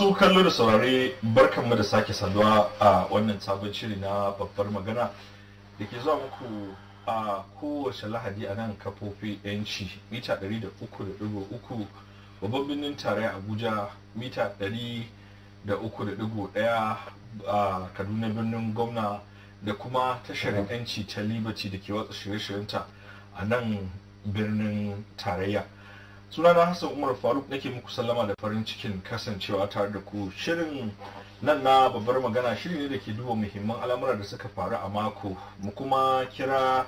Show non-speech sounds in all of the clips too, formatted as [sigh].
masu kallo da saurare barkanmu da sake saduwa a wannan sabon shiri na babbar magana da ke zuwa muku a kowace lahadi a nan kafofi yanci mita 300.3 babban birnin tarayya abuja mita 300.1 a kaduna birnin gwamna da kuma tashar yanci ta liberty da ke watsa shirye-shiryenta a nan birnin tarayya sunana hassan umar faruk nake muku sallama da farin cikin kasancewa tare da ku shirin nan na babbar magana shiri ne da ke duba muhimman al'amura da suka faru a mako mu kuma kira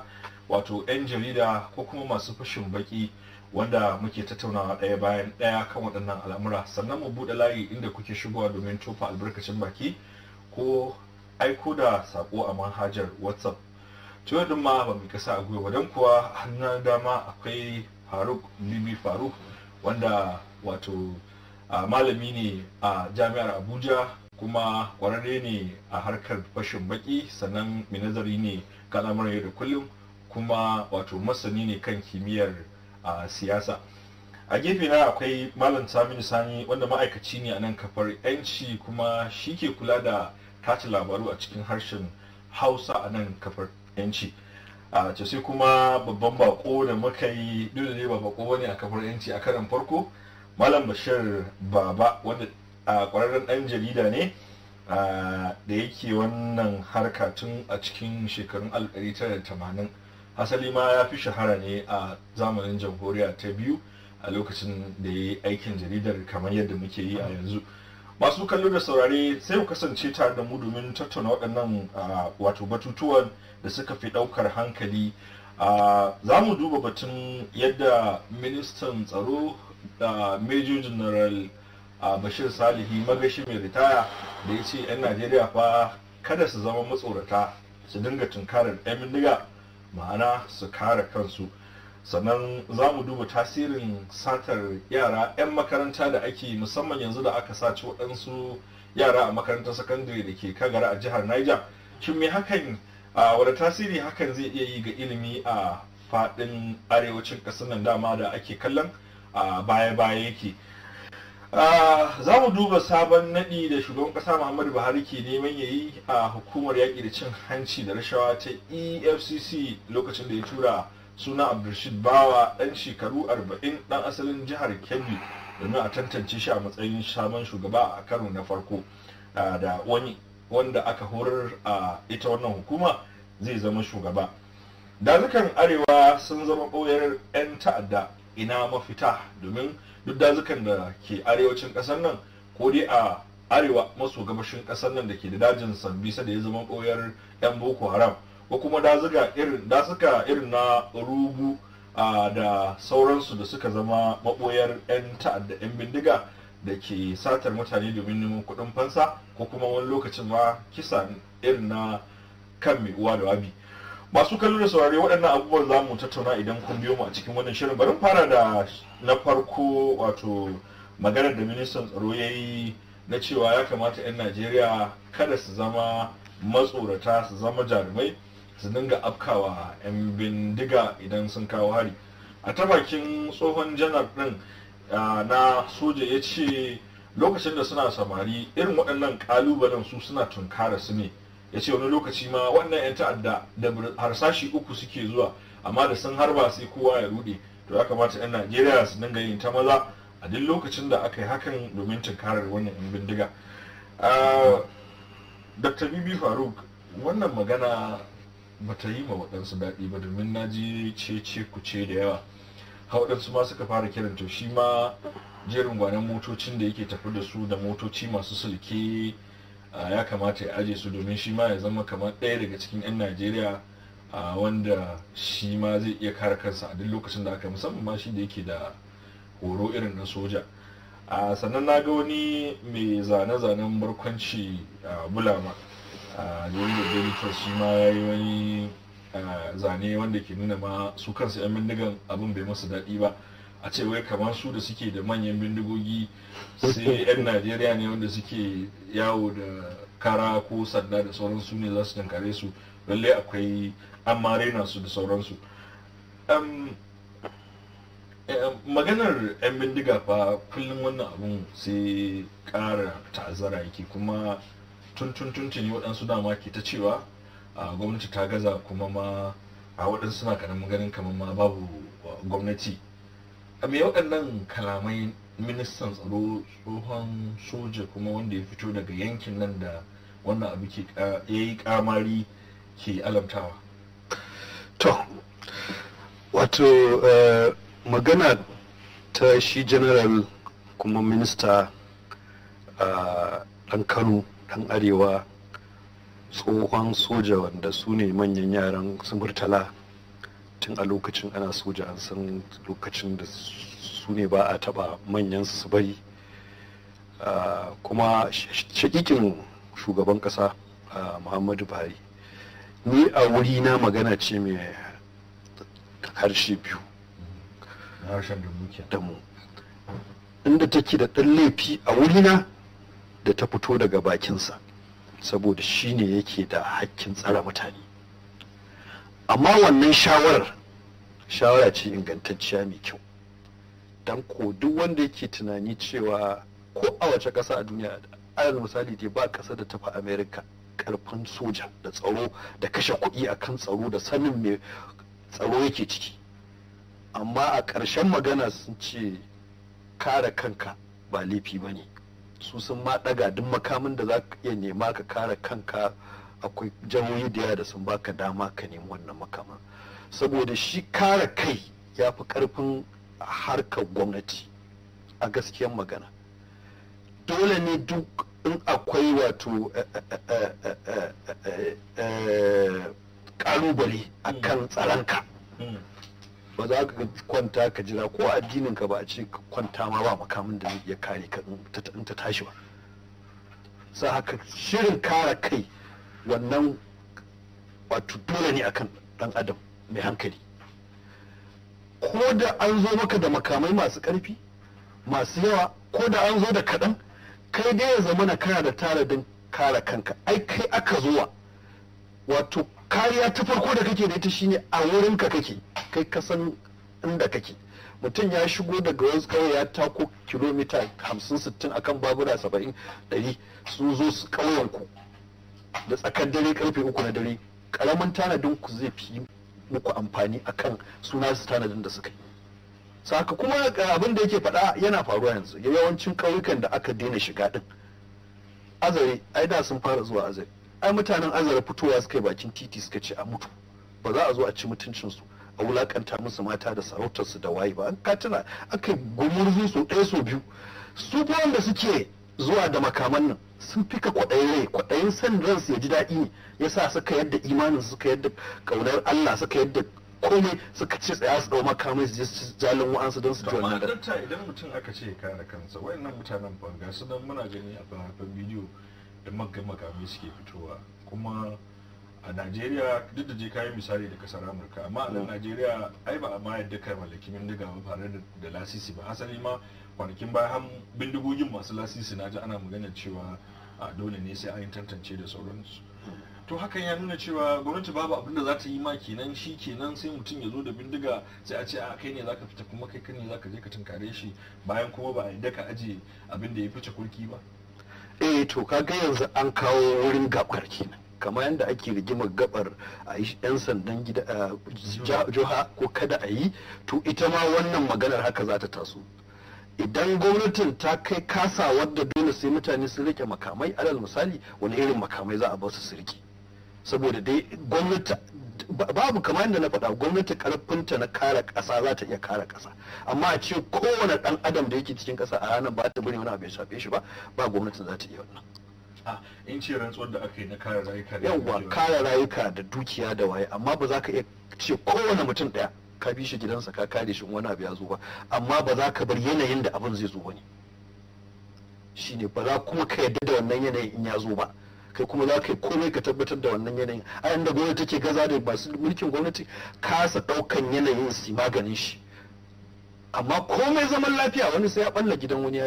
wato 'yan jarida ko kuma masu fashin baki wanda muke tattaunawa ɗaya bayan ɗaya kan waɗannan al'amura sannan mu buɗe layi inda kuke shigowa domin tofa albarkacin baki ko aiko da saƙo a manhajar whatsapp tuyo ɗin ma ba mu kasa a gwiwa don kuwa hannun dama akwai faruk bibi faruk wanda wato malami ne a jami'ar abuja kuma kwararre ne a harkar fashin baki sannan mai nazari ne kan al'amuran yau da kullum kuma wato masani ne kan kimiyyar siyasa a gefe na akwai malam saminu sani wanda ma'aikaci ne a nan kafar yanci kuma shi ke kula da tace labaru a cikin harshen hausa a nan kafar yanci a ce sai kuma babban bako da muka yi dole ne ba bako wani a kafar yanci a karan farko malam bashir baba wanda a kwararren dan jarida ne da yake wannan harka tun a cikin shekarun 1980 asali ma ya fi shahara ne a zamanin jamhuriya ta biyu a lokacin da ya yi aikin jaridar kamar yadda muke yi a yanzu masu kallo da saurare sai ku kasance tare da mu domin tattauna waɗannan wato batutuwan da suka fi ɗaukar hankali za mu duba batun yadda ministan tsaro da major general bashir salihi magashi mai ritaya da ya ce 'yan najeriya fa kada su zama matsorata su dinga tunkarar 'yan bindiga ma'ana su kare kansu sannan za mu duba tasirin satar yara 'yan makaranta da ake musamman yanzu da aka sace waɗansu yara a makarantar sakandare da ke kagara a jihar niger shin me hakan a wadda tasiri hakan zai iya yi ga ilimi a faɗin arewacin ƙasar nan dama da ake kallon a baya-baya yake za mu duba sabon naɗi da shugaban ƙasa muhammadu buhari ke neman ya yi a hukumar yaƙi da cin hanci da rashawa ta efcc lokacin da ya tura suna abdulrashid bawa ɗan shekaru 40 ɗan asalin jihar kebbi domin a tantance shi a matsayin sabon shugaba a karo na farko da wani wanda aka horar a ita wannan hukuma zai zama shugaba dazukan arewa sun zama ɓoyar 'yan ta'adda ina mafita domin duk dazukan da ke arewacin ƙasar nan ko dai a arewa maso gabashin ƙasar nan da ke da dajin bisa da ya zama ɓoyar 'yan boko haram ko kuma dazuka irin dazuka irin na rubu da sauransu da suka zama maɓoyar 'yan ta'adda 'yan bindiga da ke satar mutane domin neman kuɗin fansa ko kuma wani lokacin ma kisa irin na kan mai uwa da wabi masu kallo da saurari waɗannan abubuwan za mu tattauna idan kun biyo mu a cikin wannan shirin bari fara da na farko wato maganar da ministan tsaro ya yi na cewa ya kamata 'yan najeriya kada su zama matsorata su zama jarumai su dinga afkawa 'yan bindiga idan sun kawo hari a ta bakin tsohon janar ɗin na soja ya ce lokacin da suna samari irin waɗannan ƙalubalen su suna tunkara su ne ya ce wani lokaci ma wannan 'yan ta'adda da harsashi uku suke zuwa amma da sun harba sai kowa ya rude to ya kamata 'yan najeriya su dinga yin ta maza a duk lokacin da aka yi hakan domin tunkarar wannan 'yan bindiga dr bibi faruk wannan magana bata yi ma waɗansu daɗi ba domin na ji ce ce ku ce da yawa waɗansu ma suka fara kiran to shi ma jerin gwanon motocin da yake tafi da su da motoci masu sulke ya kamata ya aje su domin shi ma ya zama kamar ɗaya daga cikin 'yan najeriya wanda shi ma zai iya kare kansa a duk lokacin da aka musamman ma shi da yake da horo irin na soja sannan na ga wani mai zane-zanen barkwanci bulama da yadda shi ma ya yi wani Eh, zane wanda ke nuna ma su kansu 'yan bindigan abin bai masu daɗi ba a ce wai kamar su da suke da manyan bindigogi sai [laughs] 'yan najeriya ne wanda suke yawo da kara ko sanda da sauransu ne za su tankare su lallai akwai an marena su da sauransu maganar 'yan bindiga fa kullum wannan abun sai ƙara ta'azzara yake kuma tuntun tuntuni waɗansu dama ke ta cewa a gwamnati ta gaza kuma ma a waɗansu suna ganin kamar ma babu gwamnati a me waɗannan kalamai ministan tsaro tsohon soja kuma wanda ya fito daga yankin nan da wannan abu ke ya yi kamari ke alamtawa to wato eh, magana ta shi general kuma minista a ah, dan kano ɗan arewa tsohon soja wanda su ne manyan yaran su murtala tun a lokacin ana soja an san lokacin da su ne ba a taba manyan su bari ah, kuma shakikin shugaban kasa ah, muhammadu buhari ni a wuri na magana ce mai harshe biyu da mu inda take da ɗan laifi a wurina da ta fito daga bakinsa saboda shi ne yake da hakkin tsara mutane amma wannan shawarar shawara ce ingantacciya mai kyau don ko duk wanda yake tunani cewa ko a wace ƙasa a duniya alal misali dai ba ƙasa da tafi amerika ƙarfin soja da tsaro da kashe kuɗi a kan tsaro da sanin mai tsaro yake ciki amma a ƙarshen magana sun ce kare kanka ba laifi ba ne su sun ma daga duk makamin da za ka iya nema ka kare kanka akwai jihohi da yawa da sun baka dama ka nemi wannan makamin saboda shi kare kai ya fi karfin harkar gwamnati a gaskiyar magana dole ne duk in akwai wato kalubale eh, eh, eh, a kan tsaranka. ba za ka kwanta ka jira ko addinin ka ba a ce kwanta ma ba makamin da ya kare ka in ta tashi ba sa haka shirin kara kai wannan wato dole ne akan dan adam mai hankali ko da an zo maka da makamai masu karfi masu yawa ko da an zo da kaɗan kai dai ya zama na kana da taradin kare kanka ai kai aka zuwa wato kariya ta farko da kake da ita shine a wurin ka kake kai ka san inda kake mutum ya shigo daga wasu kawai ya tako kilomita 50-60 akan babura 70-100 sun zo su ƙauyen ku da tsakar dare karfe uku na dare karamin tanadin ku zai fi muku amfani akan suna su tanadin da suka yi saka kuma abin da yake faɗa yana faruwa yanzu yawancin ƙauyukan da aka daina shiga din azare ai da sun fara zuwa azare ai mutanen azara fitowa suka yi bakin titi suka ce a mutu ba za a zo a ci mutuncinsu a wulakanta musu mata da sarautarsu da waye ba an katina aka gumurzu su ɗaya sau biyu su fi wanda suke zuwa da makaman nan sun fika kwaɗayin rai kwaɗayin san ransu ya ji daɗi ne ya sa suka yadda imanin suka yadda ƙaunar Allah suka yadda komai suka ce tsaya su ɗau makamai su je su jalin wa'ansu don su ji wannan idan mutum aka ce ya kare kansa wayannan mutanen banga su nan muna gani a fafafen bidiyo da makamai suke fitowa kuma a najeriya duk da je kayi misali da kasar amurka amma a mm. najeriya ai ba a ma yadda kai mallaki bindiga ba da lasisi ba asali ma kwanakin baya har bindigogin masu lasisi na ji ana magana cewa a dole ne sai an tantance da sauransu mm. to hakan ya nuna cewa gwamnati babu abin da za ta yi ma kenan shi kenan sai mutum ya zo da bindiga sai a ce a kai ne zaka fita kuma kai kan ne zaka je ka tunkare shi bayan kuma ba a yadda ka aje abin da ya fice kurki ba eh to kaga yanzu an kawo wurin gabar kenan kamar yadda ake rigimar gabar a yan sandan gida jiha ko kada a yi to ita ma wannan maganar haka za ta taso idan gwamnatin ta kai kasa wadda dole sai mutane sun rike makamai alal misali wani irin makamai za a ba su su rike saboda dai gwamnati babu kamar yadda na faɗa gwamnati karfinta na kare ƙasa za ta iya kare ƙasa amma a ce kowane ɗan adam da yake cikin ƙasa a ranar ba ta bari wani abu ya shafe shi ba ba gwamnatin za ta iya wannan ah, in ce rantsuwar da aka yi na kare rayuka da yawa kare rayuka da dukiya da waye amma ba za ka iya ce kowane mutum ɗaya ka bi shi gidansa ka kare shi wani abu ya zo ba amma ba za ka bar yanayin da abin zai zo ba ne shine ba za kuma ka yadda da wannan yanayin in ya zo ba kai kuma za ka yi komai ka tabbatar da wannan yanayin a inda gwamnati take gaza da masu mulkin gwamnati kasa ɗaukan yanayin su maganin shi amma komai zaman lafiya wani sai ya balla gidan wani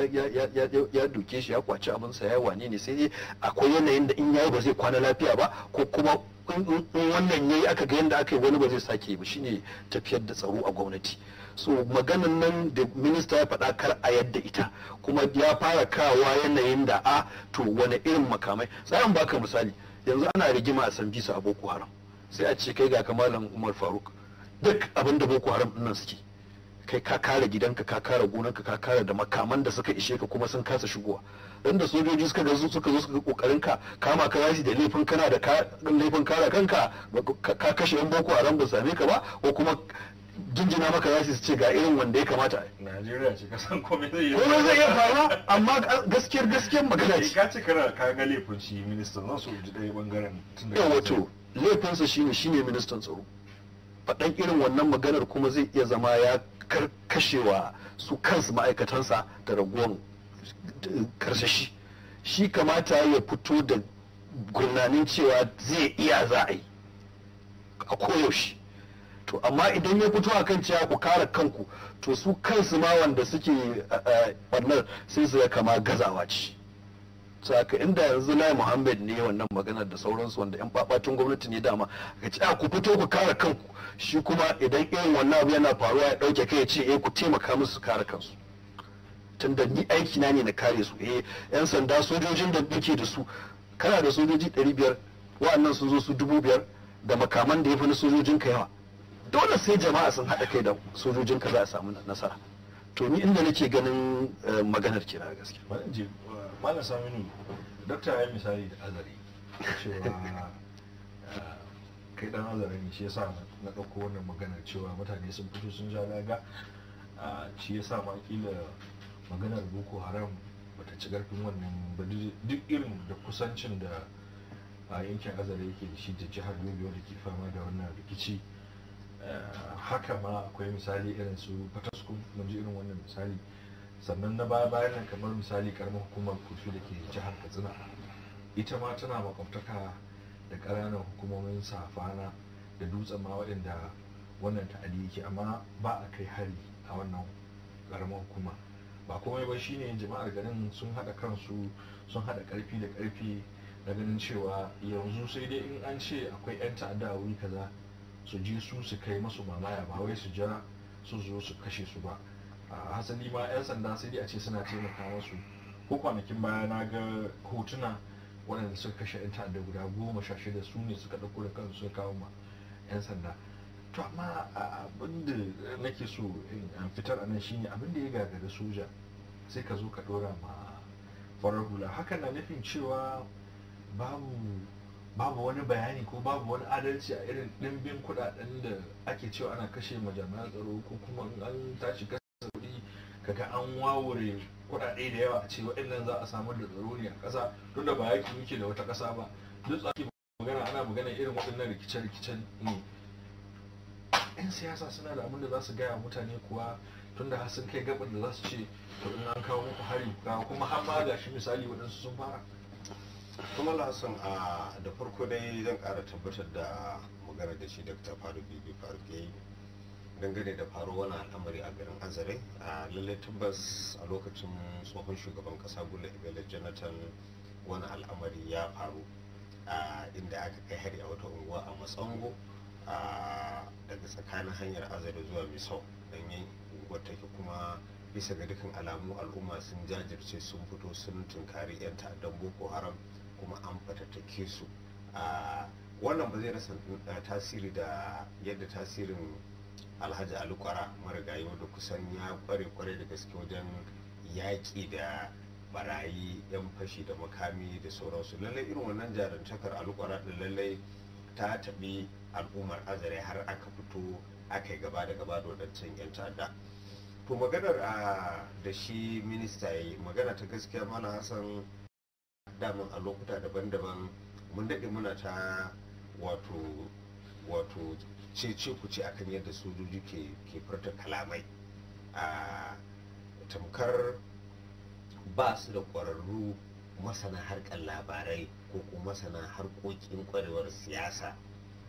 ya duke shi ya kwaci sa ya wane ne sai akwai yanayin da in yayi ba zai kwana lafiya ba ko kuma in wannan yayi aka ga yadda aka yi wani ba zai sake ba shine tafiyar da tsaro a gwamnati so maganan nan da minista ya faɗa kar a yadda ita kuma ya fara kawa yanayin da a ah, to wani irin makamai tsarin baka misali yanzu ana rigima a san bisa a boko haram sai a ce kai ga kamalan umar faruk duk abin da boko haram nan suke kai ka kare gidanka ka kare gonarka ka kare da makaman da suka ishe ka kuma sun kasa shigowa dan da sojoji suka suka zo suka kokarin ka kama ka da laifin kana da laifin kare kanka ka kashe yan boko haram ba same ka ba ko kuma jinjina maka za su ce ga irin wanda ya kamata Najeriya ce kasan komai zai yi komai zai iya faruwa amma gaskiyar gaskiyar magana ce ka ce kana ka ga laifin shi ministan zan so ji ɗaya bangaren tun da wato laifinsa shine shine ministan tsaro faɗan irin wannan maganar kuma zai iya zama ya karkashewa su kansu ma'aikatansa da raguwan karsashi shi kamata ya fito da gurnanin cewa zai iya za a yi a koyaushe to amma idan ya fito a kan cewa ku kare kanku to su kansu ma wanda suke eh, eh, ɓarnar sai su ya kama gazawa ce saka inda yanzu lai muhammad ne wannan maganar da sauransu wanda yan babatun gwamnati ne dama ka ce ku fito ku kare kanku shi kuma idan irin wannan abu yana faruwa ya dauke kai ya ce eh ku taimaka musu kare kansu tunda ni aiki na ne na kare su eh yan sanda sojojin da muke da su kana da sojoji 500 wa'annan sun zo su 5000 da makaman da ya fi na sojojin ka yawa dole sai jama'a sun haɗa kai da sojojin ka za a samu nasara to ni inda nake ganin eh, maganar kira gaske malam saminu dokta ya misali da azari cewa eh, kai dan azari ne shi yasa na ɗauko wannan maganar cewa mutane sun fito sun ja daga shi yasa ma kila maganar boko haram bata ci garfin wannan ba duk irin da kusancin da a yankin azare yake da shi da jihar yobe wanda ke fama da wannan rikici Eh, haka ma akwai misali irin su fataskun mun ji irin wannan misali sannan na baya bayan nan kamar misali karamar hukumar kurfi da ke jihar katsina ita ma tana makwabtaka da ƙananan hukumomin safana da dutsen ma waɗanda wannan ta'adi yake amma ba a kai hari a wannan karamar hukuma ba komai ba shine jama'ar garin sun haɗa kansu sun haɗa ƙarfi da ƙarfi na ganin cewa yanzu sai dai in an ce akwai 'yan ta'adda a wuri kaza su ji su su kai masu malaya ba wai su jira su zo su kashe su ba a hasali ma 'yan sanda sai dai a ce suna taimaka masu ko kwanakin baya na ga hotuna waɗanda suka kashe 'yan ta'adda guda goma sha shida su ne suka ɗauko da kansu suka kawo ma 'yan sanda to amma abin nake so in fitar a nan shine abin da ya gagari soja sai ka zo ka ɗora ma farar hula hakan na nufin cewa babu babu wani bayani ko babu wani adalci a irin ɗimbin kuɗaɗen da ake cewa ana kashe majami'an tsaro ko kuma an tashi kasa kuɗi kaga an wawure kuɗaɗe da yawa a ce waɗannan za a samar da tsaro ne a ƙasa tun da ba yaki muke da wata ƙasa ba duk tsaki magana ana magana irin waɗannan rikice-rikicen ne yan siyasa suna da abin da za su gaya mutane kuwa tun da sun kai gaban da za su ce to in an kawo muku hari kuma har ma ga shi misali waɗansu sun fara kuma son a da farko dai zan kara tabbatar da magana da shi dr faru bibi faru ke dangane da faru wani al'amari a garin azare a lallai tabbas a lokacin tsohon shugaban kasa gula ibele jonathan wani al'amari ya faru a inda aka kai hari a wata unguwa a matsango daga tsakanin hanyar azare zuwa misau don unguwar take kuma bisa ga dukkan alamu al'umma sun jajirce sun fito sun tunkari 'yan ta'addan boko haram kuma an fatattake su wannan ba zai rasa eh, tasiri da yadda tasirin alhaji alukwara marigayi wanda kusan ya kware kware da gaske wajen yaƙi da barayi yan fashi da makami da sauransu lallai irin wannan jarantakar alukwara da lallai ta taɓi al'ummar azare har aka fito aka yi gaba da gaba da wadancan yan ta'adda to maganar ah, da shi minista ya yi magana ta gaskiya mana hassan damun a lokuta daban-daban mun daɗe muna ta wato wato ce ku ce akan yadda sojoji ke furta kalamai a tamkar ba su da ƙwararru masana harkar labarai ko kuma masana harkokin ƙwarewar siyasa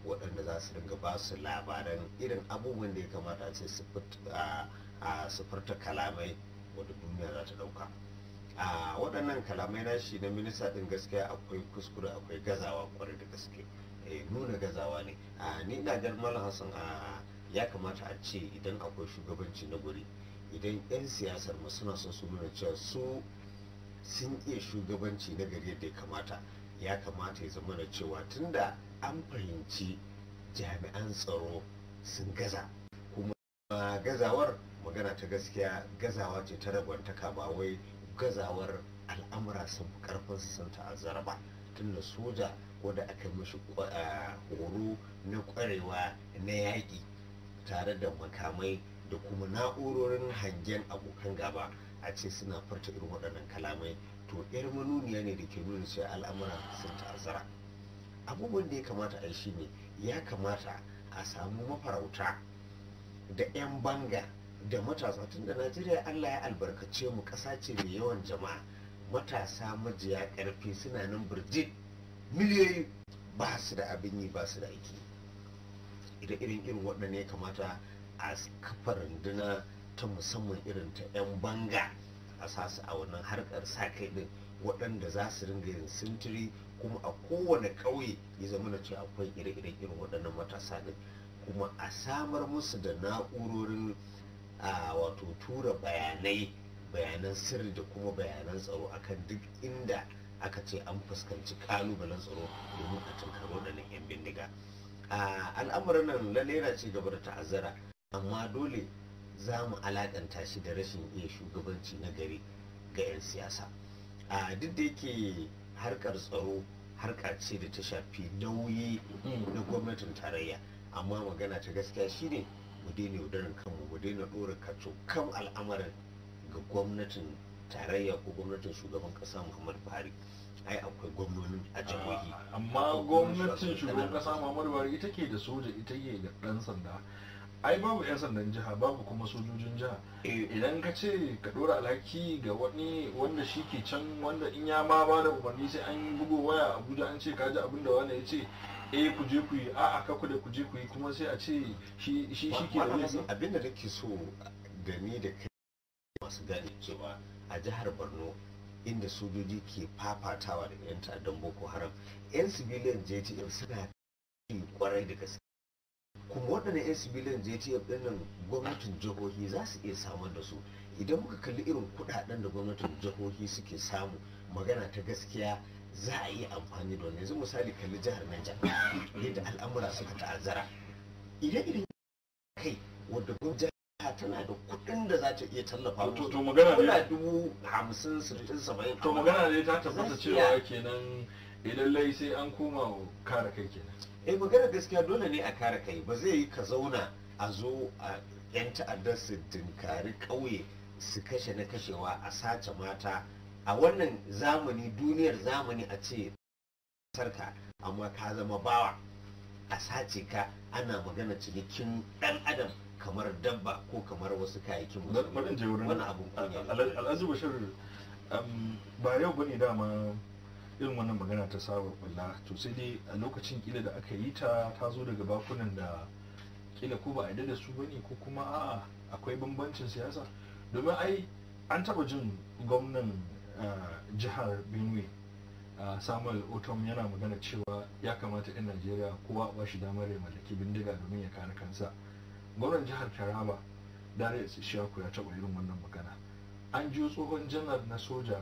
waɗanda za su dinga ba su labaran irin abubuwan da ya kamata ce su furta kalamai wadda duniya za ta ɗauka a waɗannan kalamai na shi na minista ɗin gaskiya akwai kuskure akwai gazawa kwarai da gaske eh, nuna gazawa ne a ni na ganin hassan a ya kamata a ce idan akwai shugabanci na guri idan 'yan siyasar mu suna son su nuna cewa su sun iya shugabanci na gari yadda ya kamata ya kamata ya zama da cewa tunda an fahimci jami'an tsaro sun gaza kuma gazawar magana ta gaskiya gazawa ce ta ragwantaka ba wai gazawar al'amura sun fi su sun ta'azzara ba tunda soja wanda aka mashi horo na kwarewa na yaƙi tare da makamai da kuma na'urorin hangen abokan gaba a ce suna furta irin waɗannan kalamai to yar manuniya ne da ke nuna cewa al'amura sun ta'azzara abubuwan da ya kamata a yi shi ne ya kamata a samu mafarauta da 'yan banga da matasa tunda najeriya allah ya albarkace mu ƙasa ce mai yawan jama'a matasa majiya ƙarfi suna nan birjit miliyoyi ba su da abin yi ba su da aiki idan irin irin waɗanne ya kamata a kafa runduna ta musamman irin ta 'yan banga a sasu a wannan harkar sa kai din waɗanda za su ringa yin sintiri kuma a kowane ƙauye ya zama na cewa akwai ire-iren irin waɗannan matasa ɗin, kuma a samar musu da na'urorin a wato tura bayanai bayanan sirri da kuma bayanan tsaro akan duk inda aka ce an fuskanci kalubalen tsaro domin a tunkar waɗannan 'yan bindiga a al'amuran nan lalle na ci gaba da ta'azzara amma dole za mu alaƙanta shi da rashin iya shugabanci na gari ga 'yan siyasa a duk da yake harkar tsaro harka ce da ta shafi nauyi na gwamnatin tarayya amma magana ta gaskiya shine ne mu daina yaudaran kanmu mu daina ɗora kato kan al'amarin ga gwamnatin tarayya ko gwamnatin shugaban ƙasa muhammadu buhari ai akwai gwamnonin a jihohi ah, amma gwamnatin shugaban ƙasa muhammadu buhari ita ke da soja ita ke da ɗan sanda ai babu 'yan sandan jiha babu kuma sojojin jiha eh. idan ka ce ka dora alhaki ga wani wanda shi ke can wanda in ya ma ba da umarni sai an bugo waya abuja an ce ka ji abin da wani ya ce eh ku je ku yi a ka ku da ku je ku yi kuma sai a ce shi shi ke da abin da nake so da ni da kai masu gane cewa a jihar Borno inda sojoji ke fafatawa da 'yan ta'addan boko haram 'yan civilian jtf suna kwarai da gaske kuma waɗannan 'yan civilian jtf ɗin nan gwamnatin jihohi za su iya samar da su idan muka kalli irin kuɗaɗen da gwamnatin jihohi suke samu magana ta gaskiya za a yi amfani da wani yanzu misali kalli jihar Niger yadda al'amura suka ta'azzara ire-iren kai wadda gwamnati tana da kuɗin da za ta iya tallafa to to magana ne dubu hamsin sittin saba'in to magana ne ta tabbata cewa kenan idan lai sai an koma kare kai kenan eh magana gaskiya dole ne a kare kai ba zai yi ka zauna a zo a yan ta'addar su dinkari ƙauye su kashe na kashewa a sace mata a wannan zamani duniyar zamani a ce sarka amma ka zama bawa a sace ka ana magana cinikin dan adam kamar dabba ko kamar wasu kayayyakin mutum abun alhaji bashir um, ba yau dama irin wannan magana ta saba kula to sai dai a lokacin kila da aka yi ta ta zo daga bakunan da kila ko ba a da su bane ko kuma a akwai bambancin siyasa domin ai an taba jin gwamnan jihar benue samuel otom yana magana cewa ya kamata 'yan najeriya kowa ba shi damar ya mallaki bindiga domin ya kare kansa gwamnan jihar taraba dare ishaku ya taba irin wannan magana an ji tsohon janar na soja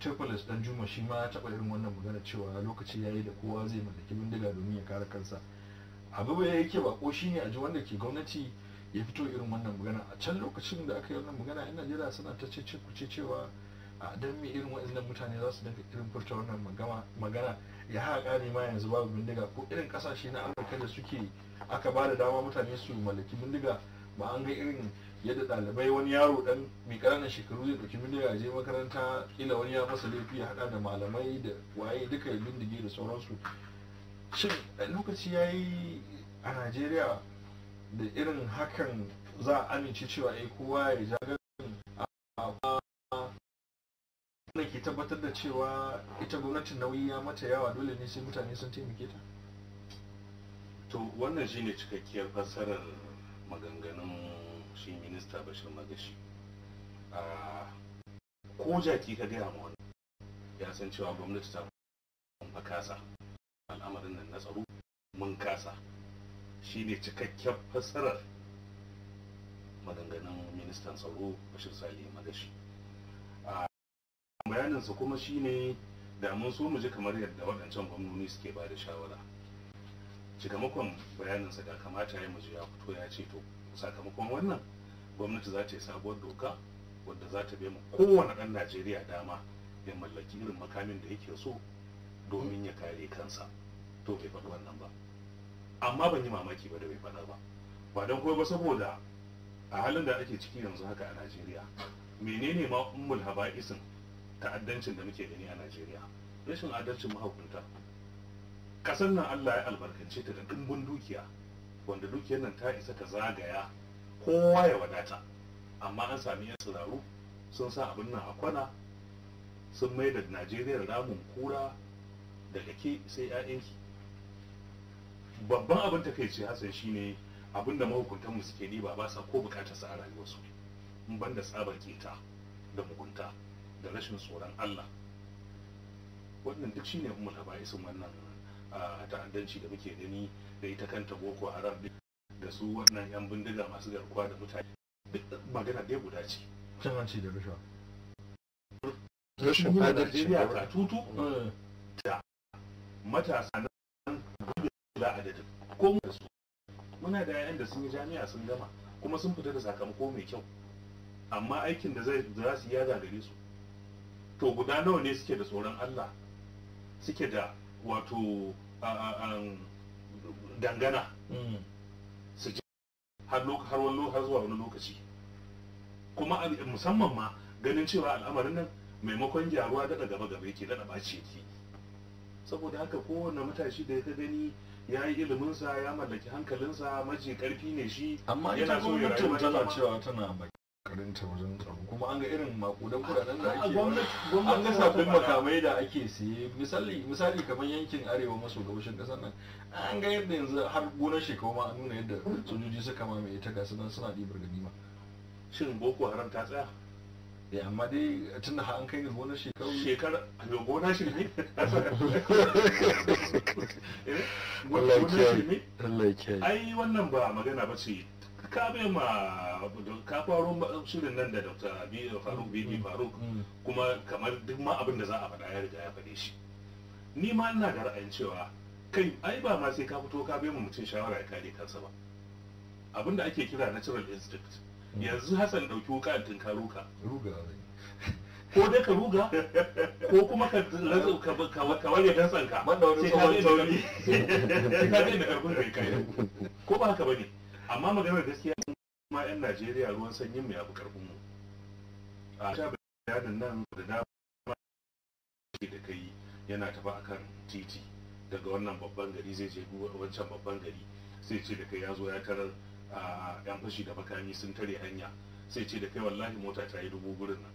Tepolis [clears throat] dan Juma shi ma ya taɓa irin wannan magana cewa lokaci ya yi da kowa zai mallaki bindiga domin ya kare kansa. Abu ya yake bako ne a ji wanda ke gwamnati ya fito irin wannan magana a can lokacin da aka yi wannan magana yan najeriya suna ta ce kuce cewa a dan me irin wa'annan mutane za su dinga irin furta wannan magana ya haƙa ne ma yanzu babu bindiga ko irin ƙasashe na amurka da suke aka ba da dama mutane su mallaki bindiga ba an ga irin yadda ɗalibai wani yaro dan mai ƙananan shekaru zai ɗauki bindiga ya je makaranta ila wani ya masa laifi ya haɗa da malamai da waye duka ya bindige da sauransu shin lokaci ya yi a najeriya da irin hakan za a amince cewa 'Yi eh, kowa ya ja wannan ke tabbatar da cewa ita gwamnatin nauyi ya mata yawa dole ne sai mutane sun taimake ta to wannan shine cikakkiyar fassarar maganganun shi minista bashir magashi a ko jaki ka gaya ma wani ya san cewa gwamnati ta mun kasa al'amarin nan na tsaro mun kasa Shi ne cikakken fassarar maganganun ministan tsaro bashir sali magashi a bayaninsa kuma shine da mun so mu ji kamar yadda waɗancan gwamnoni suke ba da shawara cikamakon bayaninsa da kamata ya muji ya fito ya ce to sakamakon wannan gwamnati za ta yi sabuwar doka wadda za ta mu kowane ɗan najeriya dama ya mallaki irin makamin da yake so domin ya kare kansa to bai faɗi wannan ba amma ban yi mamaki ba da bai faɗa ba ba don kuma ba saboda a halin da ake ciki yanzu haka a najeriya menene ma umul haba'isin ta'addancin da muke gani a najeriya rashin adalcin mahaukunta ƙasar nan allah ya albarkance ta da dimbin dukiya wanda dukiyar nan ta isa ta zagaya kowa ya wadata amma an sami yan tsiraru sun sa abin nan a kwana sun mai da najeriya ramin kura daga ke sai 'ya'yanki babban abin ta kai ce hasan ne abin da mahukuntanmu suke ne ba sa ko bukatar sa a rayuwarsu in ban da tsabar keta da mugunta da rashin tsoron Allah wannan duk shine umma sun wannan ta'addanci da muke gani da ita kanta boko haram da su wannan yan bindiga masu garkuwa da mutane duk magana ɗaya guda ce cin ce da rashawa rashin adalci da tutu da matasa a ko mu da su muna da yayan da sun yi jami'a sun gama kuma sun fita da sakamako mai kyau amma aikin da zai za su ya gagare su to guda nawa ne suke da tsoron Allah suke da wato dangana mm. su ji har har zuwa wani lokaci kuma musamman ma ganin cewa al'amarin nan maimakon gyaruwa daga gaba gaba yake daɗa bace ki saboda haka kowane matashi da ya ta gani ya yi iliminsa ya mallaki hankalinsa mace karfi ne shi amma ita gwamnatin tana cewa tana bakarin ta wajen tsaro kuma an ga irin makudan kudaden da ake an ga sabbin makamai da ake siye misali misali kamar yankin arewa maso gabashin kasar nan an ga yadda yanzu har gonar shekaru ma an nuna yadda sojoji suka mamaye ta gasu nan suna ɗibar ganima shin boko haram ta tsaya Eh, amma dai tun da an kai ga gonar shekaru shekara ga gona shi ne [laughs] eh, gona shi ne ai wannan ba magana ba ce ka bai ma ka faro shirin nan da dr faruk bibi mm. faruk mm. kuma kamar duk ma abin da za a faɗa ya riga ya faɗe shi ni ma ina da ra'ayin cewa kai ai ba ma sai ka fito ka bai mu mutum shawara ya kare kansa ba abin da ake kira natural instinct yanzu Hassan dauki wuka a ka ruka ruga ko dai ka ruga ko kuma ka rantsa ka ka wani dan ka banda wani tsawon tauri sai ka da karfin kai kai ko ba haka bane amma maganar gaskiya kuma yan Najeriya ruwan sanyin mai abu karfin mu a ta bayanin nan da dama da kai yana tafa akan titi daga wannan babban gari zai je wancan babban gari sai ce da kai ya zo ya tarar yan fashi da makami sun tare hanya sai ce da kai wallahi mota ta yi dubu gurin nan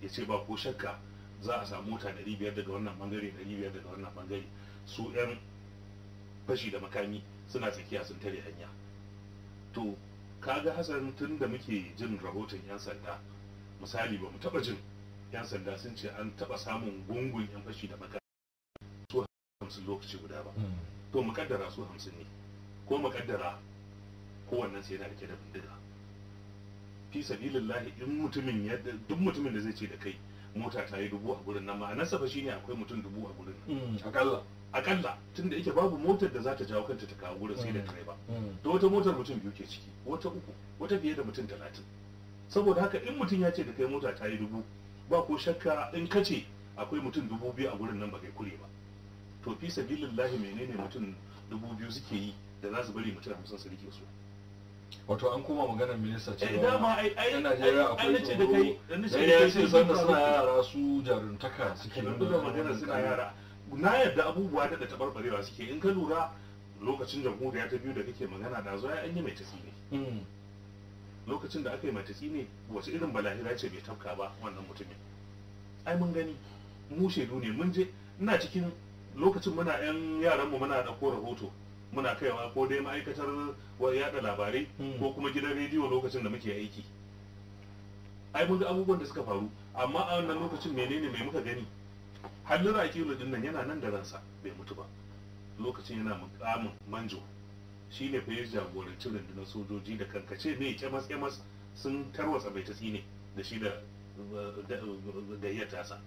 ya ce ba ko shakka za a samu mota 500 daga wannan bangare 500 daga wannan bangare su yan fashi da makami suna tsakiya sun tare hanya to kaga hasan tun da muke jin rahoton yan sanda misali ba mu taba jin yan sanda sun ce an taba samun gungun yan fashi da makami su hamsin lokaci guda ba hmm. to mu kaddara su hamsin ne ko mu kaddara kowannen sai yana rike da bindiga fi sabilillahi in mutumin ya duk mutumin da zai ce da kai mota ta yi dubu a gurin nan ma'anarsa fa shine akwai mutum dubu a gurin nan hmm, akalla akalla tunda yake babu motar da za ta jawo kanta ta kawo gurin sai da direba hmm, hmm. to wata motar mutum biyu ke ciki wata uku wata fiye da mutum talatin saboda haka in mutum ya ce da kai mota ta yi dubu ba ko shakka in ka ce akwai mutum dubu biyu a gurin nan ba kai kure ba to fi sabilillahi menene mutum dubu biyu suke yi da za su bari mutum hamsin su rike su wato an koma maganar minista eh, cewa ma ai Najeriya akwai tsoro da ya ce da suna yara su jaruntaka suke nan da maganar suna yara na yadda abubuwa da barbarewa suke in ka lura lokacin jamhuriya ta biyu da kake magana da zuwa an yi mai tafi ne hmm. lokacin da aka yi mai ne wace irin balahira ce bai tafka ba wannan mutumin ai mun gani mu shaidu ne mun je ina cikin lokacin muna yan yaran mu muna da ko rahoto muna kaiwa ko dai ma'aikatar yada labarai ko kuma gidan rediyo lokacin da muke aiki ai mun ga abubuwan da suka faru amma a wannan lokacin menene mai muka gani hallin rakilu din nan yana nan da ransa bai mutu ba lokacin yana mukamin manjo shi ne fa ya jagoranci rundunar sojoji da kankace mai kyamas kyamas sun tarwatsa bai ta tsine da shi da gayyata sa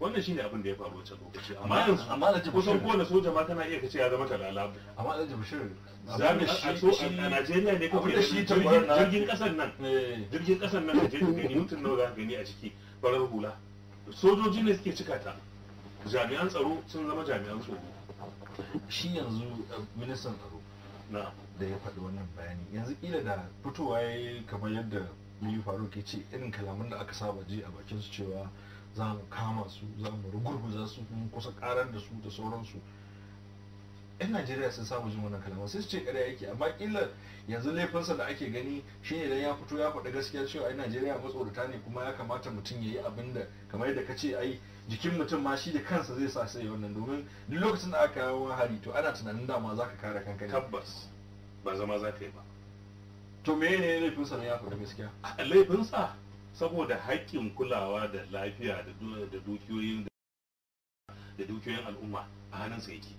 wannan shine abin da ya faru wancan lokaci amma yanzu amma da kusan kowane soja ma kana iya kace ya zama talala amma da bashir zamu shi a Najeriya ne kafin da shi jirgin kasar nan eh. jirgin kasar nan da jirgin gani mutum nawa za gani a ciki farar hula sojoji ne suke cika ta jami'an tsaro sun zama jami'an tsaro shi yanzu eh, ministan tsaro na da ya faɗi wannan bayani yanzu kila da fitowa ya kamar yadda yi faru ke ce irin kalaman da aka saba ji a bakin su cewa za mu kama su za mu rugurguza su mun kusa karar da su da sauransu yan najeriya sun samu jin wannan kalamar sai su ce ƙarya yake amma ƙila yanzu laifinsa da ake gani shine idan ya fito ya faɗi gaskiya cewa ai najeriya matsorata ne kuma ya kamata mutum ya yi abin da kamar yadda ka ce ai jikin mutum ma shi da kansa zai sa sai wannan domin duk lokacin da aka kawo hari to ana tunanin dama za ka kare kanka tabbas ba zama za ka yi ba to ne laifinsa ne ya faɗi gaskiya laifinsa saboda haƙƙin kulawa da lafiya da dukiyoyin da dukiyoyin al'umma a hannunsa yake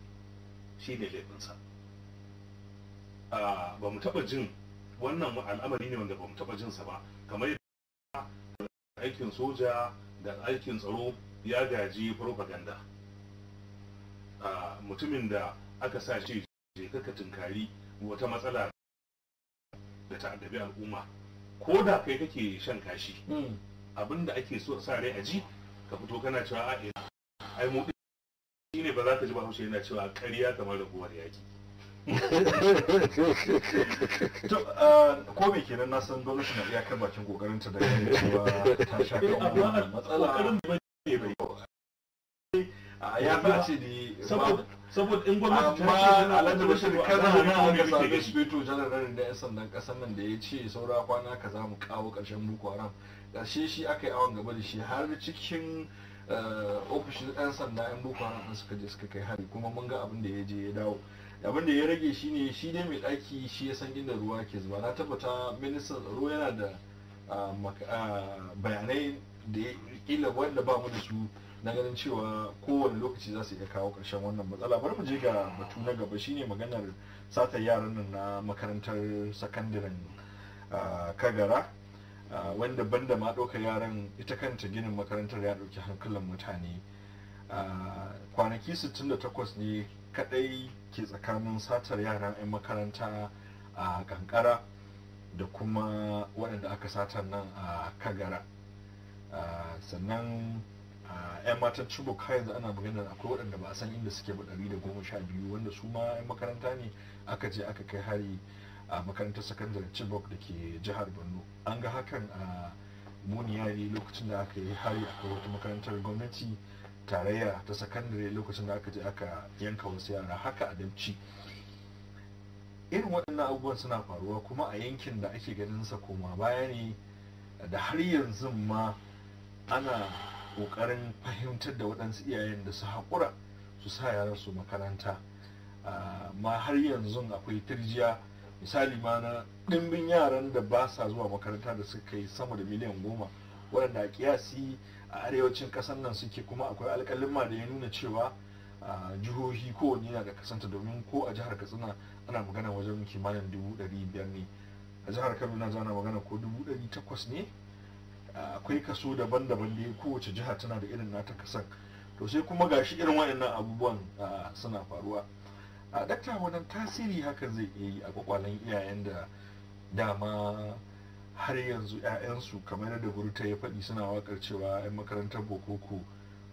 shi ne laifinsa ba mu taɓa jin wannan al'amari ne wanda ba mu taɓa sa ba kamar yadda aikin soja da aikin tsaro ya gaji propaganda mutumin da aka sa shi je kaka tunkari wata matsala da ta addabi al'umma ko da kai kake shan kashi hmm. abin da ake so sa rai a ji ka fito kana cewa a ina eh, ai mu ne ba za ka ji ba haushe yana cewa ƙarya kamar raguwar yaki [laughs] ko me kenan na san gwamnati na iyakar bakin kokarin ta da cewa ta sha kan wannan matsala ya dace da saboda in gwamnati ta ce amma alhaji bashir kana nan ka same shi beto janar da yan sandan kasar nan da ya ce saura kwana za mu kawo karshen boko haram karshe shi aka yi awon gaba da shi har cikin eh, ofishin yan sanda yan boko haram suka je suka kai hari kuma mun ga abin da ya je ya dawo abin da ya rage ne, shi dai mai daki shi ya san inda ruwa ke zuba na tabbata ministan tsaro yana da ah, ah, bayanai da kila wanda ba mu da su na ganin cewa kowane lokaci za su iya kawo ƙarshen wannan matsala bari mu je ga batu na gaba shine maganar satar yaran nan na makarantar sakandaren kagara wanda banda ma ɗaukar yaran ita kanta ginin makarantar ya ɗauki hankalin mutane kwanaki 68 ne kadai ke tsakanin satar yaran 'yan makaranta a kankara da kuma waɗanda aka satar nan a kagara sannan 'yan matan chibok har yanzu ana maganar akwai waɗanda ba a san inda suke ba ɗari da goma sha biyu wanda su ma 'yan makaranta ne aka je aka kai hari a makarantar sakandare chibok da ke jihar borno an ga hakan a muniyari lokacin da aka yi hari akwai wata makarantar gwamnati tarayya ta sakandare lokacin da aka je aka yanka wasu yara haka a dabci irin waɗannan abubuwan suna faruwa kuma a yankin da ake ganin sa koma baya ne da har yanzu ma ana ƙoƙarin fahimtar da waɗansu iyayen da su haƙura su sa su makaranta ah, ma har yanzu akwai tirjiya misali ma na ɗimbin yaran da ba sa zuwa makaranta da suka kai sama da miliyan goma waɗanda a kiyasi a arewacin ƙasar nan suke kuma akwai alƙalin da ya nuna cewa ah, jihohi ko wani yana da kasanta domin ko a jihar katsina ana magana wajen kimanin dubu ɗari biyar ne a jihar kaduna za magana ko dubu ɗari takwas ne akwai kaso daban-daban da kowace jiha tana da irin nata kasan to sai kuma gashi irin waɗannan abubuwan suna faruwa a dakta wannan tasiri hakan zai iya yi a kwakwalen iyayen da dama har yanzu 'ya'yansu kamar yadda guru ya yi faɗi suna wakar cewa 'yan makarantar bokoko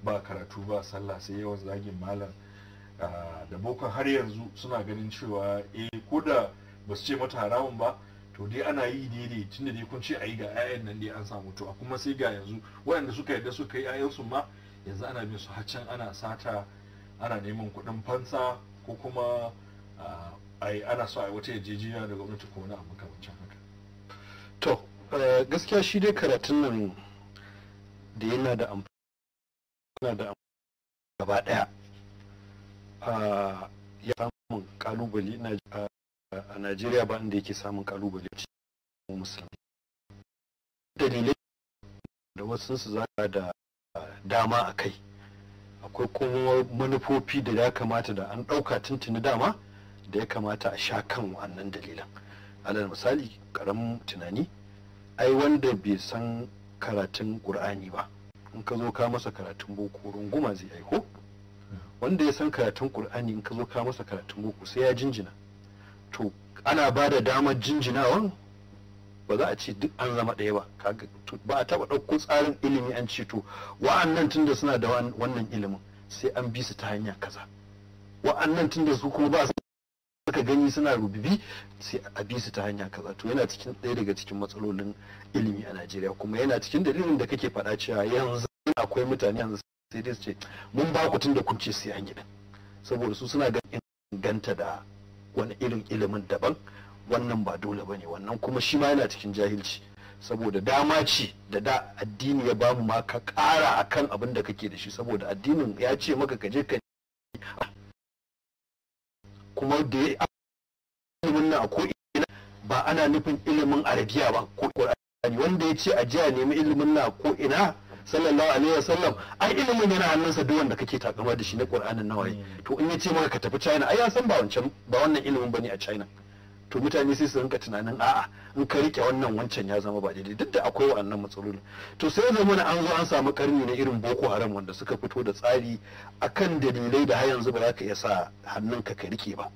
ba karatu ba sallah sai yawan zagin malam da bokon har yanzu suna ganin cewa eh ko da ba su ce mata haramun ba to dai ana yi daidai tunda dai kun ce a yi ga 'ya'yan nan dai an samu to a kuma sai ga yanzu waɗanda suka yarda suka yi 'ya'yansu ma yanzu ana bin su haccan ana sata ana neman kuɗin fansa ko kuma ana so a wata yarjejeniya da gwamnati ko wani abu makamancin haka to gaskiya shi dai karatun nan da yana da amfani da gaba ɗaya ya samun kalubale na a najeriya ba inda yake samun kalubale cikin musulmi dalilai da wasu su za da dama a kai akwai kuma manufofi da ya kamata da an ɗauka tuntuni dama da ya kamata a sha kan wannan dalilan alal misali karamin tunani ai wanda bai san karatun ƙur'ani ba in ka zo ka masa karatun boko runguma zai aiko hmm. wanda ya san karatun ƙur'ani in ka zo ka masa karatun boko sai ya jinjina to ana ba da damar jinjinawan ba za a ce duk an zama ɗaya ba ba a taɓa ɗauko tsarin ilimi an ce to wa'annan tunda suna da wannan ilimin sai an bi su ta hanya kaza wa'annan tunda su kuma ba su ka gani suna rububi sai a bi su ta hanya kaza to yana cikin ɗaya daga cikin matsalolin ilimi a Najeriya kuma yana cikin dalilin da kake faɗa cewa yanzu akwai mutane yanzu sai dai su ce mun ba ku tunda kun ce sai an gida saboda su suna ganin ganta da wani irin ilimin daban wannan ba dole ba ne wannan kuma shi ma yana cikin jahilci saboda dama ce da da addini ya bamu ma ka kara akan abin da kake da shi saboda addinin ya ce maka ka je ka kuma da ya ilimin nan a ko ina ba ana nufin ilimin arabiya ba ko wanda ya ce a jiya nemi ilimin na ko ina sallallahu alaihi wasallam ai ilimin yana hannunsa duk wanda kake takama da shi na qur'anin nawaye to in yace maka ka tafi china ai ya san ba wancan ba wannan ilimin bane a china to mutane sai su rinka tunanin a'a in ka rike wannan wancan ya zama ba daidai duk da akwai wannan matsaloli to sai zama na an zo an samu karni na irin boko haram wanda suka fito da tsari akan dalilai da har yanzu ba za ka iya sa hannunka ka rike ba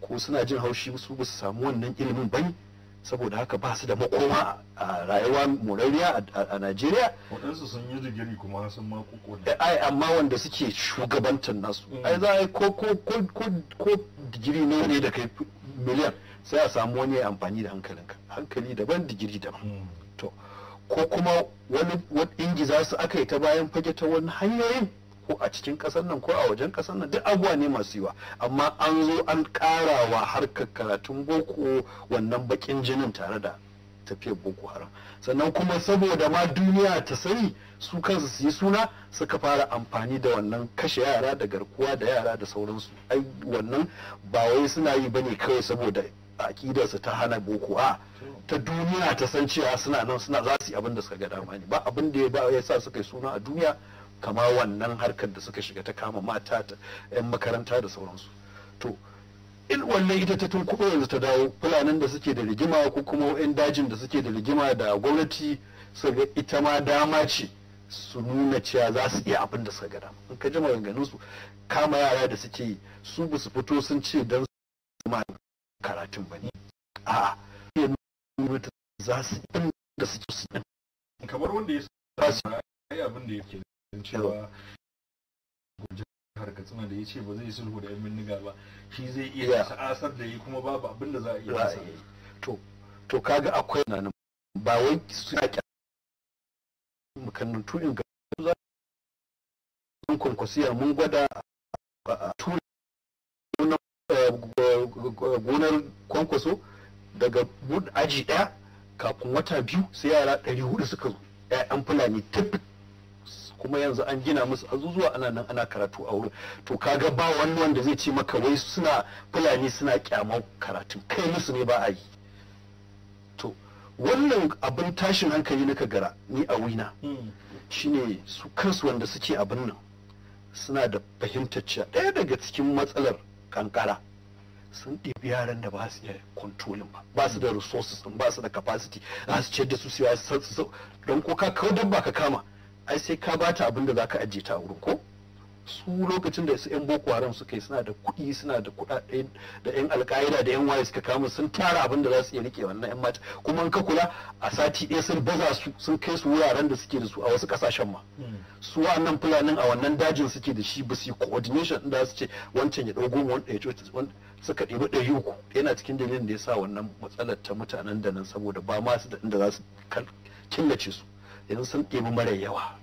ko suna jin haushi su ba su samu wannan ilimin bane saboda haka ba su da makoma a rayuwa murariya a najeriya waɗansu sun yi digiri kuma sun makuko ne ai amma wanda suke shugabantar nasu mm. ai za a yi ko digiri nawa ne da kai miliyan sai a samu wani amfani da hankalinka hankali daban digiri daban mm. to ko kuma wani ingiza su aka yi ta bayan fage ta wani hanyoyin ko a cikin ƙasar nan ko a wajen ƙasar nan duk abuwa ne masu yiwa amma an zo an ƙarawa harkar karatun boko wannan baƙin jinin tare da tafiyar boko haram sannan kuma saboda ma duniya ta sani su kansu su yi suna suka fara amfani da wannan kashe yara da garkuwa da yara da sauransu ai wannan ba wai suna yi bane kawai saboda aƙidarsu ta hana boko a ta duniya ta san cewa suna nan suna za su yi abin da suka ga dama ne ba abin da ya sa suka yi suna a duniya kama wannan harkar da suka shiga ta kama mata yan makaranta da sauransu to in wannan ita ta tunkuɓe yanzu ta dawo fulanin da suke da rigima ko kuma yan dajin da suke da rigima da gwamnati su ga ita ma dama ce su nuna cewa za su iya abin da suka gada in ka ji maganganun su kama yara da suke yi su ba su fito sun ce don su ma karatun ba ne a'a za su inda suke su kamar wanda ya sa abin da yake cewa gujin jihar da ya ce ba zai sulhu da yan bindiga ba shi zai iya sa'asar da yi kuma babu abin da za a iya masa to to kaga akwai nan ba wai suna kya makannin tuyin ga za mun kwankwasiya mun gwada a tuyin eh, gonar kwankwaso daga aji daya kafin wata biyu sai yara 400 suka zo 'ya'yan fulani tabbata kuma yanzu an gina musu azuzuwa ana nan ana karatu a wurin to kaga ba wani wanda zai ce maka wai suna fulani suna kyaman karatu kai musu ne ba a yi to wannan abin tashin hankali na kagara ni a wina hmm. shine su kansu wanda suke abin nan suna da fahimtar cewa ɗaya daga cikin matsalar kankara sun ɗibi yaran da ba su iya kwantolin ba ba su da resources ba su da capacity za su ce da su siya don ko ka kawo dabba ka kama ai sai ka bata abin da za ka ajiye ta wurin ko su lokacin da su yan boko haram suka yi suna da kuɗi suna da kuɗaɗe da yan alƙa'ida da yan waye suka kama sun tara abin da za su iya rike wannan yan mata kuma in ka kula a sati ɗaya sun baza su sun kai su wuraren da suke da su a wasu ƙasashen ma hmm. su wannan fulanin a wannan dajin suke da shi ba su yi coordination ɗin da su ce wancan ya ɗau goma wanda ya suka ɗibi ɗari uku yana cikin dalilin da ya sa wannan matsalar ta mutanen da nan saboda ba ma su da inda za su killace su yanzu sun ɗebi mara yawa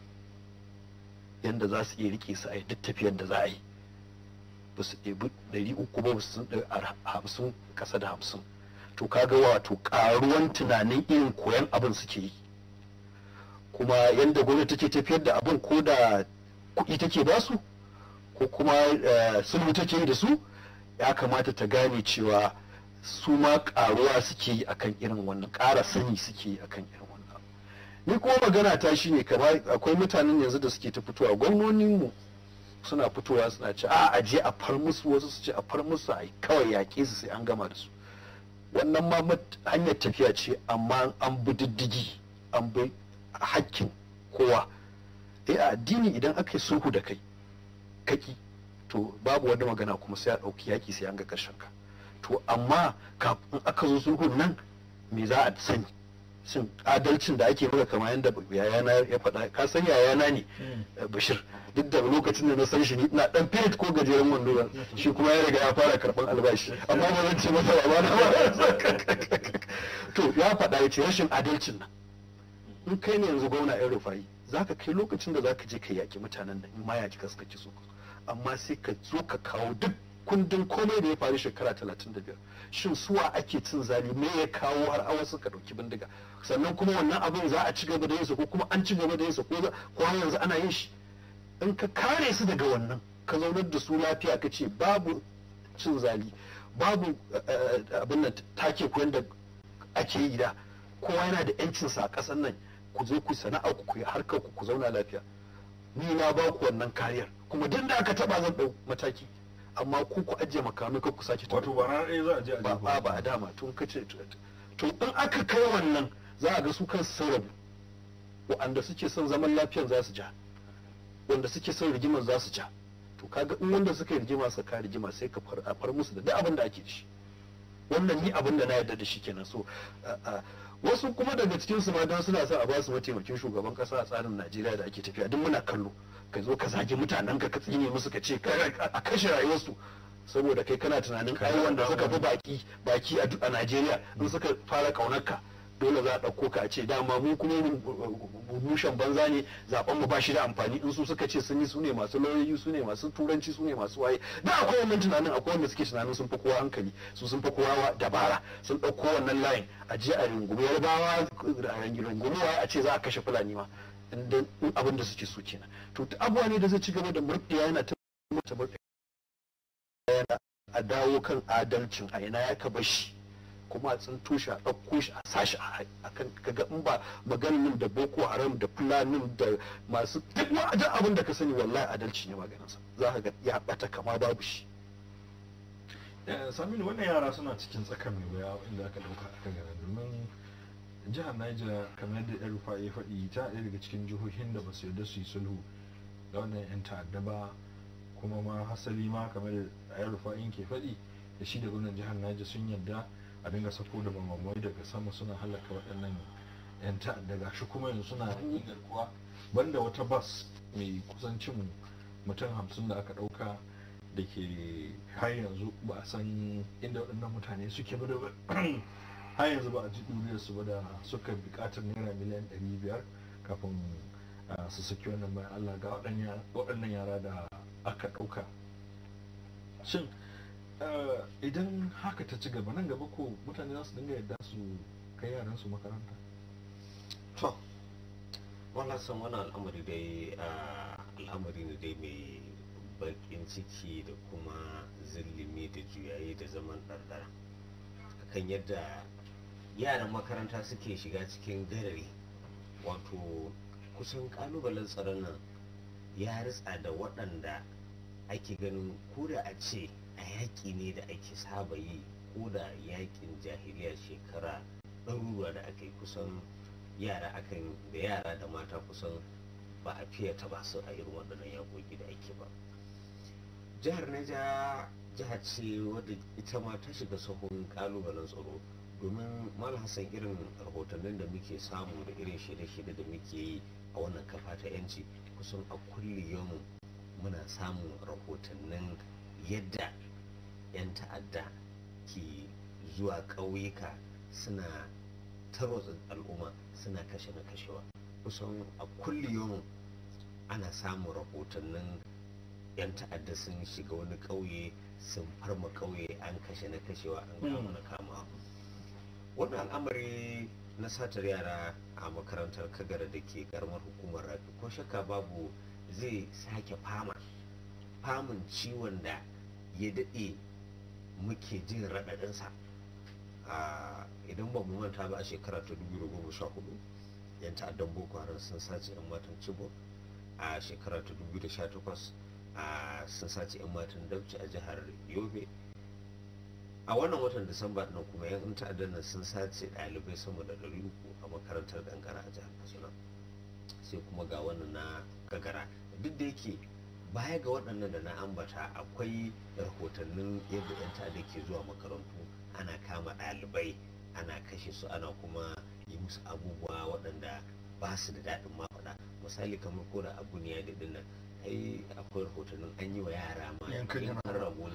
yadda za su iya rike su a yi duk tafiyar da za a yi ba su ɗebi ɗari uku ba ba su ɗari hamsin ƙasa da hamsin to kaga wato ƙaruwan tunanin irin koyan abin suke yi kuma yadda gwamnati take tafiyar da abin ko da kuɗi take ba su ko kuma eh, sulhu take yi da su ya kamata ta gane cewa su ma ƙaruwa suke yi akan irin wannan ƙara sani suke yi akan irin ni kuma magana ta shi ne kamar akwai mutanen yanzu da suke ta fitowa gwamnonin mu suna fitowa suna ce a aje a far musu wasu su ce a far musu ai kawai yaƙe su sai an gama da su wannan ma hanyar tafiya ce amma an bi diddigi an bi hakkin kowa eh a addini idan aka yi sulhu da kai kaki to babu wani magana kuma sai a ɗauki yaƙi sai an ga ƙarshen ka to amma kafin aka zo sulhun nan me za a sani Shin adalcin da ake maka kamar yadda yayana ya faɗa ka san yayana ne eh, bashir duk da lokacin da na san shi na dan fit ko gajeren wando shi kuma ya riga ya fara karban albashi amma ba zan ce masa ba na ba [laughs] to ya faɗa ya ce rashin adalcin nan in kai ne yanzu gwamna yan rufayi zaka kai lokacin da za ka je ka yaki mutanen nan in ma yaki ka suka ci su amma sai ka zo ka kawo duk kundin komai da ya faru shekara talatin da biyar. shin suwa ake cin zali me ya kawo har awa suka ɗauki bindiga sannan kuma wannan abin za a ci gaba da yinsa ko kuma an ci gaba da yinsa ko ko yanzu ana yin shi in ka kare su daga wannan ka zaunar da su lafiya ka ce babu cin zali babu eh, eh, abin nan take koyon da ake yi da kowa yana da yancin sa a ƙasar nan ku zo ku sana'a ku yi harkar ku ku zauna lafiya ni na ba ku wannan kariyar kuma duk da aka taba zan dau mataki amma ku ku ajiye makamai ku sake wato ba za a je a ba ba a dama tun kace to in aka kai wannan za a ga su kansu sun rabu wa'anda suke son zaman lafiyan za su ja wanda suke son rigimar za su ja to kaga in wanda suka yi rigima su ka rigima sai ka far musu da duk abin da ake da shi wannan ni abin da na yarda da shi kenan so wasu kuma daga cikin su ma don suna son a ba su mataimakin shugaban kasa a tsarin Najeriya da ake tafiya duk muna kallo ka zo ka zagi mutanen ka ka tsine musu ka ce a kashe rayuwarsu saboda kai kana tunanin ai wanda suka fi baki baki a Najeriya in suka fara kaunar ka dole za a ɗauko ka a ce dama mu kuma bushen banza ne zaɓen mu ba shi da amfani in su suka ce sun yi su ne masu lauyoyi su ne masu turanci su ne masu waye da akwai wannan tunanin akwai wanda suke tunanin sun fi kowa hankali su sun fi kowa dabara sun ɗauko wannan layin a je a rungumi yarbawa a rungumi waye a ce za a kashe fulani ma in abin da suke so kenan to abuwa ne da zai ci gaba da ya yana ta murɗiya yana a dawo kan adalcin a ina ya kaba shi kuma a tsinto shi a ɗauko shi a sashi a kan kaga in ba maganin da boko haram da fulanin da masu duk ma abin da ka sani wallahi adalci ne maganinsa za ka ga ya bata kama babu shi eh, saminu wannan yara suna cikin tsakan mai baya inda aka ɗauka aka gara domin jihar niger kamar yadda yan rufa ya faɗi ta ɗaya daga cikin jihohin da ba su yarda su yi sulhu da wannan yan ta'adda ba kuma ma hasali ma kamar da yan rufa ke faɗi da shi da gwamnan jihar niger sun yarda a dinga sako da bambamai daga sama suna halaka waɗannan 'yan ta'adda shi kuma yanzu suna yi garkuwa banda wata bas mai kusancin mutum hamsin da aka ɗauka da ke har yanzu ba a san inda waɗannan mutane suke ba da [clears throat] har yanzu ba a ji su ba da suka buƙatar naira miliyan biyar kafin su saki wannan bayan allah ga waɗannan yara da aka ɗauka shin Eh, idan haka ta ci gaba nan gaba ko mutane za su dinga yadda su kai yaran su makaranta to wannan san wani al'amari dai ah, al'amari ne dai mai bakin ciki da kuma zillimi da juyayi da zaman ɗarɗara kan yadda yaran makaranta suke shiga cikin gadari wato kusan kalubalen tsaron nan ya ritsa da waɗanda ake ganin da a ce a yaƙi ne da ake saba yi ko da yaƙin jahiliya shekara ɗaruruwa da aka yi kusan yara akan da yara da mata kusan ba a fiye ba su a irin waɗannan yaƙoƙi da ake ba jihar Neja jiha ce wadda ita ma ta shiga sahun ƙalubalen tsaro domin mal hassan irin rahotannin da muke samu da irin shirye-shirye da muke yi a wannan kafa ta yanci kusan a kulle yau muna samun rahotannin yadda 'yan ta'adda ke zuwa ƙauyuka suna tarwatsa al'umma suna kashe na kashewa kusan a kulliyon ana samun rahotannin 'yan ta'adda sun shiga wani ƙauye sun farma ƙauye an kashe na kashewa an kama hmm. na kama wannan al'amari na satar yara a makarantar kagara da ke karamar hukumar rafi ko shakka babu zai sake fama famun ciwon da ya daɗe muke jin raɗaɗinsa idan ba mu manta ba a shekara ta 2014 yan ta'addan boko haram sun sace yan matan cibo a shekara ta 2018 sun sace yan matan dabci a jihar yobe a wannan watan disamba nan kuma yan ta'addan nan sun sace ɗalibai sama da 300 a makarantar kankara a jihar katsina sai kuma ga wannan na gagara duk da yake baya ga waɗannan da na ambata akwai rahotannin yadda 'yan ta'adda ke zuwa makarantu ana kama ɗalibai ana kashe su ana kuma yi musu abubuwa waɗanda ba su da daɗin ma faɗa misali kamar ko da abu ne ya daɗin nan ai akwai rahotannin an yi wa yara ma yankin rago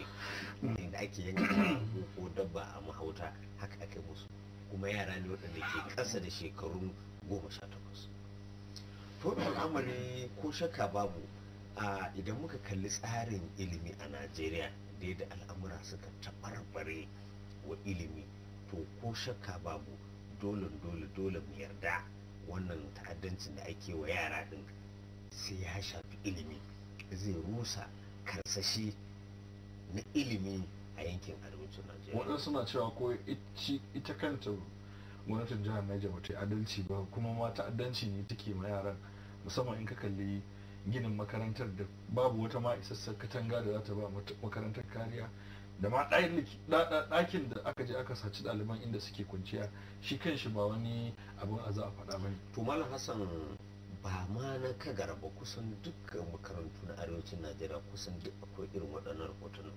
ne inda ake yanka ko dabba a mahauta haka aka musu kuma yara ne waɗanda ke ƙasa da shekarun goma sha takwas to al'amari ko shakka babu a idan muka kalli tsarin ilimi a najeriya da yadda al'amura suka tabarbare wa ilimi to ko shakka babu dole dole dole mu yarda wannan ta'addancin da ake wa yara din sai ya shafi ilimi zai rusa karsashi na ilimi a yankin arewacin najeriya waɗansu suna cewa ko ita kanta gwamnatin jihar Niger ba ta adalci ba kuma ma ta'addanci ne take ma yaran musamman in ka kalli ginin makarantar da babu wata ma isassar katanga da za ta ba makarantar kariya da ma ɗakin da aka je aka saci ɗaliban inda suke kwanciya shi kan shi ba wani abin a za a faɗa ba ne. to malam hassan ba ma na kagara ba kusan dukkan makarantu na arewacin najeriya kusan duk akwai irin waɗannan rahoton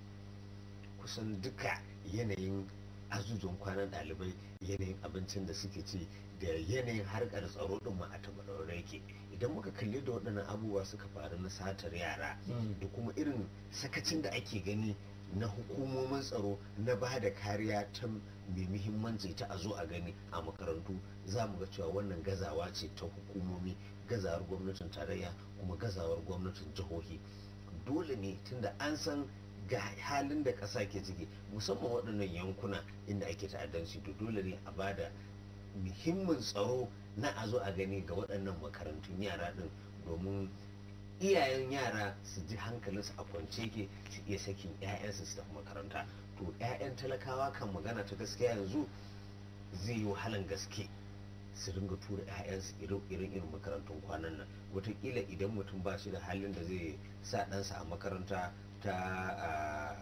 kusan duka yanayin azuzuwan kwanan dalibai yanayin abincin da suke ci da yanayin harkar tsaro din ma a tabarau yake idan muka kalli da waɗannan abubuwa suka faru na satar yara hmm. da kuma irin sakacin da ake gani na hukumomin tsaro na ba da kariya ta mai muhimmanci ta a zo a gani a makarantu za mu ga cewa wannan gazawa ce ta hukumomi gazawar gwamnatin tarayya kuma gazawar gwamnatin jihohi dole ne tunda an san ga halin da ƙasa ke ciki musamman waɗannan yankuna inda ake ta'addanci to dole ne a bada muhimmin tsaro na a zo a gani ga waɗannan makarantun yara ɗin domin iyayen yara su ji hankalinsu a kwance ke su iya sakin 'ya'yansu su tafi makaranta to 'ya'yan talakawa kan magana ta gaskiya yanzu zai yi wahalan gaske su ringa tura 'ya'yansu irin irin makarantun kwanan nan watakila idan mutum ba shi da halin da zai sa ɗansa a makaranta ta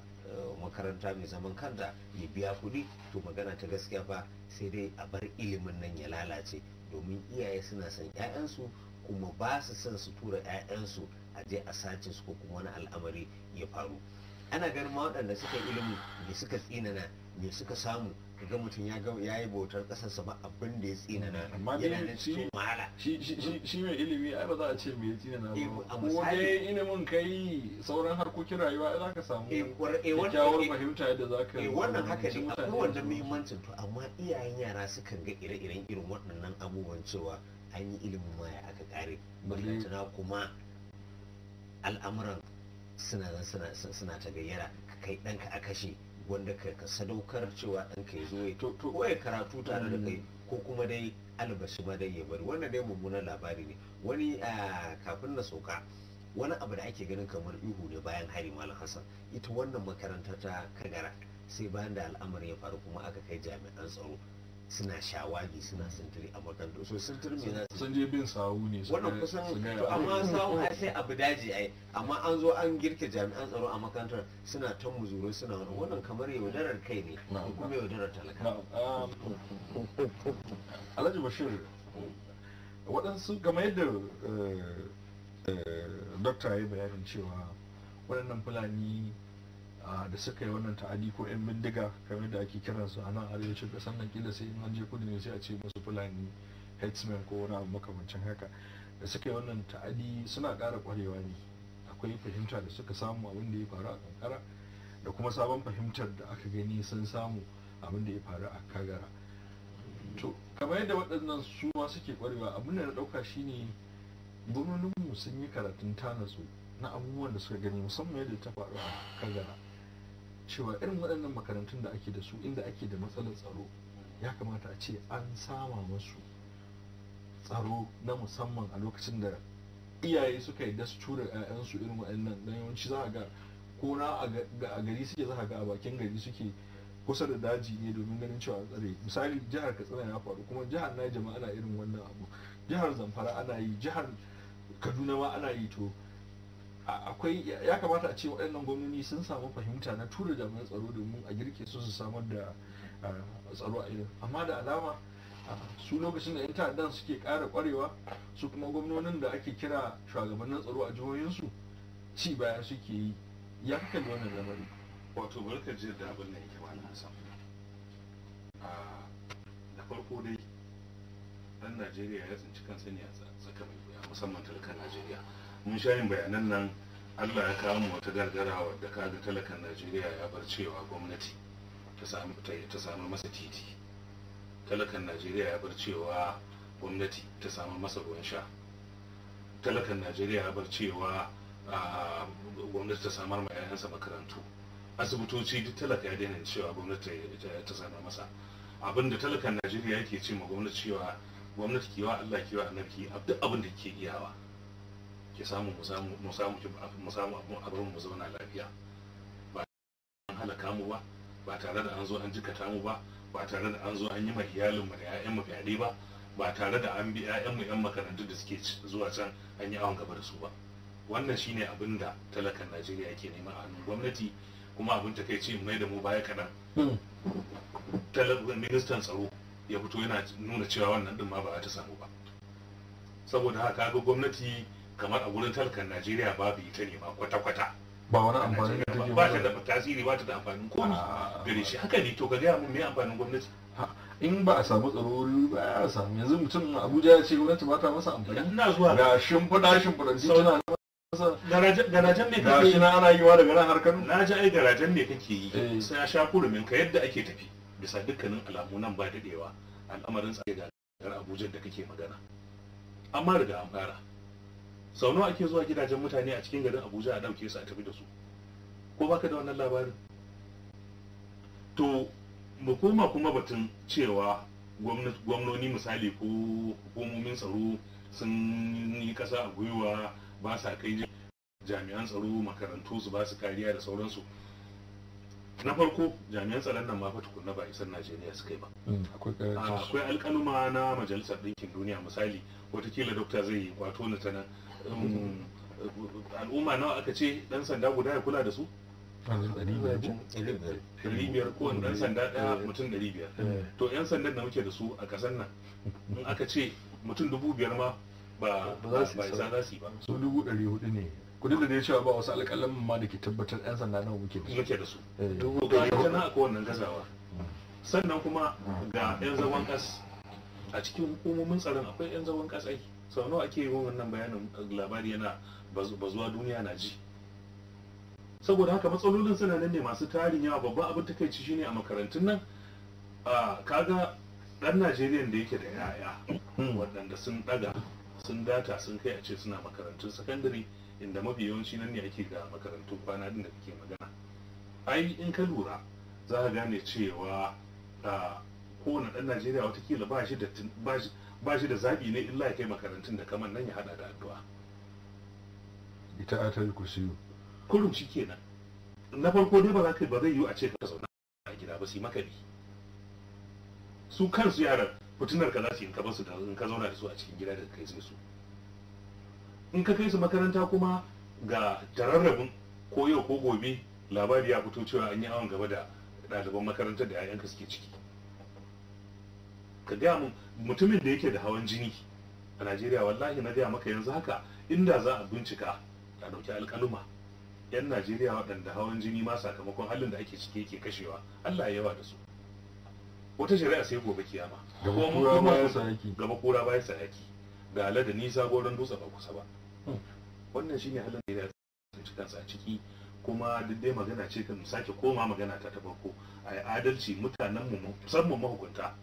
makaranta mai zaman kanta ya biya kuɗi to magana ta gaskiya fa sai dai a bar ilimin nan ya lalace domin iyaye suna son 'ya'yansu kuma ba su son su tura 'ya'yansu a je a sace su ko kuma wani al'amari ya faru ana ganin ma waɗanda suka ilimin me suka tsinana me suka samu ga mutum ya ga yayi bautar kasar sa ba abin da ya tsina na amma yana da cikin wahala shi shi shi mai ilimi ai ba za a ce me ya tsina na ba eh, ko dai ilimin kai sauran harkokin rayuwa za ka samu eh, eh, kyakkyawar fahimta yadda za ka eh wannan haka ne akwai wannan muhimmancin to amma iyayen yara sukan ga ire-iren irin waɗannan abubuwan cewa an yi ilimin ma ya aka kare ballantana kuma al'amuran suna suna ta gayyara kai ɗanka a kashe wanda ka sadaukar cewa ɗanka ya zo ya to ya karatu tare da kai ko kuma dai albashi ma dai ya bari wannan dai mummunan labari ne wani kafin na sauka wani abu da ake ganin kamar ihu ne bayan hari mal hasan ita wannan makarantar ta kagara sai bayan da al'amarin ya faru kuma aka kai jami'an tsaro suna shawagi suna sintiri a makarantu so sintiri mai na sun je bin sawu ne wannan kusan to amma sawu ai sai abu daji ai amma an zo an girke jami'an tsaro a makarantar suna ta muzuru suna wani wannan kamar yaudarar kai ne kuma yaudarar talaka um, alhaji bashir waɗansu game yadda eh, eh, dokta ya bayanin cewa waɗannan fulani da suka yi wannan ta'adi ko 'yan bindiga kamar yadda ake kiransu a nan arewacin ƙasar nan kila sai an je kudu ne sai a ce musu fulani headsman ko wani abu makamancin haka da suka yi wannan ta'adi suna ƙara ƙwarewa ne akwai fahimta da suka samu abin da ya faru a kankara da kuma sabon fahimtar da aka gani sun samu abin da ya faru a kagara to kamar yadda waɗannan su ma suke ƙwarewa abin da na ɗauka shine gwamnatinmu sun yi karatun tanatsu na abubuwan da suka gani musamman yadda ta faru a kagara cewa irin waɗannan makarantun da ake da su inda ake da matsalar tsaro ya kamata a ce an sama masu tsaro na musamman a lokacin da iyaye suka yi su tura 'ya'yansu irin waɗannan Don yawanci za a ga ko na a gari suke za a ga a bakin gari suke kusa da daji ne domin ganin cewa tsare misali jihar katsina ya faru kuma jihar naija ma ana irin wannan abu jihar zamfara ana yi jihar kaduna ma ana yi to akwai ya kamata a ce waɗannan gwamnoni sun samu fahimta na tura jami'an tsaro domin a girke su su samar da ah, tsaro a irin amma da alama ah, su lokacin da 'yan ta'addan suke ƙara ƙwarewa su kuma gwamnonin da ake kira shugabannin tsaro a jihohinsu ci baya suke yi ya kakan da wannan lamari wato barkar jiyar da abin da yake mana hasan ah, da farko dai ɗan najeriya ya tsinci kansa ne a tsaka musamman talakan najeriya mun sha yin bayanan nan allah ya kawo mu wata gargara wadda kaga talakan najeriya ya bar cewa gwamnati ta samu masa titi talakan najeriya ya bar cewa gwamnati ta samu masa ruwan sha talakan najeriya ya bar cewa gwamnati ta samar ma 'ya'yansa makarantu asibitoci duk talaka ya daina cewa gwamnati ta samar masa Abin da talakan najeriya yake ce ma gwamnati cewa gwamnati kiwa allah kiwa annabi duk abin da ke iyawa ke samu mu samu mu samu mu samu mu zauna lafiya ba an halaka mu ba ba tare da an zo an jikata mu ba ba tare da an zo an yi ma mu da 'ya'yanmu fyaɗe ba ba tare da an bi 'ya'yanmu 'yan makarantu da suke zuwa can an yi awon gaba da su ba wannan shine abin da talakan najeriya ke nema a hannun gwamnati kuma abin ta kai ce mai da mu baya kaɗan hmm. ministan tsaro ya fito yana nuna cewa wannan ɗin ma ba ta samu ba saboda haka ga gwamnati kamar a wurin talkan najeriya babu ita ne ma kwata-kwata ba wani amfani da ta ba ta da tasiri ba ta da amfanin komi ah. gare shi haka ne to ka gaya mun me amfanin gwamnati in ba a samu tsaro ba a samu yanzu mutum abuja ya ce gwamnati ba ta masa amfani ina zuwa ga shimfiɗa shimfiɗa tituna garajen ne kake yi na ana yi wa daga nan harkar. kano na ji ai garajen ne kake yi eh. sai ya sha kurumin ka yadda ake tafi bisa dukkanin alamu nan ba daɗewa al'amarin tsaye da abuja da kake magana amma riga an fara sau nawa ake zuwa gidajen mutane a cikin garin abuja a ɗauke su a tafi da su ko baka da wannan labarin to mu koma kuma batun cewa gwamnoni misali ko hukumomin tsaro sun yi kasa a gwiwa ba sa kai jami'an tsaro makarantu su ba su kariya da sauransu na farko jami'an tsaron nan ma fa tukunna ba isan najeriya su kai ba mm, akwai ah, alkaluma na majalisar ɗinkin duniya misali watakila dokta zai wato ni na nan al'umma nawa aka ce dan sanda guda ya kula da su ɗari biyar ko ɗan sanda ɗaya eh. mutum ɗari biyar eh. to 'yan sandan da muke da su a ƙasar nan in aka ce mutum dubu biyar ma ba za su yi ba su dubu ɗari hudu ne kudin da dai cewa ba wasu alƙalan ma da ke tabbatar 'yan sanda nawa muke da su muke da su eh. dubu ga ita a ko wannan gazawa sannan kuma ga 'yan zawon ƙas a cikin hukumomin tsaron akwai 'yan zawon ƙas aiki sau nawa ake yi wannan bayanin eh, labari yana bazuwa duniya na ji saboda haka matsalolin suna nan ne masu tarin yawa babban abin ta takaici shine a makarantun nan a kaga dan najeriya da yake da yaya waɗanda sun daga sun data sun kai a ce suna makarantun sakandare inda mafi yawanci nan ne ake da makarantun kwana din da kake magana ai in ka lura za ka gane cewa kowane ɗan najeriya watakila ba shi da ba shi ba shi da zaɓi ne illa ya kai makarantun da kamar nan ya hada da addu'a ita ku siyo. kurum shi kenan na farko dai ba za ka ba zai yiwu a ce ka zauna a gida ba su yi maka su kansu yaran fitinar ka za su yi ka basu da in ka zauna da su a cikin gida da kai sai su in ka kai su makaranta kuma ga tararrabin ko yau ko gobe labari ya fito cewa an yi awon gaba da ɗaliban makarantar da 'ya'yanka suke ciki ka gaya mun mutumin da yake da hawan jini a najeriya wallahi na gaya maka yanzu haka inda za a bincika a dauki alkaluma yan najeriya waɗanda hawan jini ma sakamakon halin da ake ciki yake kashewa allah ya yawa da su wata shari'a sai gobe kiyama da kuma gaba kura bayan sayaki da ala da nisa goron dutse ba kusa ba hmm. wannan shine halin da ya tsinci kansa a ciki kuma duk dai magana ce kan sake koma magana ta ta farko a yi adalci mutanenmu musamman mahukunta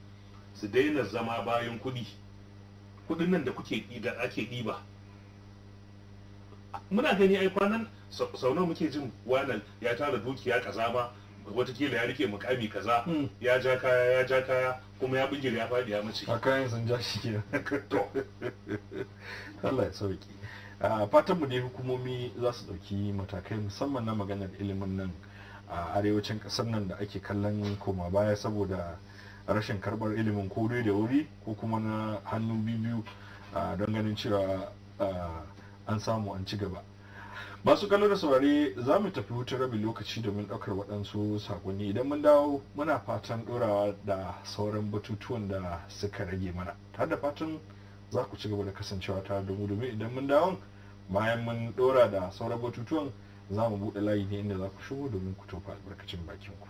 su daina zama bayan kuɗi kuɗin nan da kuke da ake ɗiba muna gani ai kwanan sau nawa muke jin wannan ya tara dukiya kaza ba watakila ya rike mukami kaza hmm. ya ja kaya ya ja kaya kuma ya bigire ya faɗi ya mace a kayan sun ja shi kenan [laughs] to Allah ya sauki fatan mu ne hukumomi za su ɗauki matakai musamman na maganar ilimin nan a arewacin ƙasar nan da ake kallon koma baya saboda rashin karbar ilimin ko dai da wuri ko kuma na hannu biyu don ganin cewa an samu an ci gaba masu kallon da saurare za mu tafi wutar rabin lokaci domin ɗaukar waɗansu saƙonni, idan mun dawo muna fatan ɗorawa da sauran batutuwan da suka rage mana tare da fatan za ku ci gaba da kasancewa tare da domin idan mun dawo bayan mun ɗora da sauran batutuwan za mu buɗe layi ne inda za ku shigo domin ku tofa albarkacin bakin ku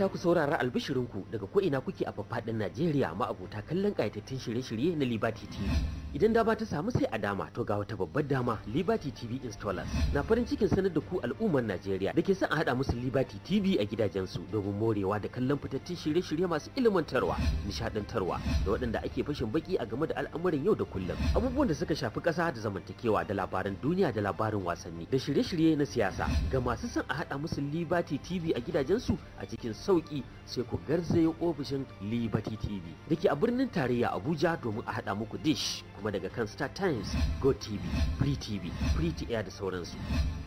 mata ku saurara albishirinku daga ko'ina kuke a faɗin Najeriya abota kallon ƙayatattun shirye-shirye na Liberty TV. Idan da ba ta samu sai a dama to ga wata babbar dama Liberty TV installers na farin cikin sanar da ku al'ummar Najeriya da ke son a haɗa musu Liberty TV a gidajensu domin morewa da kallon fitattun shirye-shirye masu ilmantarwa, nishaɗantarwa da waɗanda ake fashin baki a game da al'amuran yau da kullum. Abubuwan da suka shafi ƙasa da zamantakewa da labaran duniya da labarin wasanni da shirye-shirye na siyasa ga masu son a haɗa musu Liberty TV a gidajensu a cikin sauki sai ku garzaye ofishin Liberty TV da ke a birnin tarayya Abuja domin a haɗa muku dish kuma daga kan Star Times, Go TV, Free TV, Free to Air da sauransu.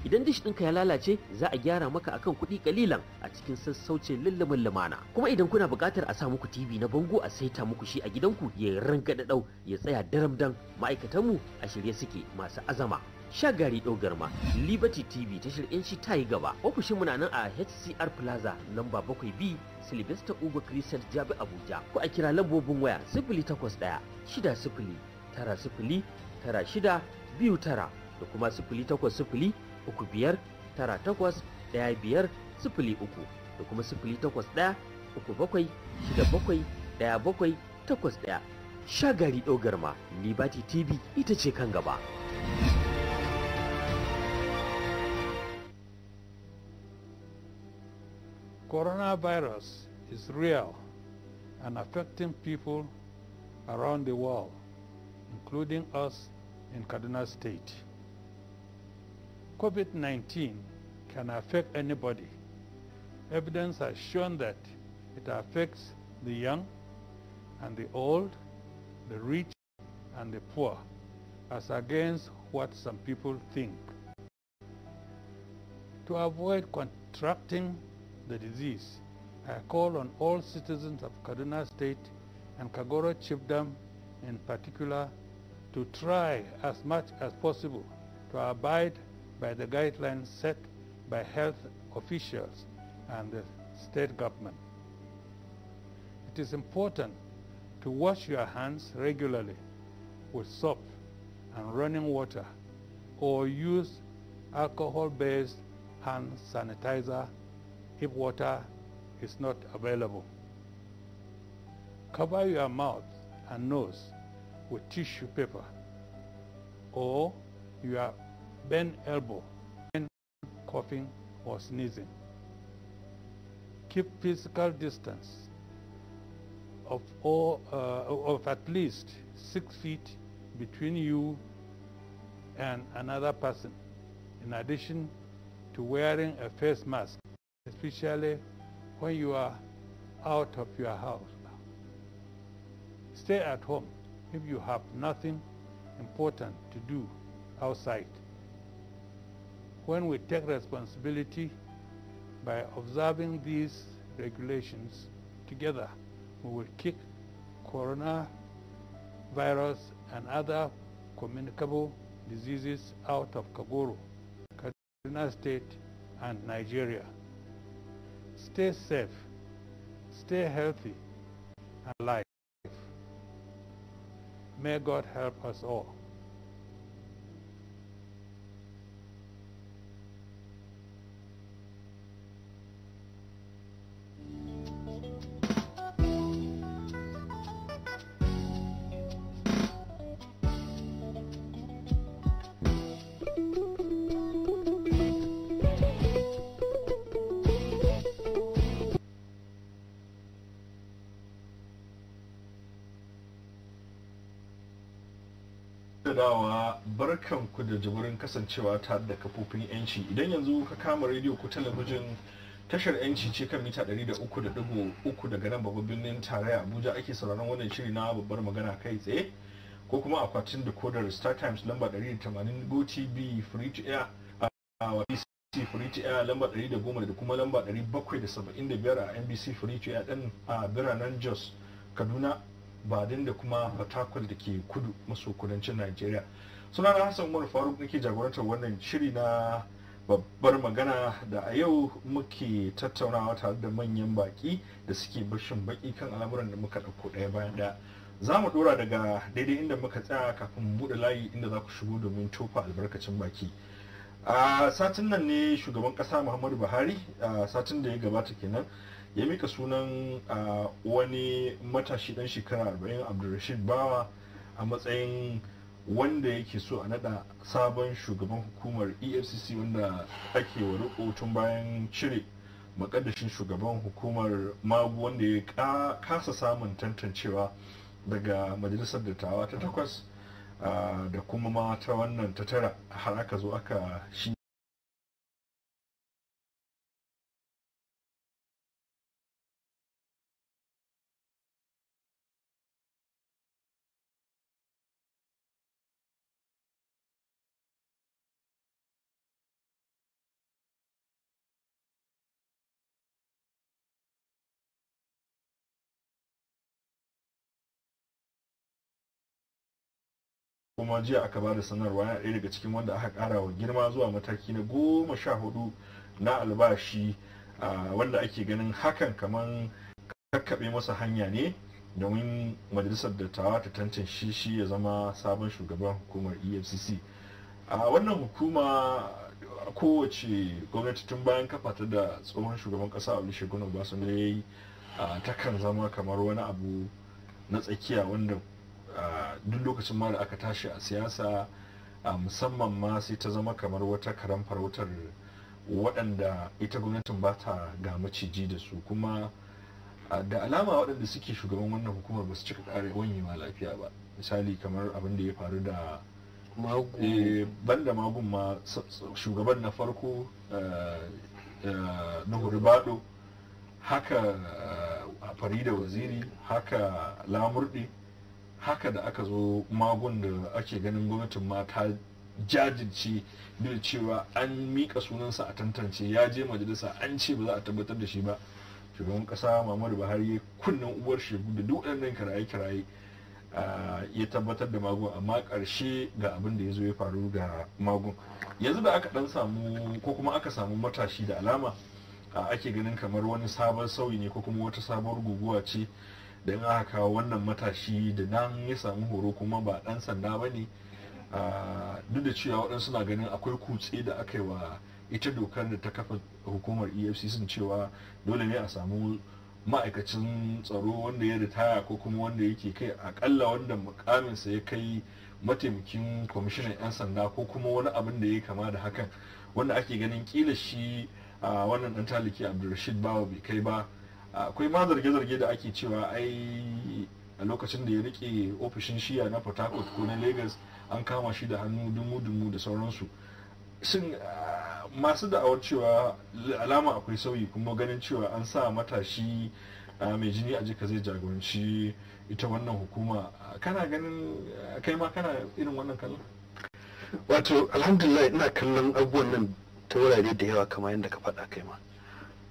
Idan dish ɗinka ya lalace za a gyara maka akan kuɗi ƙalilan a cikin sassaucin lullumin lumana. Kuma idan kuna buƙatar a sa muku TV na bango a saita muku shi a gidanku ya rangada ɗau ya tsaya daram dan ma'aikatanmu a shirye suke masu azama shagari dogarma liberty tv tashar yan shi ta yi gaba ofishin mu na nan a hcr plaza namba 7 b sylvester ugo crescent jabi abuja ko a kira lambobin waya sifili takwas ɗaya shida sifili tara sifili tara shida biyu tara da kuma sifili takwas sifili uku biyar tara takwas ɗaya biyar sifili uku da kuma sifili takwas ɗaya uku bakwai shida bakwai ɗaya bakwai takwas ɗaya shagari dogarma liberty tv ita ce kan gaba. coronavirus is real and affecting people around the world, including us in Kaduna State. COVID-19 can affect anybody. Evidence has shown that it affects the young and the old, the rich and the poor, as against what some people think. To avoid contracting the disease. I call on all citizens of Kaduna State and Kagoro Chiefdom in particular to try as much as possible to abide by the guidelines set by health officials and the state government. It is important to wash your hands regularly with soap and running water or use alcohol-based hand sanitizer if water is not available. Cover your mouth and nose with tissue paper or your bent elbow when coughing or sneezing. Keep physical distance of, all, uh, of at least six feet between you and another person in addition to wearing a face mask especially when you are out of your house Stay at home if you have nothing important to do outside. When we take responsibility by observing these regulations together, we will kick coronavirus and other communicable diseases out of Kagoro, Kaduna State, and Nigeria stay safe, stay healthy and alive. May God help us all. kan da jimurin kasancewa ta da kafofin yanci idan yanzu ka kama rediyo ko talabijin tashar yanci ce kan mita 300.3 daga nan babban birnin tarayya abuja ake sauraron wannan shiri na babbar magana kai tsaye ko kuma akwatin decoder star times lamba 180 go tv free to air a Free to Air lamba 110 da kuma lamba 775 a NBC Free to Air din a biranen Jos, Kaduna, Badin da kuma Fatakwal da ke kudu maso kudancin nigeria. suna na hassan umar faruk nake jagorantar wannan shiri na babbar magana da a yau muke tattaunawa tare da manyan baki da suke bashin baki kan al'amuran da muka ɗauko ɗaya bayan ɗaya za mu ɗora daga daidai inda muka tsaya kafin mu buɗe layi inda za ku shigo domin tofa albarkacin baki a satin nan ne shugaban ƙasa muhammadu buhari a satin da ya gabata kenan ya mika sunan wani matashi ɗan shekara 40 abdulrashid bawa a matsayin wanda yake so a nada sabon shugaban hukumar efcc wanda ake wa riko tun bayan cire makaddashin shugaban hukumar magu wanda ya kasa samun tantancewa daga majalisar dattawa ta takwas ah, da kuma ma ta wannan ta tara har aka zo aka shi kuma jiya aka ba da sanarwa ya daga cikin wanda aka ƙara wa girma zuwa mataki na goma sha hudu na albashi wanda ake ganin hakan kamar kakkaɓe masa hanya ne domin majalisar dattawa ta tantan shi shi ya zama sabon shugaban hukumar efcc a wannan hukuma kowace gwamnati tun bayan kafa ta da tsohon shugaban kasa olusegun obasanjo ya yi takan zama kamar wani abu na tsakiya wanda duk lokacin ma da aka tashi a siyasa musamman ma sai ta zama kamar wata karan farautar waɗanda ita gwamnatin ba ta ga maciji da su kuma da alama waɗanda suke shugaban wannan hukumar ba su cika ƙare ma lafiya ba misali kamar abin da ya faru da eh, banda magun ma shugaban na farko eh, eh, na baɗo haka farida waziri haka lamurɗi haka da aka zo magun da ake ganin gwamnatin ma ta jajirce da cewa an mika sunansa a tantance ya je majalisa an ce ba za a tabbatar da shi ba shugaban kasa muhammadu buhari ya kunnen uwar shegu da duk waɗannan kiraye-kiraye ya tabbatar da magun amma ƙarshe ga abin da ya zo ya faru ga magun yanzu da aka dan samu ko kuma aka samu matashi da alama ake ganin kamar wani sabon sauyi ne ko kuma wata sabuwar guguwa ce don aka kawo wannan matashi da nan ya samu horo kuma ba dan sanda ba ne duk da cewa waɗansu na ganin akwai kutse da aka yi wa ita dokar da ta kafa hukumar efcc cewa dole ne a samu ma'aikacin tsaro wanda ya ritaya ko kuma wanda yake kai akalla wanda mukaminsa ya kai mataimakin kwamishinan 'yan sanda ko kuma wani abin da ya kama da hakan wanda ake ganin kila shi a wannan dan taliki abdulrashid bawa bai kai ba akwai ma zarge-zarge da ake cewa ai a lokacin da ya rike ofishin shiya na port ko na lagos an kama shi da hannu dumu-dumu da sauransu shin masu da'awar cewa alama akwai sauyi kuma ganin cewa an sa matashi mai jini a jika zai jagoranci ita wannan hukuma kana ganin kai ma kana irin wannan kallon wato alhamdulillah ina kallon abubuwan nan ta wurare da yawa kamar yadda ka faɗa kai ma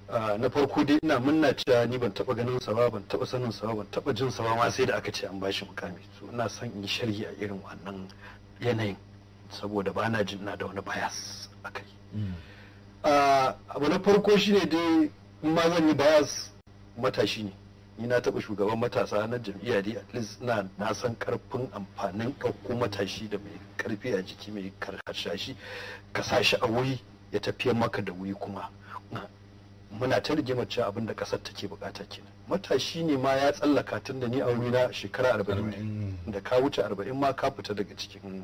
Ah, na farko dai ina munna cewa ni ban taba ganin sa ba ban taba sanin sa ba ban taba jin sa ba ma sai da aka ce an bashi mukami so ina son in sharhi a irin wannan yanayin saboda ba na jin na da wani bias akai hmm. ah, abu na farko shine dai in ma zan yi bias matashi ne ni na taba shugaban matasa na jam'iyya dai at least na na san karfin amfanin ɗauko matashi da mai karfi a jiki mai karkashashi ka shi a wuri ya tafiyar maka da wuri kuma muna ta rigimar mace abin da kasar take bukata ke matashi ne ma ya tsallaka tun da ni a na shekara arba'in da ka wuce arba'in ma ka fita daga cikin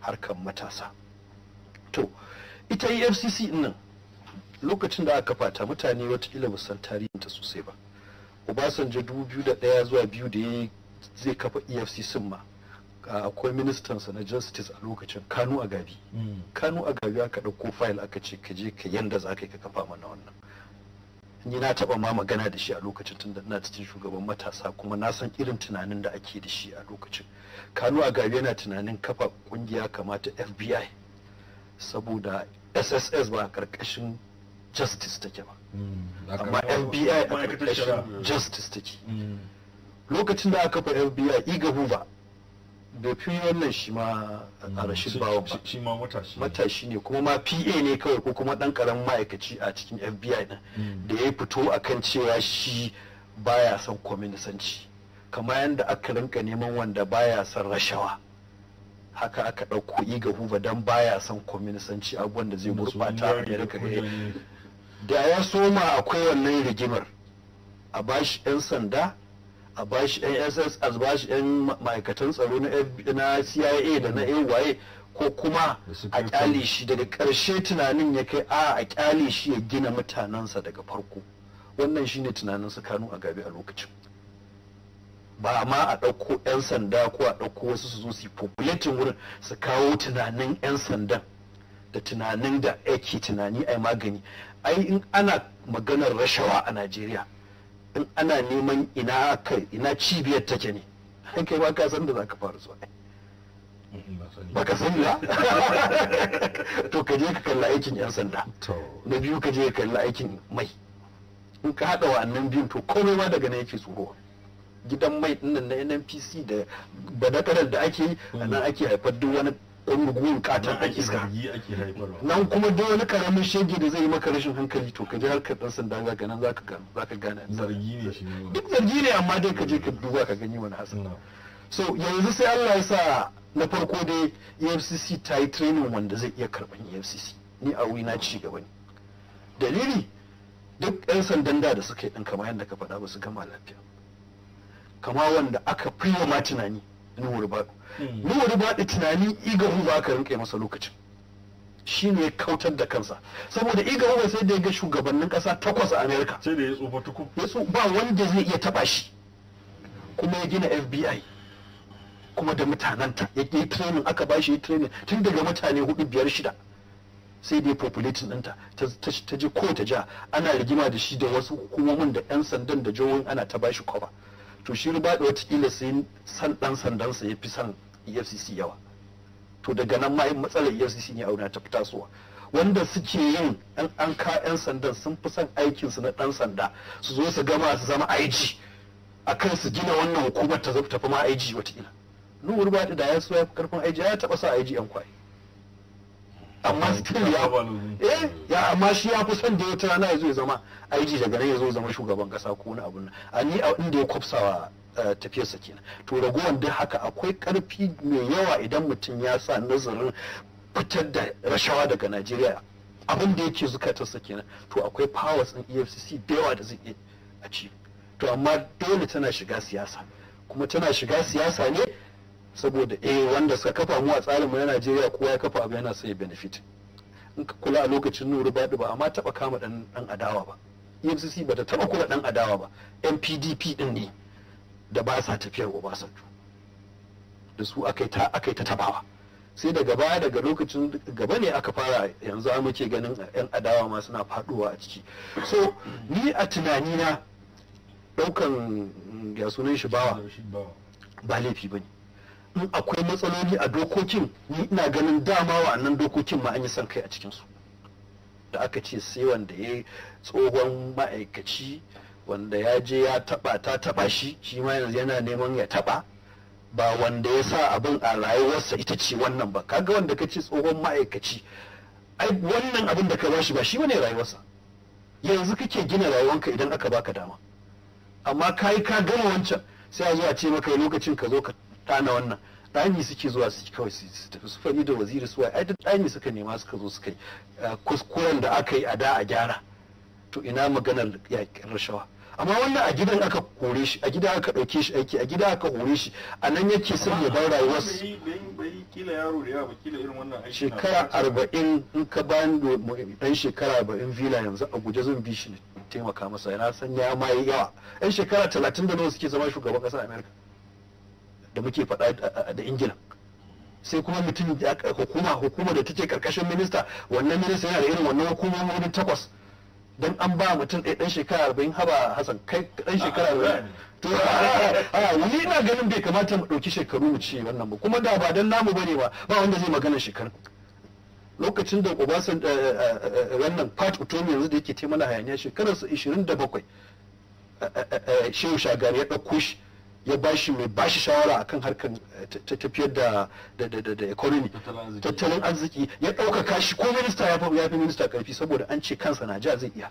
harkar matasa to ita e fcc nan lokacin da aka fata mutane watakila ba san ta sosai ba obasanjo dubu biyu da ɗaya zuwa biyu da ya zai kafa efcc ma akwai ministansa na justice a lokacin kanu a gabi hmm. kanu a gabi aka ɗauko fayil aka ce ka je ka yanda za ka yi ka kafa mana wannan ni na taba ma magana da shi a lokacin tun da ina cikin shugaban matasa kuma na san irin tunanin da ake da shi a lokacin kanu a gabe yana tunanin kafa kungiya kamata fbi saboda sss ba karkashin justice take ba hmm, amma fbi a karkashin justice take hmm. lokacin da aka kafa fbi iga ba bai fi wannan shi ma a rashin bawa ba shi ma matashi ne kuma ma pa ne kawai ko kuma dan karamin ma'aikaci a cikin fbi na. Hmm. da ya fito akan cewa shi baya son kwaminisanci kama yadda aka rinka neman wanda baya son rashawa haka aka ɗauko iga huba don baya son kwaminisanci abubuwan da zai gurɓata amerika da ya soma akwai wannan rigimar a bashi 'yan sanda a bashi yan ss a bashi yan ma'aikatan tsaro na cia da na ay ko kuma a kyale shi daga ƙarshe tunanin ya kai a a kyale shi ya gina mutanensa daga farko wannan shine tunanin su kanu a gabe a lokacin ba ma a ɗauko 'yan sanda ko a ɗauko wasu su zo su populatin wurin su kawo tunanin 'yan sanda da tunanin da ake tunani a magani ai in ana maganar rashawa a najeriya in ana neman ina aka ina cibiyar take ne kai ba ka san da za ka fara zuwa ba ka san ba [laughs] to ka je ka kalla aikin yan sanda na biyu ka je ka kalla aikin mai in ka hada wa'annan biyun to komai ma daga na yake tsoro gidan mai dinnan na nnpc da badakarar da ake a nan mm. ake haifar duk wani ruguwar katon a iska nan kuma wani karamin shege da zai yi maka rashin hankali to ka je harkar dan sanda ga ganin zaka gane zaka gane zargi ne shi duk zargi ne amma dai ka je ka duba ka gani wani hasan so yanzu sai Allah ya sa na farko dai EFCC ta yi training wanda zai iya karban EFCC ni a wuri na ci gaba ne dalili duk yan sandan da da suka yi din kamar yadda ka faɗa ba su gama lafiya kama wanda aka fi ma tunani nuhu ribadu nuhu tunani igahu za ka rinƙe masa lokacin shi ne kautar da kansa saboda igahu ba sai da ya ga shugabannin kasa takwas a amerika sai da ya tsufa tukun ba wanda zai iya taba shi kuma ya gina fbi kuma da mutanenta ya yi training aka ba shi training tun daga mutane hudu biyar shida sai dai populatin ɗinta ta je ko ta ja ana rigima da shi da wasu hukumomin da 'yan sandan da jihohin ana ta bashi kwaba to shi rubaɗi kila sai san ɗan sandansa ya fi san efcc yawa to daga nan ma matsalar efcc ne auna ta fi tasowa wanda suke yin an an ka yan sandan sun fi son aikinsu na ɗan sanda su zo su gama su zama IG a kan su gina wannan hukumar ta tafi ma IG watakila nuhu rubaɗi da ya so ya fi karfin IG ya taɓa sa IG yan kwaye amma still ya eh ya amma shi ya fi son da wata rana ya zo ya zama aiji daga nan ya zo zama shugaban kasa ko wani abun a ni a inda ya kwafsawa eh, tafiyarsa kenan to ragowar duk haka akwai karfi mai yawa idan mutum ya sa nazarin fitar da rashawa daga Najeriya abin da yake zukatarsa kenan to akwai powers din EFCC da yawa da zai a ci to amma dole tana shiga siyasa kuma tana shiga siyasa ne saboda eh wanda suka kafa mu a tsarin mu na Najeriya kowa ya kafa abu yana sai benefit in ka kula a lokacin Nuru Badu ba amma taba kama dan dan adawa ba EFCC ba ta taba kula dan adawa ba NPDP din ne da ba sa tafiyar Obasanjo da su akai ta akai ta tabawa sai daga baya daga lokacin gaba ne aka fara yanzu muke ganin yan adawa ma suna faduwa a ciki so ni a tunanina daukan ya sunan shi bawa ba laifi bane in akwai matsaloli a dokokin ni ina ganin dama wa'annan dokokin ma an yi san kai a cikinsu da aka ce sai wanda ya tsohon ma'aikaci wanda ya je ya taba ta taba shi shi ma yanzu yana neman ya taba ba wanda ya sa abin a rayuwarsa ita ce wannan ba kaga wanda ka ce tsohon ma'aikaci ai wannan abin da ka ba shi ba shi bane rayuwarsa yanzu kake gina rayuwanka idan aka baka dama amma kai ka gama wancan sai a zo a ce maka lokacin ka zo ka kana wannan ɗani suke zuwa su kawai su tafi su faɗi da waziri suwa ai duk ɗani suka nema suka zo suka yi kuskuren da aka yi a da a gyara to ina maganar yaƙin rashawa amma wannan a gidan aka kore shi a gida aka ɗauke shi aiki a gida aka kore shi a nan yake son ya bar rayuwar shekara arba'in in ka bani ɗan shekara arba'in vila yanzu a guje zan bi shi ne taimaka masa yana san ya ma yi yawa Ɗan shekara talatin da nawa suke zama shugaban ƙasar amerika da muke faɗa da ingila sai kuma mutum hukuma hukuma da take karkashin minista wannan minista yana da irin wannan hukumomi wani takwas don an ba mutum ɗaya ɗan shekara arba'in haba hasan kai ɗan shekara arba'in to ni na ganin bai kamata mu ɗauki shekaru mu ci wannan ba kuma da ba don namu bane ba ba wanda zai magana shekaru lokacin da obasan wannan pat utomi yanzu da yake taimana hayaniya shekararsa 27 shehu shagari ya ɗauko shi ya ba shi mai bashi shawara akan harkar eh, tafiyar da da economy tattalin arziki ya ɗaukaka shi ko minista ya fi minista karfi saboda an ce kansa na ja zai iya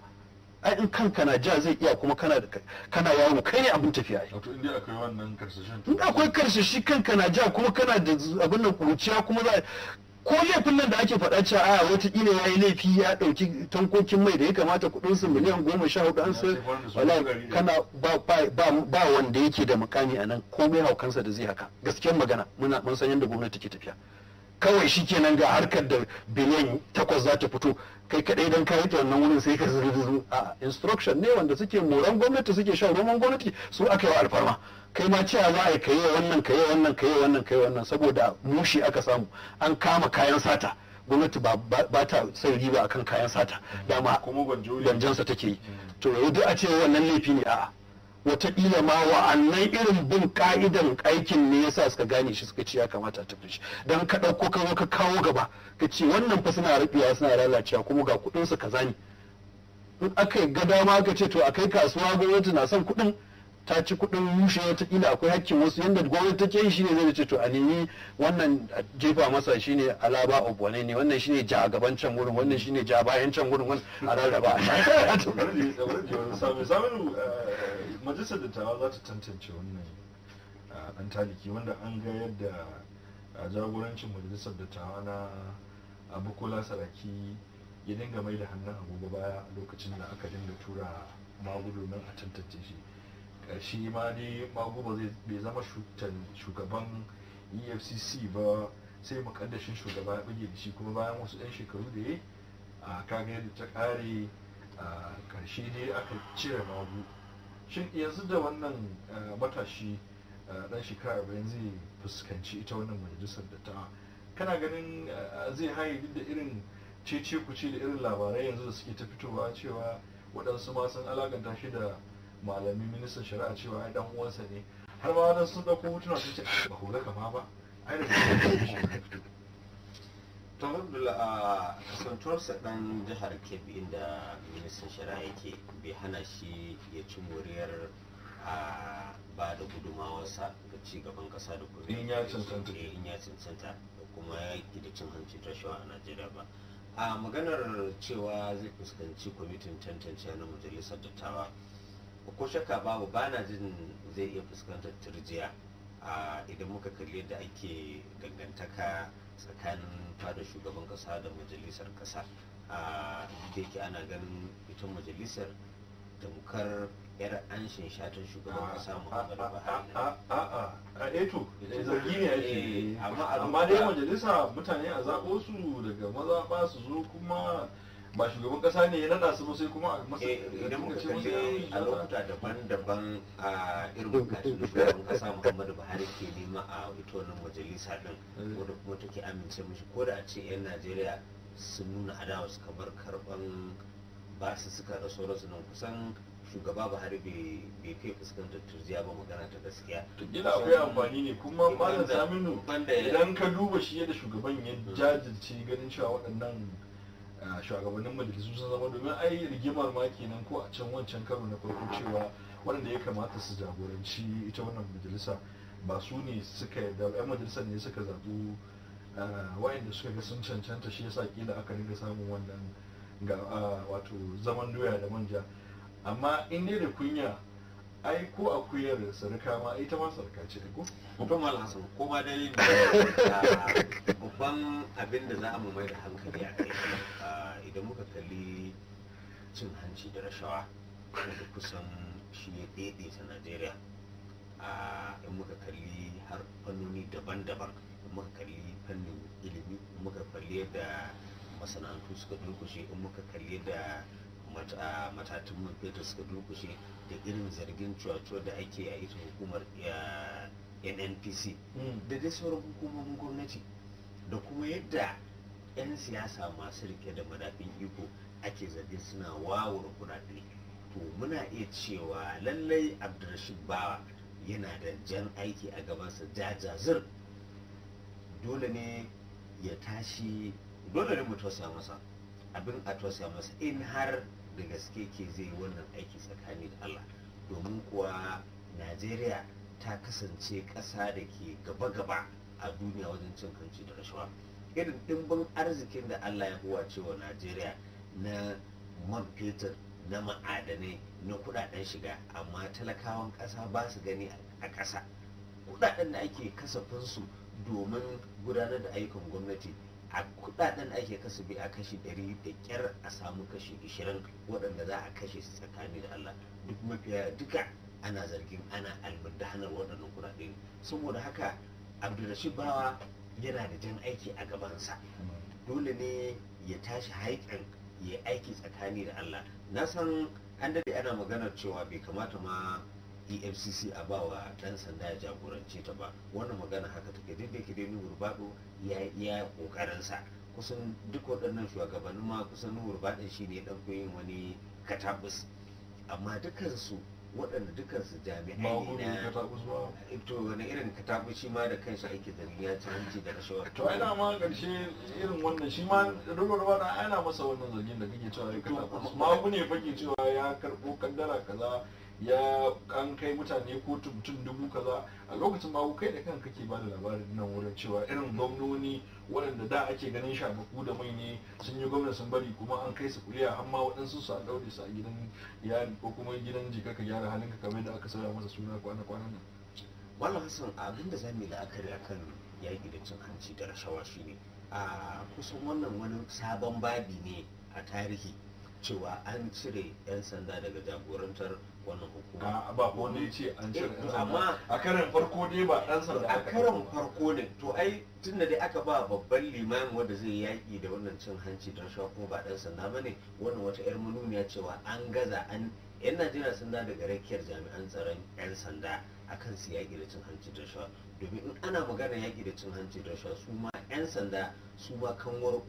ai in kanka na ja zai iya kuma kana kana yawo kai ne abin tafiya yi. akwai wannan shi. in akwai karsashi kanka na ja kuma kana da abin nan kuruciya kuma za ko laifin nan da ake faɗa cewa aya watakila ya yi laifi ya ɗauki tankokin mai da ya kamata kuɗin su miliyan goma sha hudu an sai wala kana ba wanda yake da mukami a nan komai haukansa da zai haka gaskiyar magana muna mun san yadda gwamnati ke tafiya kawai shi kenan ga harkar da biliyan takwas za ta fito kai kadai dan kayi ta wannan wurin sai ka zirzu a instruction ne wanda suke moran gwamnati suke shan roman gwamnati su aka yi alfarma kai ma cewa za a yi kayi wannan kayi wannan kayi wannan kayi wannan saboda mushi aka samu an kama kayan sata gwamnati ba ta sai riba akan kayan sata dama kuma gwanjansa take yi to yau duk a ce wannan laifi ne a'a wataƙila ma wa'annan irin bin ka'idan aikin ne yasa suka gane shi suka ce ya kamata ta shi don ka ɗauko ka ka kawo gaba ka ce wannan fa suna rabewa suna lalacewa kuma ga kuɗinsu kaza ne in aka ga dama ka ce to a kai kasuwa gwamnati na son kuɗin ta ci kuɗin rushe kila akwai hakkin wasu yadda gwamnati ta take shi ne zai ce to a nemi wannan jefa masa shi ne alaba of wane ne wannan shi ne ja gaban can wurin wannan shi ne ja bayan can wurin wani a rarraba a [laughs] eh, majalisar dattawa za ta tantance wannan eh, An taliki wanda an ga yadda eh, jagorancin majalisar dattawa na abukola saraki ya dinga mai da hannun agogo baya lokacin da aka dinga tura magudu nan a tantance shi shi ma dai magu ba zai zama shugaban efcc ba sai makaddashin shugaba ya bige da shi kuma bayan wasu 'yan shekaru da ya a kaga yadda ta kare a karshe dai aka cire magu shin yanzu da wannan matashi dan shekara bayan zai fuskanci ita wannan majalisar da ta kana ganin zai haye duk da irin cece ce da irin labarai yanzu da suke ta fitowa cewa waɗansu ma sun alakanta shi da malami ministan shari'a cewa ai dan uwansa ne har ma wadansu sun dauko hutuna sun ce ba hula kama ba ai da to alhamdulillah a sa dan jihar kebbi inda ministan shari'a yake bai hana shi ya ci moriyar a ba da gudumawarsa ga ci gaban kasa da kuma in ya cancanta eh, in ya cancanta da kuma yaki da cin hanci shawa a najeriya ba a maganar cewa zai fuskanci kwamitin tantance na majalisar dattawa ko shakka babu bana jin zai iya fuskantar turjiya idan muka kalli yadda ake dangantaka tsakanin fada shugaban kasa da majalisar kasa da yake ana ganin ita majalisar tamkar yar an shatan shugaban kasa muhammadu buhari a eto eh zargi ne ake eh, amma dai majalisa mutane a zaɓo su daga maza ba su zo kuma ba shugaban kasa ne ya nada su sai kuma eh, idan muka ce a lokuta daban-daban a irin bukatun shugaban kasa muhammadu buhari ke nema a ita majalisa din eh. wadda kuma take amince mishi ko da a ce yan najeriya sun nuna adawa su kamar karban su suka da sauransu nan kusan shugaba buhari bai kai fuskantar turjiya ba magana ta gaskiya Ina akwai amfani ne kuma malam saminu idan ka duba shi yadda shugaban ya mm. jajirce ganin cewa waɗannan shugabannin majalisu sun zama domin ai rigimar ma kenan ko a can wancan karo na farko cewa waɗanda ya kamata su jagoranci ita wannan majalisa ba su ne suka da yan majalisar ne suka zaɓi wa'anda suka ga sun cancanta shi yasa kila aka ringa samun wannan ga wato zaman doya da manja amma in dai da kunya ai ko akuyar sarka ma ita ma sarka ce ko babban malhassan ko ma dai [laughs] babban abin da za mu mai da hankali a kai ah, idan muka kalli cin hanci da rashawa wanda kusan shi ne ta najeriya ah, in muka kalli har fannoni daban-daban in muka kalli fannin ilimi in muka kalli yadda masana'antu suka durkushe in muka kalli yadda matatan mafi fetur suka durkushe da irin zargin cuwacuwa da ake a ita hukumar nnpc hmm. da dai sauran hukumomin gwamnati da kuma yadda 'yan siyasa masu rike da madafin iko ake zargin suna wawar kudade to muna iya cewa lallai abdulrashid bawa yana da jan aiki a gabansa jajazir dole ne ya tashi dole ne mu tausaya masa abin a tausaya masa in har da gaske ke zai wannan aiki tsakani da allah domin kuwa najeriya ta kasance ƙasa da ke gaba-gaba a duniya wajen cin kanci da rashawa irin ɗimbin arzikin da allah ya huwa cewa najeriya na man fetur na ma'adanai na kudaden shiga amma talakawan ƙasa ba su gani a ƙasa kudaden da ake kasafinsu domin gudanar da ayyukan gwamnati a kudaden ake kasafi a kashi ɗari da kyar a samu kashi ishirin waɗanda za a kashe su tsakani da Allah duk mafiya duka ana zargin ana hana waɗannan kuɗaɗe saboda haka abdulrashid bawa yana da jan aiki a gabansa dole ne ya tashi haikan ya aiki tsakani da Allah na san an daɗe ana maganar cewa bai kamata ma efcc a bawa dan sanda ya jagorance ta ba wannan magana haka take duk da ke dai nuhur bado ya kokarinsa kusan duk waɗannan shugabannin ma kusan nuhu bado shi ne dan yin wani katabus amma dukansu waɗanda dukansu jami'ai ne na to wani irin katabus shi ma da kansa ake zargi ya ci hanci da rashawa to ai ma ƙarshe irin wannan shi ma rubar ai na masa wannan zargin da kake cewa ya katabus ma ne fake cewa ya karɓo kaddara kaza ya an kai mutane ko mutum dubu kaza a lokacin ba kai da kanka ke bada labarin nan wurin cewa irin gwamnoni waɗanda da ake ganin shafaku da mai ne sun yi gwamna sun bari kuma an kai su kuliya amma waɗansu su a ɗaure su a gidan yari ko kuma gidan jika ka gyara halinka kamar da aka sauya masa suna kwana-kwanan nan. wannan Hassan abin da za mu yi la'akari akan yaƙi da cin hanci da rashawa shi ne a kusan wannan wani sabon babi ne a tarihi cewa an cire 'yan sanda daga jagorantar wannan hukuma ba ko ne ce an ce eh, amma a karan farko ne ba dan sanda a karan farko ne to ai tunda dai aka ba babban limamin wanda zai yaki da wannan cin hanci dan shawa kuma ba dan sanda bane wannan wata yar manuniya cewa an gaza an yan Najeriya sun da daga rakiyar jami'an tsaron yan sanda akan su yaki da cin hanci da shawa domin in ana magana yaki da cin hanci da shawa su ma yan sanda su ma kanwar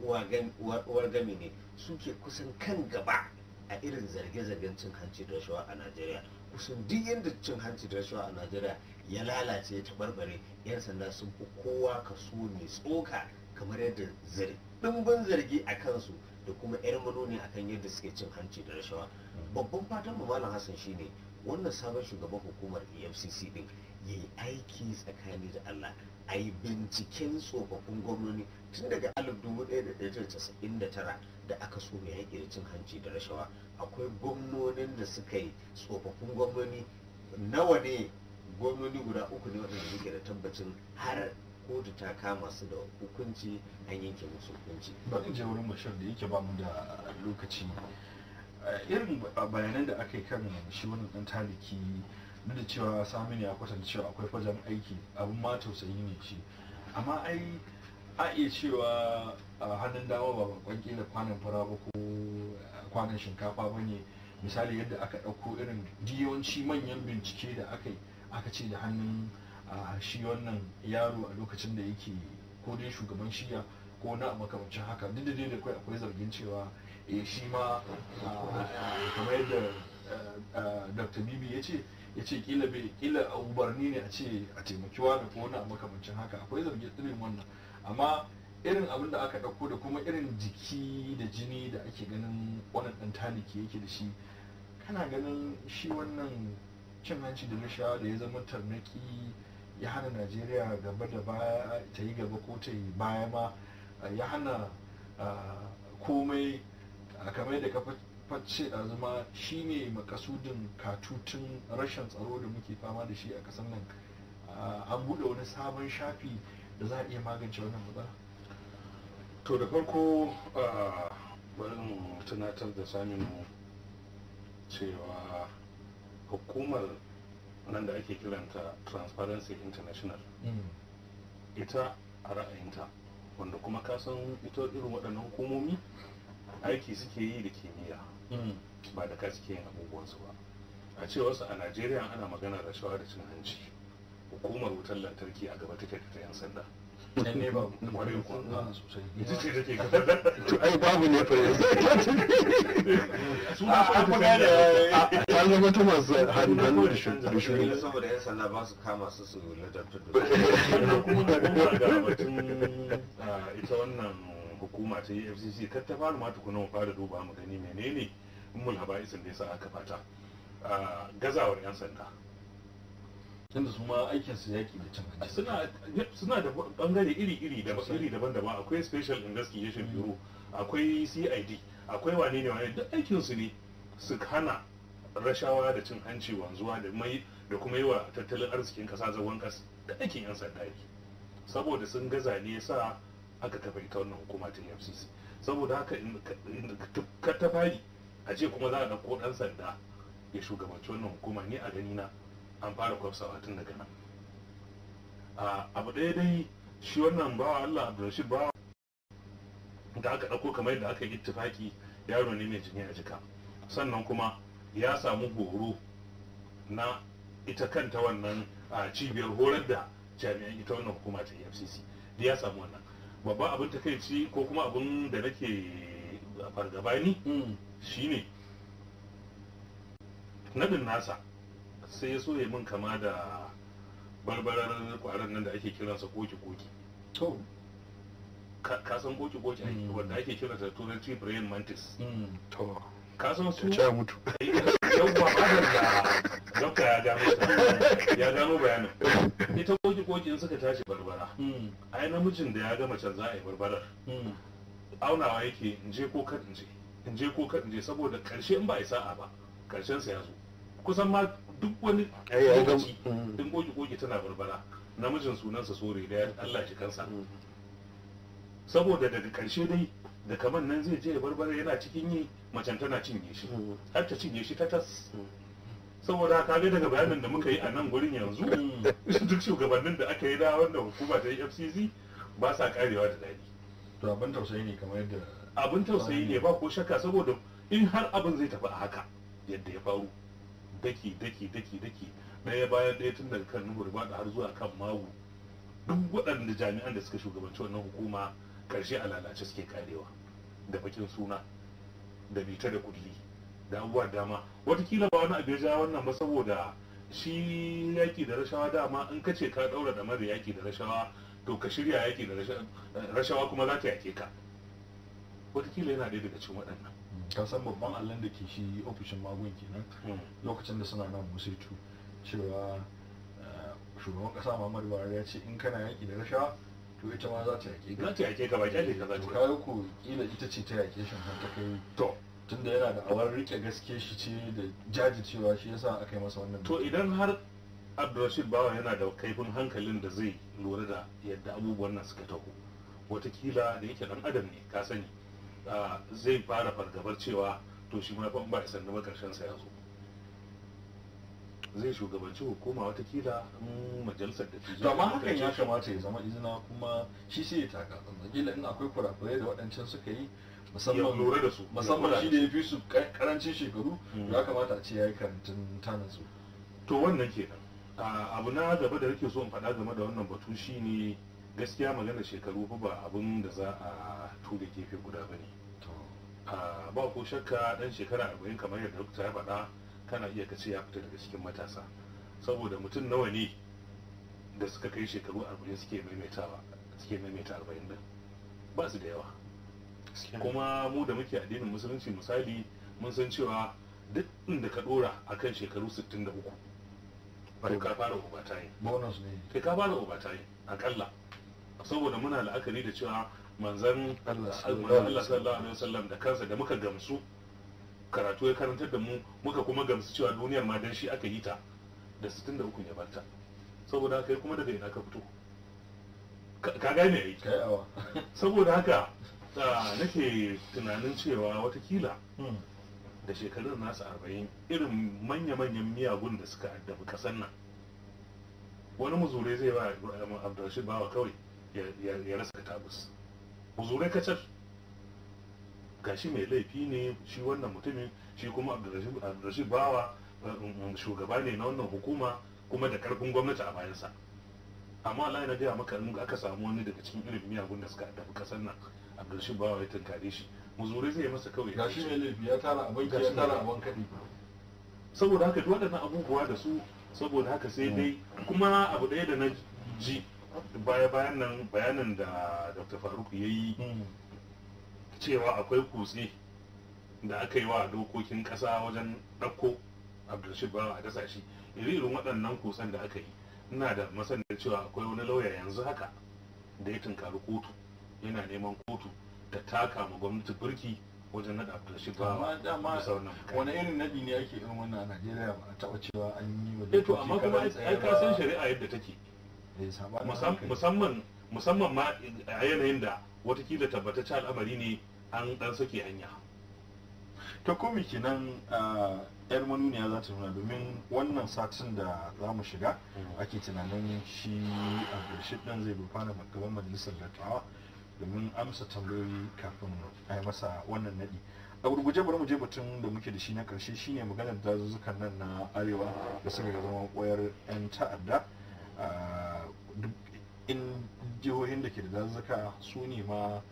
uwar gami ne suke kusan kan gaba a irin zarge-zargen cin hanci da rashawa a najeriya kusan duk yadda cin hanci da rashawa a najeriya ya lalace ya tabarbare yan sanda sun fi kowa kaso mai tsoka kamar yadda ban zargi a kansu da kuma yar manoni akan yadda suke cin hanci da rashawa babban fatan mu malam hassan shine wannan sabon shugaban hukumar efcc din ya yi aiki tsakani da allah a yi binciken tsofaffin gwamnoni tun daga alif 1999 da da tara aka so mai yaƙi da cin hanci da rashawa akwai gwamnonin da suka yi tsofaffin gwamnoni nawa ne gwamnoni guda uku ne waɗanda suke da tabbacin har kotu ta kama su da hukunci an yanke musu hukunci bari je wurin da yake da lokaci eh, irin bayanan da aka yi kan shi wani ɗan taliki na da cewa saminu ya kwatanta cewa akwai fajan aiki abin ma tausayi ne ce amma ai a iya cewa hannun dama ba bakon kila kwanan fara ba ko kwanan shinkafa ba ne misali yadda aka ɗauko irin diyonci manyan bincike da aka yi aka ce da hannun shi wannan yaro a lokacin da yake ko dai shugaban shiya ko na makamancin haka duk da dai akwai zargin cewa eh, shi ma kamar yadda dr bibi ya ce ya ce kila bai kila umarni ne a ce a taimaki wani ko wani makamancin haka akwai zarge irin wannan amma irin abin da aka ɗauko da kuma irin jiki da jini da ake ganin wani ɗan taliki yake da shi kana ganin shi wannan cin hanci da sha da ya zama tarnaki ya hana najeriya gaba da baya ta yi gaba ko ta yi baya ma ya hana ah, komai kamar da kafa face shi ne makasudin katutun rashin tsaro da muke fama da shi a kasar nan ah, an buɗe wani sabon shafi da za a iya magance wannan matsala to da farko ah, bari mu tunatar da Saminu, cewa hukumar nan da ake kiranta transparency international mm. ita a ra'ayinta wanda kuma kasan ita irin waɗannan hukumomi aiki suke yi da kimiyya Hmm. ba da ka yin abubuwansu ba a ce wasu a najeriya ana magana da shawa da cin hanci hukumar wutar lantarki a gaba take da ta yan sanda yan ne ba [laughs] kwarai sosai. ita ce take kafa to ai babu ne fa [laughs] su na fa ta gane ta zama ta masu hannu da shi. da shuri saboda yan sanda ba su kama su su ladantar da kuma ga batun ah, ita wannan hukuma ta yi e fcc kar ta fara ma tukuna mu fara duba mu gani menene ummul haba'isin ne sa aka fata gazawar yan sanda tunda su ma aikin su yaki da cin hanci suna suna da bangare iri iri da iri daban-daban akwai special investigation mm. bureau akwai CID akwai wane ne wane duk aikin su ne su hana rashawa da cin hanci wanzuwa da mai da kuma yi wa tattalin arzikin kasa zagon kasa da aikin yan sanda yake saboda sun gaza ne sa aka kafa ita wannan hukuma ta FCC saboda haka ka ta fari a ce kuma za a ɗauko ɗan sanda ya shugabanci wannan hukuma ni a gani na an fara kwafsawa tun daga nan abu ɗaya dai shi wannan bawa Allah Abdulrashid bawa da aka ɗauko kamar yadda aka yi ittifaki yaro ne mai jini a jika sannan kuma ya samu horo na ita kanta wannan cibiyar horar da jami'an ita wannan hukuma ta efcc da ya samu wannan babban abin takaici ko kuma abin da nake fargaba ni mm. shine nadin nasa sai ya so ya min kama da barbarar kwaran nan da ake kiransa koki-koki to ka san koki-koki ake mm. wanda ake kiransa da turanci brain mantis mm, to ka san su ya mutu yawwa da dokta ya gano ya gano bayanin ita koki-koki in suka tashi barbara mm. ai namijin da ya gama can za a yi barbarar aunawa yake in je ko kan in je in je ko kan je saboda karshe in ba a sa'a ba karshen sa ya zo kusan ma duk wani lokaci mm. din goge goge tana barbara namijin sunansa sore da Allah shi kansa mm. saboda daga karshe dai da kaman nan zai je barbara yana cikin yi macen tana cinye shi mm. har ta cinye shi ta tas saboda ka ga daga bayanin da muka yi a nan gurin yanzu [laughs] duk shugabannin da aka yi da wanda hukuma ta yi fcc ba sa karewa da daɗi to abin tausayi ne kamar yadda abin tausayi ne ba ko shakka saboda in har abin zai tafi a haka yadda ya faru daki daki daki daki daya bayan daya tun daga kan nuhu da har zuwa kan mawu duk waɗanda jami'an da suka shugabanci wannan hukuma karshe a lalace suke karewa da bakin suna da bita da kulli da abubuwa dama watakila ba wani abu ya wannan ba saboda shi yaki da rashawa dama in ka ce ka ɗaura da mara yaki da rashawa to ka shirya yaki da rashawa kuma za ta yake ka wataƙila yana ɗaya daga cikin waɗannan hmm, ka san babban allon da ke shi ofishin magun kenan hmm. lokacin da suna nan tu cewa eh, shugaban ƙasa muhammadu buhari ya ce in kana yaƙi da rashawa to ita ma za ta yaƙe ka za ta yaƙe ka ba ƙyale ka za ta kayo ku ƙila ita ce ta yaƙe shi har ta kai to tunda yana da awar rike gaske shi ce da jajircewa shi yasa aka yi masa wannan to idan har abdulrashid bawa yana da kaifin hankalin da zai lura da yadda abubuwan nan suka taho watakila da yake dan adam ne ka sani zai fara fargabar cewa to shi ma fa ba isan ba karshen sa ya zo zai shugabanci hukuma watakila majalisar da ta zama hakan ya kamata ya zama izina kuma shi sai ya taka kila in akwai kurakurai da waɗancan suka yi musamman lura da su musamman shi da ya fi su karancin shekaru hmm. ya kamata a ce ya yi karantun tanin su to wannan kenan ah, abu na gaba da rike so in faɗa game da wannan batu shine gaskiya magana shekaru fa ba abin da za a tura gefe guda ba ne ba ko shakka dan shekara arba'in kamar yadda dokta ya faɗa kana iya kace ya fita daga cikin matasa saboda mutum nawa ne da suka kai shekaru arba'in suke maimaitawa suke maimaita arba'in din ba su da yawa kuma mu da muke addinin musulunci misali mun san cewa duk inda ka dora akan shekaru 63 ba ka fara ubatai bonus ne ka fara ubatai akalla saboda muna la'akari da cewa manzan Allah sallallahu alaihi wasallam da kansa da muka gamsu karatu ya karantar da mu muka kuma gamsu cewa duniyar ma dan shi aka yi ta da 63 ya barta saboda haka kuma daga ina ka fito ka gane awa. saboda haka nake tunanin cewa watakila hmm. da shekarun nasu arba'in irin manya-manyan miyagun da suka addabi kasan nan wani muzure zai ba abdulrashid bawa kawai ya rasa tabus huzurai kacal gashi mai laifi ne shi wannan mutumin shi kuma abdurrashid bawa mm, shugaba ne na wannan hukuma kuma da karfin gwamnati a bayansa amma Allah yana gaya maka mun aka samu wani daga cikin irin miyagun da suka tafi kasar nan abdurrashid bawa ya tunkare shi muzuri zai masa kawai gashi mai laifi ya tara abin ya tara abin kadi saboda haka duk waɗannan abubuwa da su saboda haka sai mm. dai kuma abu ɗaya da na ji baya bayan nan bayanin da dr faruk ya yi hmm. cewa akwai kutse da aka yi wa dokokin kasa wajen ɗauko abdulrashid bawa a dasa shi irin waɗannan kusan da aka yi ina da masanin cewa akwai wani lauya yanzu haka da ya tunkari kotu yana neman kotu ta taka ma gwamnati birki wajen naɗa abdulrashid bawa da sauran wani irin naɗi ne ake irin wannan a najeriya ba a taɓa cewa an yi wa dokokin eh amma kuma ai ka san shari'a yadda take Eh, musamman musamman ma eh, a yanayin da watakila ci al'amari ne an dan sake hanya ta komi kinan ah, yar manuniya za ta nuna domin wannan satin da za mu shiga mm. ake tunanin shi a ƙarshe zai bufana gaban majalisar dattawa domin amsa tambayoyi kafin a yi masa wannan nadi. a gurguje bari mu je batun da muke da shi na karshe shine maganar dazuzzukan nan na arewa da suka zama koyar 'yan ta'adda duk in jihohin da ke da dazuka su ne ma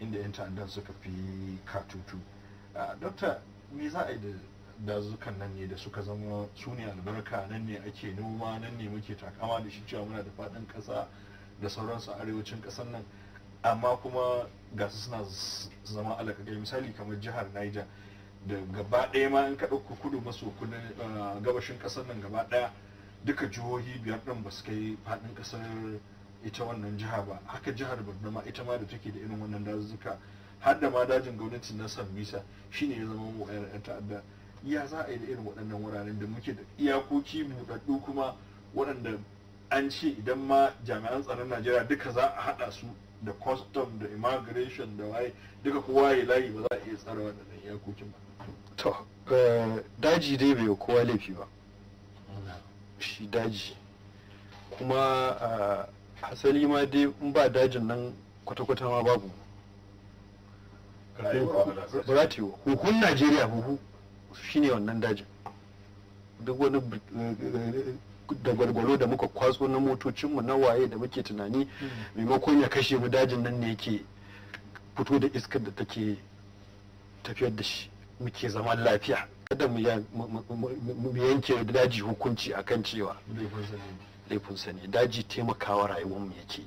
inda 'yan ta'addan suka fi katutu dokta me za a yi da dazukan nan ne da suka zama su ne albarka nan ne ake noma nan ne muke takama da shi cewa muna da faɗin ƙasa da sauransu arewacin ƙasar nan amma kuma ga suna zama alaƙaƙe misali kamar jihar niger da gaba ɗaya ma in ka ɗauko kudu maso gabashin ƙasar nan gaba ɗaya duka jihohi biyar ɗin ba su kai faɗin ƙasar ita wannan jiha ba haka jihar borno ma ita ma da take da irin wannan dazuzzuka har ma dajin gwamnati na san misa shine ya zama mu yan ta'adda iya za a yi da irin waɗannan wuraren da muke da iyakoki buɗaɗɗu kuma waɗanda an ce idan ma jami'an tsaron najeriya duka za a haɗa su da custom da immigration da waye duka kowa ya layi ba za a iya tsara waɗannan iyakokin ba to eh, daji dai bai kowa laifi ba shi daji kuma a hasali ma dai in ba dajin nan kwata-kwata ma babu ratiyo huhun najeriya huhu shine wannan dajin duk wani eh, eh, da gwalgwalo da muka kwaso na motocinmu na waye da muke tunani hmm. maimakon ya kashe mu dajin nan ne yake fito da iskar da take tafiyar da shi muke zaman lafiya kada mu yanke daji hukunci a kan cewa laifin sani daji taimakawa rayuwar mu yake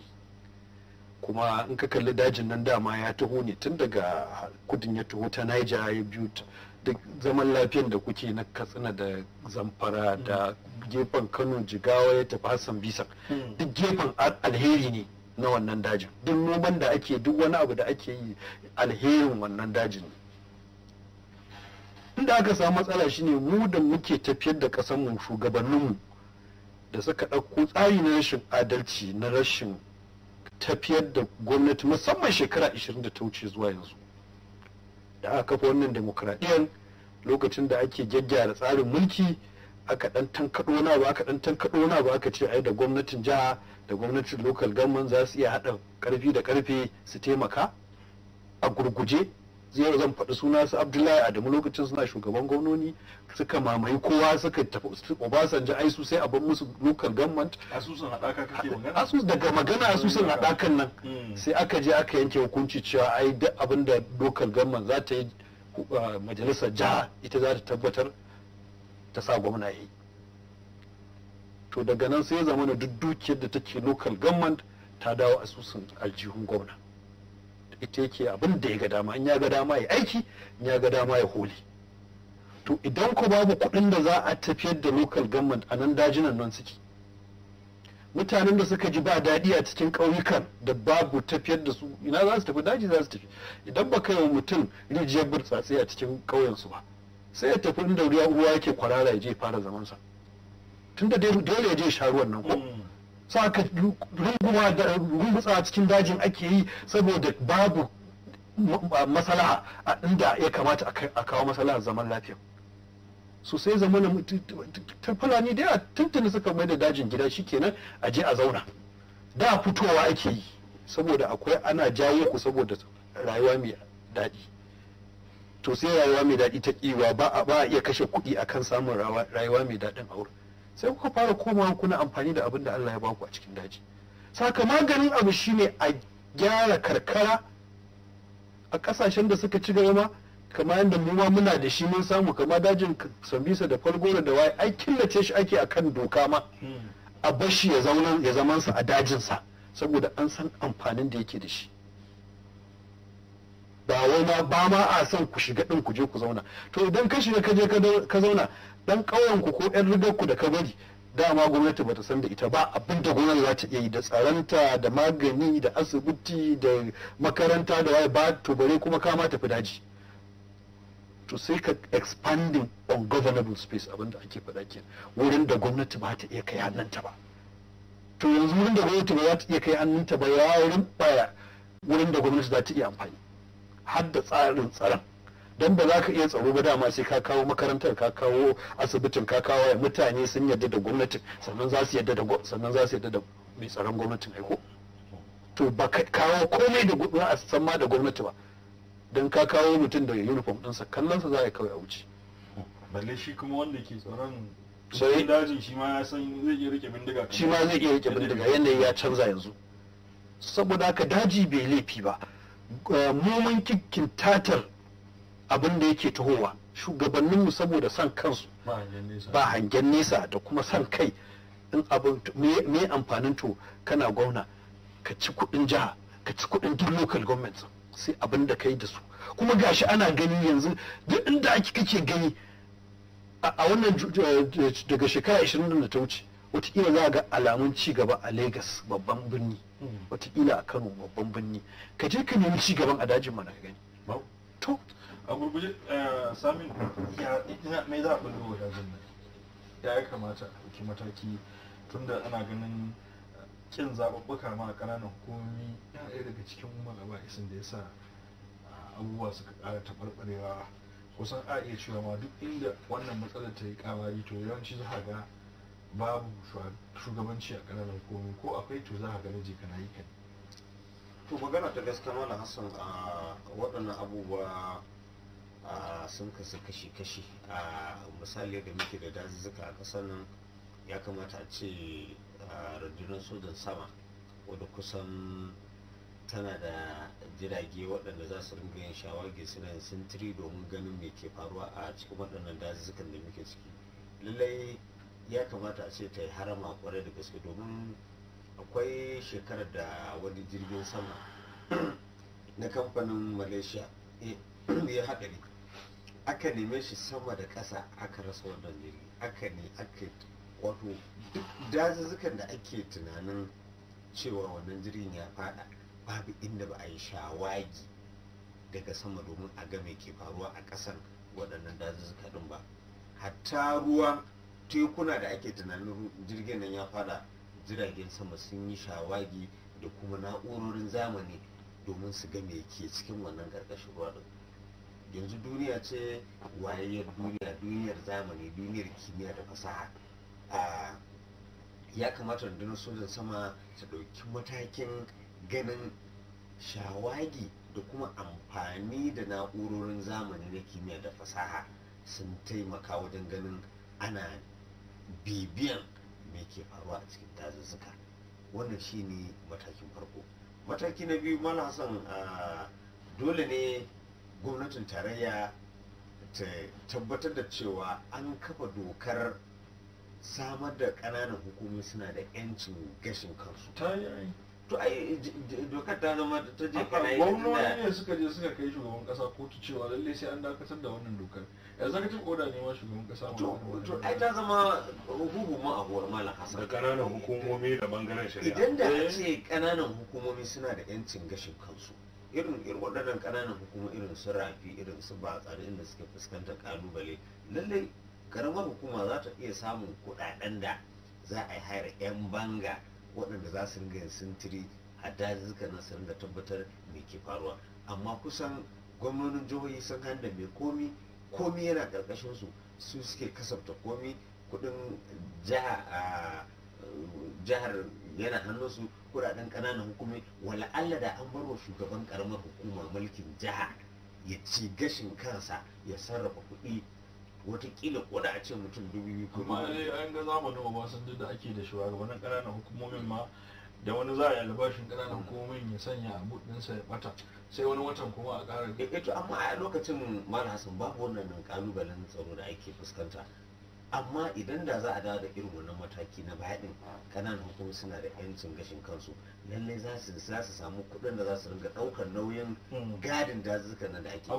kuma in ka kalli dajin nan dama ya taho ne tun daga kudin ya taho ta naija ya biyu duk zaman lafiyan da kuke na katsina da zamfara da gefen kano jigawa ya tafi hassan bisan hmm. duk gefen alheri ne na wannan dajin duk noman da ake duk wani abu da ake yi alherin wannan dajin ne inda aka samu matsala shine mu da muke tafiyar da shugabannin shugabanninmu da suka ɗauko tsari na rashin adalci na rashin tafiyar da gwamnati musamman shekara 20 da ta wuce zuwa yanzu da aka kafa wannan demokradiyyar lokacin da ake gyaggyara tsarin mulki aka dan tankaɗo na ba aka dan tankaɗo na ba aka ce ai da gwamnatin jiha da gwamnatin local government za su iya haɗa ƙarfi da karfe su taimaka a gurguje zai zan faɗi suna su abdullahi adamu lokacin suna shugaban gwamnoni suka mamaye kowa suka tafi obasanjo ai su sai a bar musu local government asusun kake magana asus daga magana asusun hmm. haɗakan nan hmm. sai aka je aka yanke hukunci cewa ai duk abin da local government za ta yi uh, majalisar jiha ita za ta tabbatar ta sa gwamna yi to daga nan sai ya zama duk dukiyar da take local government ta dawo asusun aljihun gwamna ita yake abin da ya ga dama in ya ga dama ya aiki in ya ga dama ya holi to idan ku babu kuɗin da za a tafiyar da local government a nan dajinan nan suke mutanen da suka ji ba daɗi a cikin ƙauyukan da babu tafiyar da su ina za su tafi daji za su tafi idan ba kai wa mutum rijiyar burtsatse a cikin ƙauyensu ba sai ya tafi inda ruwa uwa yake kwarara ya je fara zamansa tunda dole ya je sha ruwan nan ko mm. saka ka runguma da a cikin dajin ake yi saboda babu masalaha a inda ya kamata a kawo masala zaman lafiya so sai zamanin ta fulani da tuntuni suka mai da dajin gida shi kenan a je a zauna da fitowa ake yi saboda akwai ana jaye ku saboda rayuwa mai daɗi to sai rayuwa mai daɗi ta ƙiwa ba a iya kashe kuɗi akan samun rayuwa mai daɗin aure sai kuka fara komawa kuna amfani da abin da Allah ya baku a cikin daji saka maganin abu shine a gyara karkara a kasashen da suka ci gaba kamar yadda mu ma muna da shi mun samu kamar dajin sambisa da falgora da waye ai killace shi ake akan doka ma a bashi ya zauna ya zaman sa a dajin sa saboda an san amfanin da yake da shi ba wai ma ba ma a san ku shiga din ku je ku zauna to idan ka shiga ka je ka zauna dan ƙauyenku ko yan rigarku da ka bari dama gwamnati bata san da ita ba abin da gwamnati za ta iya yi da tsaranta da magani da asibiti da makaranta da waye ba to bare kuma kama tafi daji to sai ka expanding on governable space abinda ake faɗa ke wurin da gwamnati ba ta iya kai hannunta ba to yanzu wurin da gwamnati ba za ta iya kai hannunta ba ya wurin baya wurin da gwamnati za ta iya amfani har da tsarin tsaron don ba za ka iya tsaro ba dama sai ka kawo makarantar ka kawo asibitin ka kawo mutane sun yarda da gwamnati sannan za su yarda da sannan za su yarda da mai tsaron gwamnatin aiko to ba ka kawo komai da gudu a san ma da gwamnati ba don ka kawo mutum da uniform ɗinsa sa za a kawai a wuce balle shi kuma wanda ke tsaron sai dajin shi ma ya san zai iya rike bindiga shi ma zai iya rike bindiga yanayi ya canza yanzu saboda haka daji bai laifi ba mu mun tatar abin da yake tahowa shugabanninmu saboda son kansu ba hangen nesa da kuma son kai in abin me amfanin to kana gwamna ka ci kudin jiha ka ci kudin duk local government sai abin da kai da su kuma gashi ana gani yanzu duk inda ake kake gani a wannan daga shekara 20 da ta wuce watakila za ga alamun ci gaba a Legas babban birni hmm. watakila a Kano babban birni ka je ka nemi ci gaban a dajin mana ka gani to a gurguje eh, samin me za a ɓullo nan. ya ya kamata a ɗauki mataki tunda ana ganin kin eh, zaɓuɓɓuka ma a ƙananan hukumomi ya ɗaya daga cikin malaba isin da ya sa eh, abubuwa suka ƙara taɓarɓarewa kusan a iya cewa ma duk inda wannan matsalar ta yi ƙamari to yawanci za ga babu shugabanci a ƙananan komi, ko akwai to za ga na kana yi kan to magana ta gaskiya mana hassan a ah, waɗannan abubuwa sun kasu kashi-kashi a misali da muke da dazuzzuka a ƙasar nan ya kamata a ce rundunar sojan sama wadda kusan tana da jirage waɗanda za su ringa yin shawagi suna yin sintiri domin ganin me ke faruwa a cikin waɗannan dazuzzukan da muke ciki lallai ya kamata a ce ta yi harama kwarai da gaske domin akwai shekarar da wani jirgin sama na kamfanin malaysia eh, ya haɗari aka neme shi sama da ƙasa aka rasa wannan jini aka ne aka wato duk dazuzzukan da ake tunanin cewa wannan jirgin ya fada babu inda ba a yi shawagi daga sama domin a ga mai ke faruwa a ƙasan waɗannan dazuzzuka ɗin ba hatta ruwa tekuna da ake tunanin jirgin nan ya fada jiragen sama sun yi shawagi da kuma na'urorin zamani domin su ga mai ke cikin wannan ƙarƙashin ruwa ɗin yanzu duniya ce wayayyar duniya duniyar zamani duniyar kimiyya da fasaha ya kamata rundunar sojan sama su ɗauki matakin ganin shawagi da kuma amfani da na'urorin zamani na kimiyya da fasaha sun taimaka wajen ganin ana bibiyan me ke faruwa a cikin dazuzzuka wannan shine matakin farko mataki na biyu mana hassan dole ne gwamnatin tarayya ta tabbatar da cewa an kafa dokar samar da ƙananan hukumomi suna da 'yancin gashin kansu ta yi to ai dokar ta zama ta je kana yi gwamnoni ne suka je suka kai shugaban kasa kotu cewa lallai sai an dakatar da wannan dokar executive order ne ma shugaban kasa to to ai ta zama hukumu ma a gowar malam hasan da kananan hukumomi da bangaren shari'a idan da a eh. ce kananan hukumomi suna da yancin gashin kansu irin waɗannan ƙananan hukuma irin su rafi irin su batsari inda suke fuskantar ƙalubale lallai karamar hukuma za ta iya samun kuɗaɗen da za a yi hayar 'yan banga waɗanda za su ringa sintiri a dazuka na su ringa tabbatar me ke faruwa amma kusan gwamnonin jihohi sun handa mai komi komi yana ƙarƙashin su su suke kasafta komi kuɗin jihar yana hannun su kuɗaɗen ƙananan hukumai wala Allah da an barwa shugaban ƙaramar hukumar mulkin jiha ya ci gashin kansa ya sarrafa kuɗi watakila kuɗa a ce mutum dubu biyu kuma an ga zamanin duk da ake da wani ƙananan hukumomin ma da wani za a yi albashin ƙananan hukumomin ya sanya a buɗinsa ya ɓata sai wani watan kuma a ƙara eto eh, amma a lokacin mara hasan babu wannan ƙalubalen tsaro da ake fuskanta amma idan da za a dawo da irin wannan mataki na baya din kananan hukumomi suna da yancin gashin kansu lallai za su za su samu kuɗin da za su ringa ɗaukar nauyin hmm. gadin dazuzzuka nan da ake a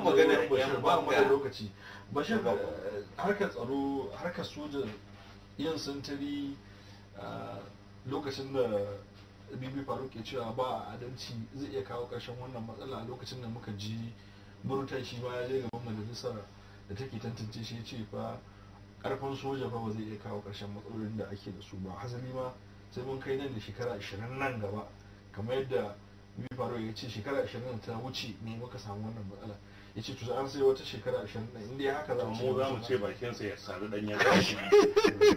magana yan da lokaci bashin eh, harkar tsaro harkar sojan yin sintiri eh, lokacin da bibi faruk ya cewa ba a adalci zai iya kawo ƙarshen wannan matsala lokacin da muka ji murtan shi ba ya je gaban majalisar da take tantance shi ya ce fa karfin soja fa ba zai iya kawo karshen matsalolin da ake da su ba hasali ma sai mun kai nan da shekara 20 nan gaba kamar yadda faro ya ce shekara 20 ta wuce ne muka samu wannan matsala ya ce to an sai wata shekara 20 inda ya haka za mu za mu ce bakin sa ya sadu dan ya kashi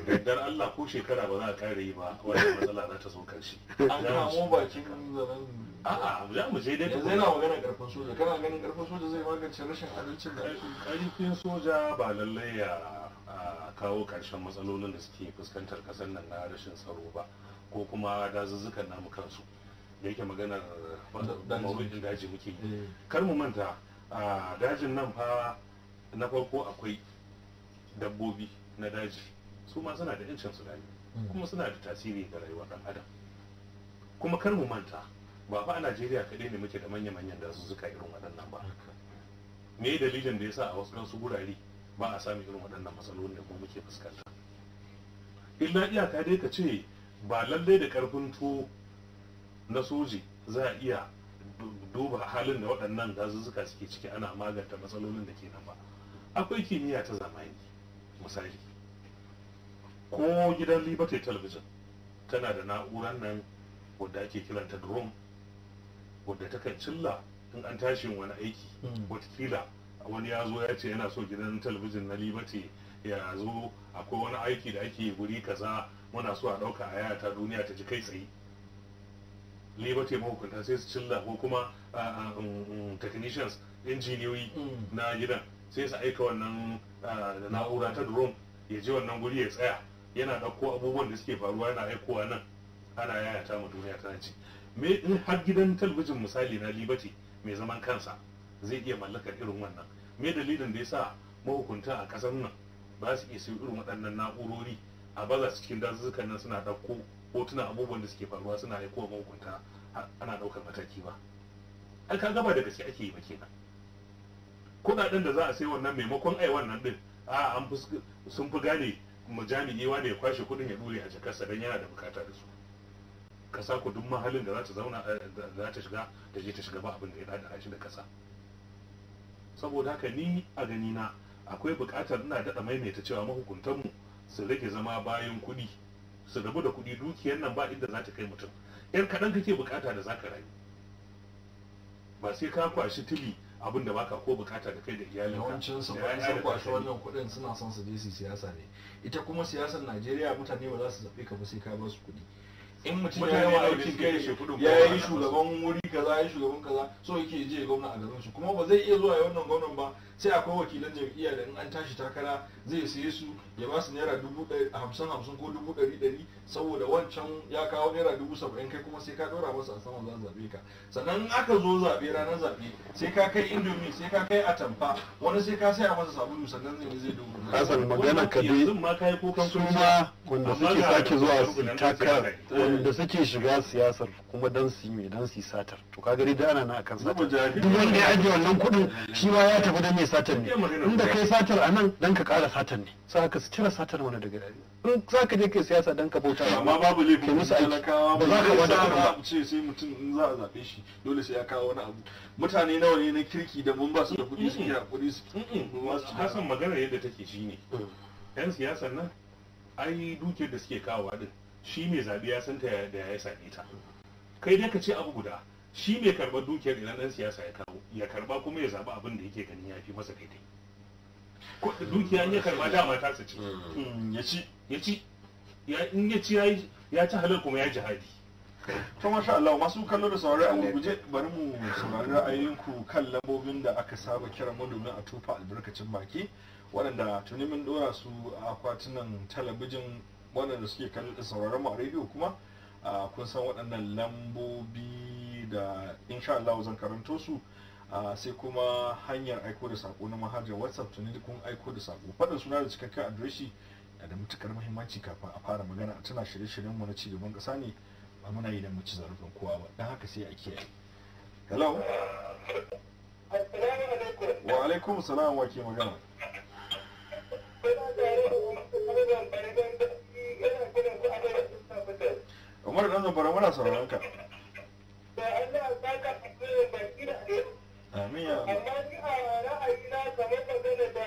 daddar Allah ko shekara ba za a kare yi ba wannan matsala za ta zo karshe an kamo bakin zaman a'a za mu je dai zai na magana karfin soja kana ganin karfin soja zai magance rashin adalcin da ake karfin soja ba lallai ya a kawo ƙarshen matsalolin da suke fuskantar ƙasar nan na rashin tsaro ba ko kuma dazuzzukan namu kansu da yake maganar maudu'in daji muke yi eh. kar mu manta a dajin nan fa na farko akwai dabbobi na daji su ma suna da yancin su dani hmm. kuma suna da tasiri ga rayuwar ɗan adam kuma kar mu manta ba fa a Najeriya kaɗai ne muke da manya-manyan dazuzzuka irin waɗannan ba me dalilin da yasa a wasu ɗansu gurare ba a sami irin waɗannan matsalolin da mu muke fuskanta illa iyaka dai ka ce ba lallai da karfin to na soji za a iya duba halin da waɗannan gazuzzuka suke ciki ana maganta matsalolin da ke nan ba akwai kimiyya ta zamani misali ko gidan liberty television tana da na'urar nan wadda ake kiranta drone wadda ta cilla in an tashi wani aiki hmm. watakila wani ya zo ya ce yana so gidan talabijin na liberty ya zo akwai wani aiki da ake guri kaza muna so a ɗauka a yaya duniya ta ji kai tsaye liberty mahukunta sai su cilla ko kuma um, um, technicians injiniyoyi hmm. na gidan sai su aika wannan na'ura ta drone ya ji wannan guri ya tsaya yana ɗauko abubuwan da suke faruwa yana aikowa nan ana yayata ma duniya tana ci me in har gidan talabijin misali na liberty mai zaman kansa zai iya mallakar irin wannan me dalilin da yasa mahukunta a kasar nan ba su iya sayo irin waɗannan na'urori a baza cikin dazuzzukan nan suna ɗauko hotuna abubuwan da suke faruwa suna aiko wa mahukunta ana ɗaukar mataki ba ai ka gaba da gaske ake yi ba kenan kuɗaɗen da za a sai wannan maimakon ai wannan ɗin a an sun fi gane jami'i wanda ya kwashe kuɗin ya ɗure a jakarsa don yana da bukata da su ƙasa ku duk mahalin da za ta zauna eh, za ta shiga da je ta shiga ba abin da ya da shi da ƙasa saboda haka ni a gani na akwai buƙatar ina daɗa maimaita cewa mahukuntanmu su rage zama bayan kuɗi su rabu da kuɗi dukiyar nan ba inda za ta kai mutum yan kaɗan kake buƙata da za rayu ba sai ka kwashi tili abin da baka ko bukata da kai da iyalin yawancin su bayan sun kwashi wannan kuɗin suna son su je su siyasa ne ita kuma siyasar Najeriya mutane ba za su zaɓe ka ba sai ka ba su kuɗi in mutum ya yawa aikin kai ya yi shugaban wuri kaza ya yi shugaban kaza so yake je gwamna a garin shi kuma ba zai iya zuwa wannan gwamnan ba sai akwai wakilan jam'iyya da in an tashi takara zai saye su ya ba su naira dubu hamsin hamsin ko dubu ɗari ɗari saboda wancan ya kawo naira dubu saba'in kai kuma sai ka ɗora masa a sama za zaɓe ka sannan in aka zo zaɓe ranar zaɓe sai ka kai indomi sai ka kai atamfa wani sai ka saya masa sabulu sannan zai zai dubu kasan magana ka dai su ma wanda suke sake zuwa takara eh, da suke shiga siyasar kuma dan su mai dan su satar to ka gari da ana na akan satar duk wanda ya ajiye wannan kuɗin eh. shi ma ya tafi dan mai satar ne inda kai satar a nan dan ka ƙara satar ne sai haka su cire satar wani daga gari in za ka je kai siyasa dan ka bauta amma babu ke musu aiki ba za ka wada ba ce sai mutum in za a zaɓe shi dole sai ya kawo wani abu mutane nawa ne na kirki da mun ba su da kuɗi su kira kuɗi su kasan magana yadda take shine mm. yan siyasar nan ai dukiyar da suke kawo din shi mai zaɓe ya san ta da ya same ta kai dai ka ce abu guda shi mai karɓar dukiyar idan ɗan siyasa ya kawo ya karɓa kuma ya zaɓi abin da yake ganin ya fi masa daidai dukiya ya karɓa dama ta su ce hmm. ya ci ya ci in ya ci ya ci kuma ya jihadi to masha Allah masu kallo da saurari a guje bari mu saurari ra'ayinku kan lambobin da aka saba kira manomin a tufa albarkacin baki waɗanda tuni mun ɗora su a akwatunan talabijin waɗanda suke sauraron mu a rediyo kuma kun san waɗannan lambobi da insha Allah zan karanto su sai kuma hanyar aiko da sako na manhajar whatsapp tuni da kun aiko da sako faɗin suna da cikakken adireshi da matukar muhimmanci kafin a fara magana a tana shirye-shiryen mu na cigaban ƙasa ne ba muna yi da mu ci zarafin kowa ba don haka sai a kiyaye hello wa alaikum salam wa ke magana Umar dan Zamfara muna sauran ka. fito Amin ya Allah. Amma ni a na kamar magana da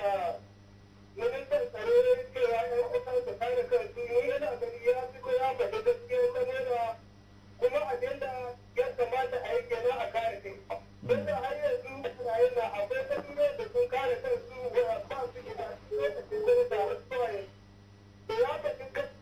ministan tsaro ne ke ya kusa da kare kansu mu yana gani ya fito ya faɗi gaskiya saboda kuma abinda ya kamata a yi kenan a kare kai. Don da har yanzu Isra'il na akwai kabilan da sun kare kansu ba su gida lokacin da ya faɗi gaskiya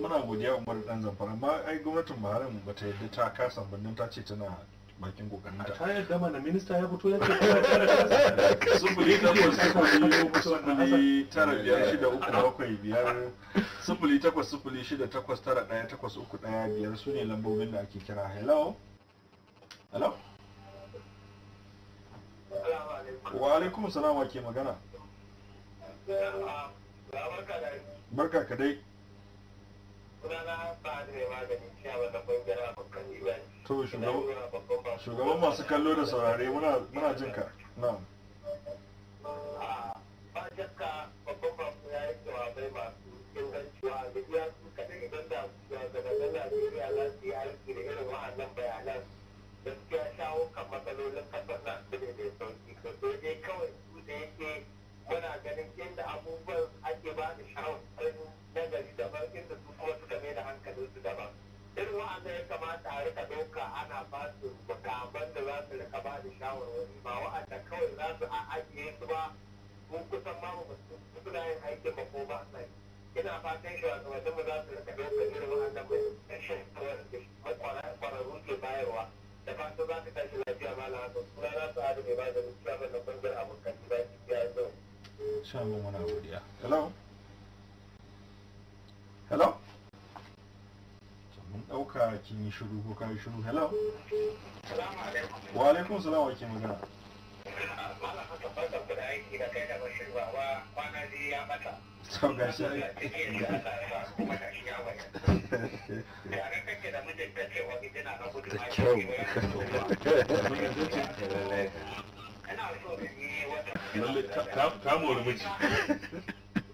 muna godiya umar ɗan zamfara ma ai gwamnatin buhari ba ta yadda ta kasa birnin ta ce tana bakin kokarin ta ta yadda mana minista ya fito ya ce sufuri takwas sufuri tara biyar shida uku bakwai biyar sufuri takwas sufuri shida takwas tara ɗaya takwas uku ɗaya biyar su ne lambobin da ake kira hello hello wa alaikum salam wa ke magana barka ka dai to shugaban masu kallo da saurare muna jin ka ba babban yi jawabai ingancewa Najeriya da irin wa'annan bayanan gaskiya shawo kan matsalolin kasar na sauki kawai su yake muna ganin abubuwan ake ba da shawarar na gari daban inda su kuma suka mai da hankalinsu daban irin wa'anda ya kamata a rika ɗauka ana ba su makaman da za su rika ba da shawarwari ba wa'anda kawai za su a ajiye su ba ko kusan ma ba su suna yin aikin ba ko ba sa ina fatan wajen mu za su rika ɗaukar irin wa'anda mai kwararru ke bayarwa da fatan za su tashi lafiya na hasan suna za su hada mai ba da mutuwa mai na kungiyar abokan gida ya biya yau. muna godiya. Hello. hello mun ɗauka kin yi shiru ko kayi shiru hello wa alaikum salam wa ke magana sau ga shi da [laughs] [laughs] [laughs]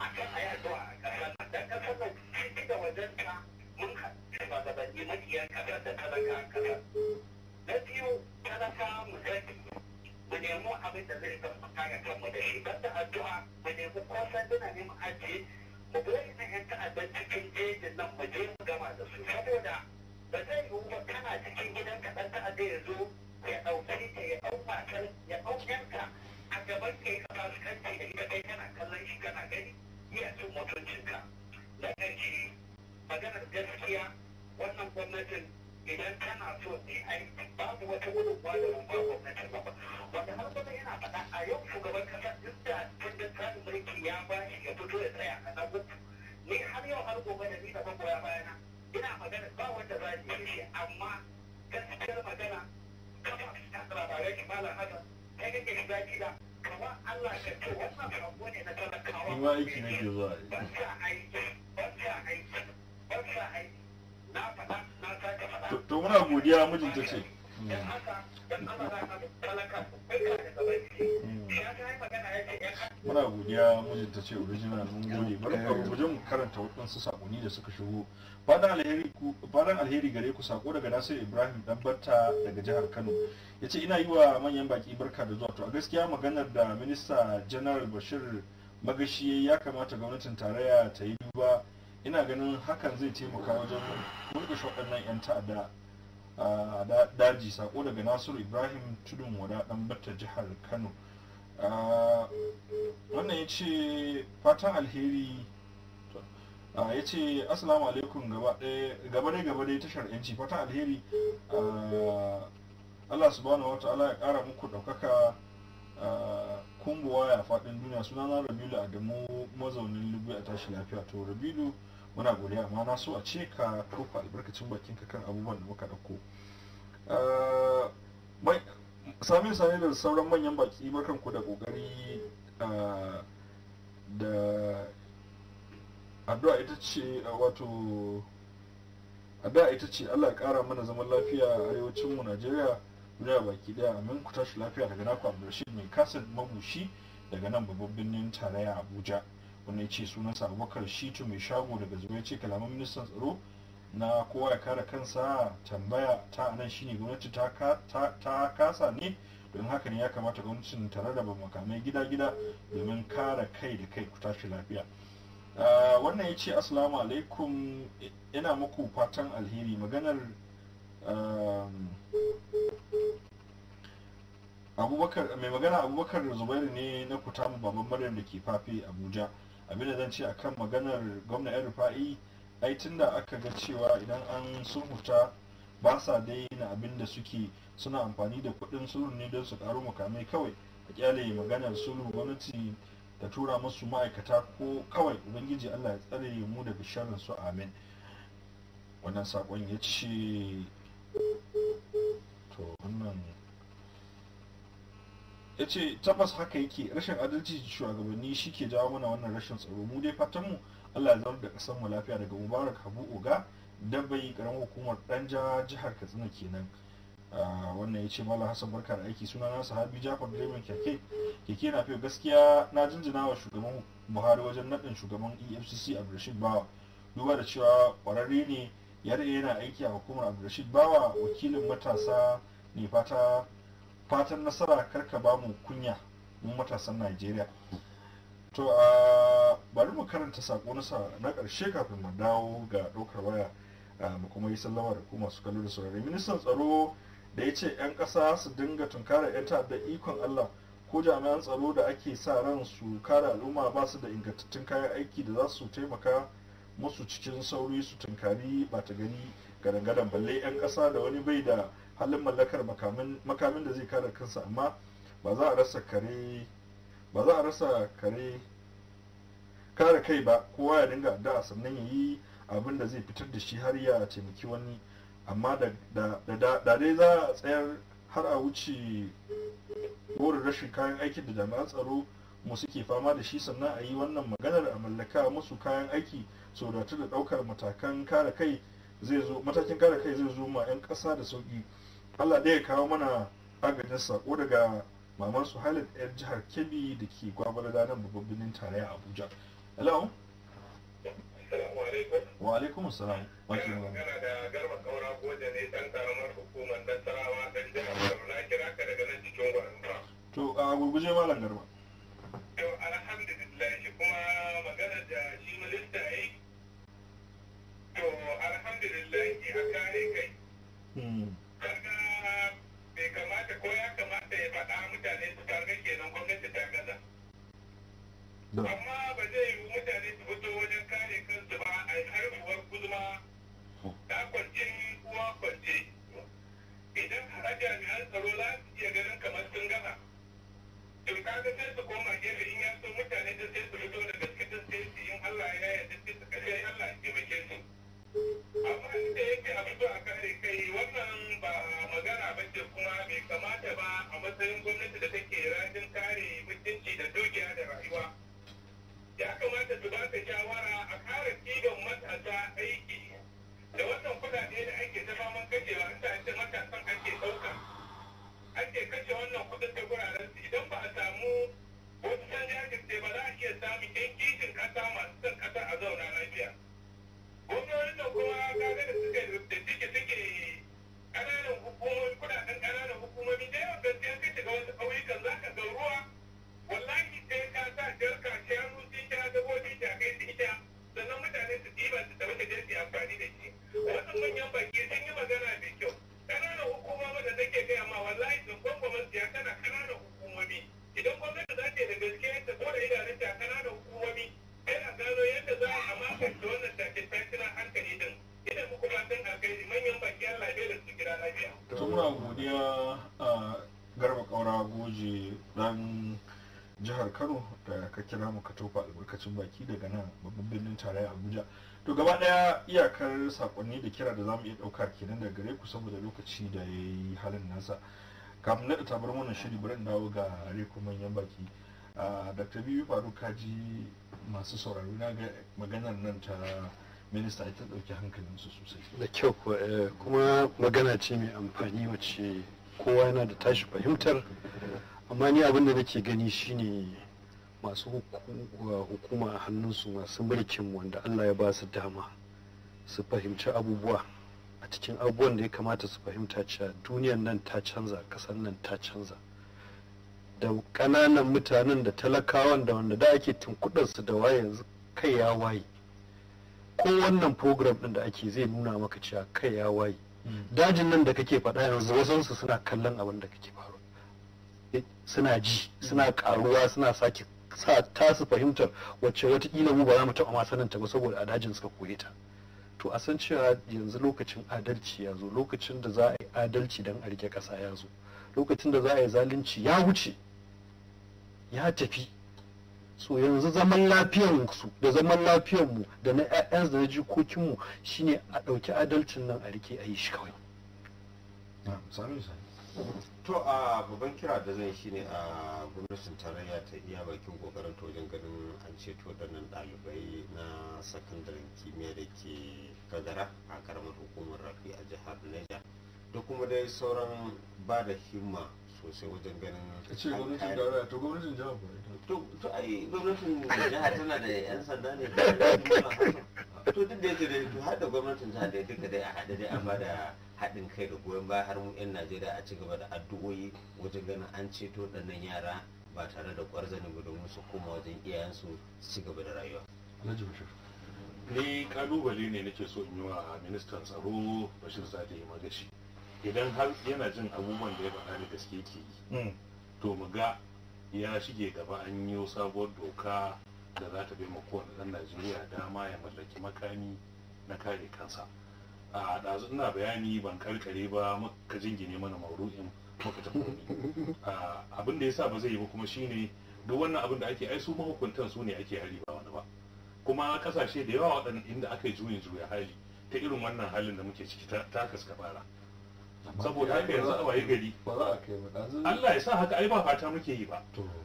akan a zuwa a ƙasar nan da ƙasar nan ciki da wajen ta mun haɗu shugabanni makiyan ƙasar da talaka a ƙasar na biyu talaka mu zaki mu nemo abin da zai zama kare kanmu da shi ban da addu'a mu nemi ko sanduna ne mu ajiye mu bi na yan ta'addan cikin jejin nan mu je mu gama da su saboda ba zai yiwu ba kana cikin gidan ka ɗan ta'adda ya zo ya ɗauki ya ɗau matar ya ɗau yanka a gaban ka ya kafa su da ita kai kana kallon shi kana gani iya cin mutuncinka na ci maganar gaskiya wannan gwamnatin idan kana so ne aiki babu wata wurin ba da ba gwamnatin ba wanda har gwamnati yana faɗa a yau shugaban kasa duk da kundin tsarin mulki ya ba shi ya fito ya tsaya a nan ni har yau har gobe da ni da magoya bayana ina magana ba wanda za ni shi amma gaskiyar magana kafa ta labarai malam hasan kai kake shiga gida kamar Allah ka ce wannan ne na talakawa ba aiki nake zuwa ba sa aiki sa aiki sa aiki na faɗa na sake faɗa to muna godiya mijinta ce dan talaka kai ka da muna godiya wajen ta ce original mun gode bari mu eh. wajen mu karanta waɗansu sakonni da suka shigo fadan alheri ku fadan alheri gare ku sako daga Nasir Ibrahim dan Batta daga jihar Kano yace ina yi wa manyan baki barka da zuwa to a gaskiya maganar da minista general Bashir magashi ya kamata gwamnatin tarayya ta yi duba ina ganin hakan zai taimaka wajen mulki waɗannan 'yan ta'adda ah, a daji sako daga nasiru ibrahim tudun wada dan batta jihar kano Ah, wannan ya ce fatan alheri ah, ya ce asalamu alaikum gaba dai gaba tashar yanci fatan alheri ah, Allah subhanahu wa ta'ala ya kara muku daukaka kumbuwa ya faɗin duniya suna na rabilu adamu mazaunin lubu a tashi lafiya to rabilu muna godiya amma na so a ce ka tofa albarkacin ka kan abubuwan da muka ɗauko sami sami da sauran manyan baki ku da kokari ah, da addu'a ita ce ah, wato addu'a ita ce Allah ya kara mana zaman lafiya a arewacin mu Najeriya duniya baki daya amin ku tashi lafiya daga naku Abdulrashid mai kasar mabushi daga nan babban birnin tarayya Abuja wannan ce sunansa Abubakar Shitu mai shago daga zuwa ce kalaman ministan tsaro na kowa ya kare kansa tambaya ta nan shine gwamnati ta kasa ne don haka ne ya kamata gwamnatin ta rarraba makamai gida-gida domin kare kai da kai ku tashi lafiya ah, wannan ya ce asalamu alaikum ina muku fatan alheri maganar um, mai magana abubakar zubairu ne na kutamu baban maryam da ke fafe abuja abinda zan ce akan maganar gwamna yan rufa'i ai da aka ga cewa idan an huta ba sa daina abin da suke suna amfani da kudin sulhu ne don su karo makamai kawai a kyale maganar sulhu gwamnati ta tura musu ma'aikata ko kawai ubangiji allah ya tsare mu daga sharrin su amin wannan sakon ya ce to wannan ya ce tabbas haka yake rashin adalci shugabanni shi ke jawo mana wannan rashin tsaro mu dai fatanmu Allah ya zama da ƙasar mu lafiya daga Mubarak Habu Oga dabbai karamin hukumar ɗan jihar Katsina kenan. Ah, wannan ya ce Malam Hassan barka da aiki suna na habi Jafar lemon Keke Keke na fiye gaskiya na jinjina wa shugaban Buhari wajen naɗin shugaban EFCC Abdulrashid Bawa duba da cewa ƙwararre ne ya yana aiki a hukumar Abdulrashid Bawa wakilin matasa ne fata fatan nasara karka ba mu kunya mu matasan Najeriya to a bari mu karanta sako na ƙarshe kafin mu dawo ga ɗaukar waya mu kuma yi sallama da kuma masu kallo saurari ministan tsaro da ya ce 'yan ƙasa su dinga tunkara 'yan ta'adda ikon allah ko jami'an tsaro da ake sa ran su kare al'umma ba su da ingantattun kayan aiki da za su taimaka musu cikin sauri su tunkari ba ta gani gadangadan balle 'yan ƙasa da wani bai da halin mallakar makamin da zai kare kansa amma ba za a rasa kare ba za a rasa kare kare kai ba kowa ya dinga addu'a sannan ya yi abin da zai fitar da shi har ya taimaki wani amma da dai za a tsayar har a wuce burin rashin kayan aikin da jami'an tsaro mu suke fama da shi sannan a yi wannan maganar a mallaka musu kayan aiki so da da daukar matakan kare kai zai zo matakin kare kai zai zo ma 'yan ƙasa da sauki allah ɗaya kawo mana agajin sako daga maman su halat yan jihar kebbi da ke gwagwalada nan babban birnin tarayya abuja hello wa alaikum assalam wa ke magana da garba kaura goje ne dan karamar hukumar tarawa dan jihar Garba na kira ka daga nan cikin gwamnati to a gurguje malam garba to alhamdulillah kuma magana da shi minista yayi to alhamdulillah a kare kai hmm. bai kamata ko ya kamata ya faɗa mutane su targa kenan gwamnati ta gaza amma ba zai yiwu mutane su fito wajen kare kansu ba a harkuwar guzuma ta kwance uwa kwance idan har jami'an tsaro za su iya ganin kamar sun gaza to kaga sai su koma gefe in ya mutane da sai su fito da gaske sai su in Allah ya yarda sai su kashe Allah ya taimake su abin da yake a a kare kai wannan ba magana ba ce kuma bai kamata ba a matsayin gwamnati da take rajin kare mutunci da dukiya da rayuwa ya kamata su ba ta shawara a kare cibin matasa aiki da wannan kuɗaɗe da ake ta faman kashewa inda ake matasan ake ɗauka ake kashe wannan kuɗin da guraren idan ba a samu wasu canji ake ba za a iya samun yan kishin ƙasa masu son ƙasa a zauna lafiya. gwamnonin da kuma da suka da suke suke hukumomi kudaden ƙananan hukumomi da yawan ruwa wallahi sai ka sa jarka ta ta kai ta mutane su su da jirgi amfani da shi manyan baki sun yi magana mai kyau ƙananan hukumomi da take gaya ma wallahi sun hukumomi idan gwamnati zata yi da gaskiya ta ɗora idanun ta ƙananan hukumomi sai gano yadda za a wannan take alheri manyan baki Allah bai da su gida lafiya. To muna godiya a Garba Kaura Goje ɗan jihar Kano da ka kira mu ka tofa albarkacin baki daga nan babban birnin tarayya Abuja. To gaba ɗaya iyakar saƙonni da kira da zamu iya ɗauka kenan daga gare ku saboda lokaci da yi halin nasa. Kafin na tabar wannan shiri bari dawo ga reku manyan baki. Dr. Bibi Faruk kaji masu sauraro na ga maganar nan ta minista ita ɗauki su sosai da kyau eh, kuma magana ce mai amfani wacce kowa yana da tashi fahimtar amma ni abin da nake gani shine masu hukuma a hannunsu masu mulkin wanda allah ya ba su dama su fahimci abubuwa a cikin abubuwan da ya kamata su fahimta cewa duniyar nan ta canza ƙasar nan ta canza da ƙananan mutanen da talakawan da wanda da ake tunkuɗarsu da waye yanzu kai ya waye ko wannan program din da ake zai nuna maka cewa kai ya waye hmm. dajin nan da kake faɗa yanzu wasansu suna kallon abin da kake faru eh, suna ji suna karuwa hmm. suna sake sa tasu fahimtar wacce watakila mu ba za mu taɓa ma sanin ta ba saboda a dajin suka koye ta to a san cewa yanzu lokacin adalci ya zo lokacin da za a yi adalci don a rike ƙasa ya zo lokacin da za a yi zalunci ya wuce ya tafi so yanzu zaman su da zaman lafiyar mu da na 'ya'yansu da na jikokinmu shine a ɗauki adalcin nan a rike a yi shi kawai to a babban kira da zai shi ne a gwamnatin tarayya ta iya bakin kokarin wajen ganin an ceto waɗannan ɗalibai na sakandaren kimiyya da ke kagara a karamar hukumar rafi a jihar niger da kuma dai sauran ba da himma sosai wajen ganin ce gwamnatin tarayya to gwamnatin jihar to ai gwamnatin jiha tana da yan sanda ne to duk da yake da to hada gwamnatin jiha da duka dai a hada dai an bada haɗin kai da goyon baya har mu 'yan najeriya a ci gaba da addu'o'i wajen ganin an ceto ɗannan yara ba tare da kwarzani ba domin su koma wajen iyayensu su ci gaba da rayuwa ni kalubale ne nake so in yi wa ministan tsaro bashir sade magashi idan har yana jin abubuwan da ya faɗa da gaske ke yi hmm. to mu ga ya shige gaba an yi sabuwar doka da za ta ma kowane ɗan najeriya dama ya mallaki makami na kare kansa a ɗazu ina bayani ban karkare ba maka jingine mana mauru'in muka tafi abin da ya sa ba zai yi ba kuma shine duk wannan abin da ake ai su mahukuntan su ne ake hari ba wani ba kuma kasashe da yawa waɗanda inda aka yi juyin juya hali ta irin wannan halin da muke ciki ta kaskabara bara saboda haka yanzu a waye gari Allah ya sa haka ai ba fata muke yi ba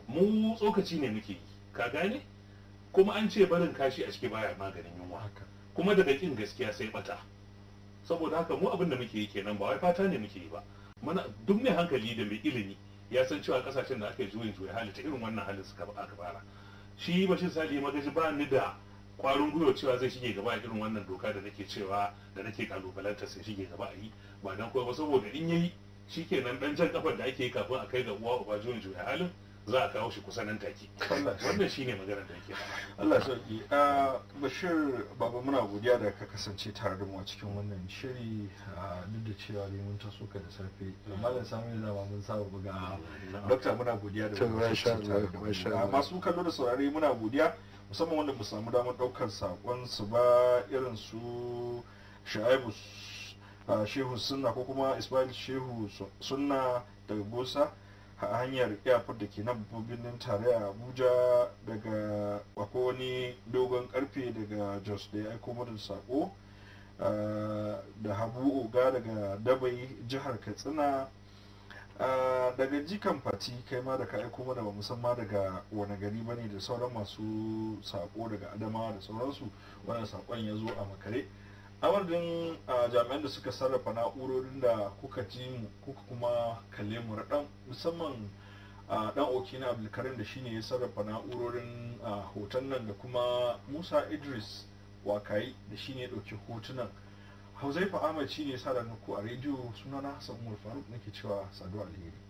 mu tsokaci ne muke yi ka gane kuma an ce barin kashi a ciki baya maganin yunwa kuma daga kin gaskiya sai bata saboda haka mu abin da muke yi kenan ba wai fata ne muke yi ba mana duk mai hankali da mai ilimi ya san cewa kasashen da ake yi juyin juya hali ta irin wannan halin suka aka fara shi bashin sali magaji ba ni da kwarin gwiwa cewa zai shige gaba a irin wannan doka da nake cewa da nake kalubalanta sai shige gaba a yi ba nan kuma saboda in yayi shikenan dan jan kafar da ake yi kafin a kai ga uwa uba juyin juya halin za a kawo shi kusa nan take wannan shi ne magana da ake Allah sauki a ah, bashir baba muna godiya da ka kasance tare da mu a cikin wannan shiri ah, duk da cewa ne mun taso ka da safe amma da samu da zama mun saba buga dokta muna godiya da mu ah, masu kallo da saurare muna godiya musamman wanda mu samu damar daukar saƙon su ba irin su Shaibu shehu suna ko kuma ismail shehu sunna daga gosa a hanyar airport da ke nan birnin a abuja daga wako wani dogon karfe daga jos da ya aiko mana sako da habu oga daga dabai jihar katsina daga jikan fati kai ma da ka aiko mana ba musamman daga wani gari ba ne da sauran masu sako daga adamawa da sauransu wannan sakon ya zo a makare amadadin jami'an da suka sarrafa na'urorin da kuka ji mu kuka kuma kalle mu raɗan musamman dan okina abdulkarim da shine ya sarrafa na'urorin hoton nan da kuma musa idris wakayi da shine ya ɗauki hotunan hauzai ahmad shine ya sa da a rediyo sunana hassan umar faruk nake cewa saduwa alheri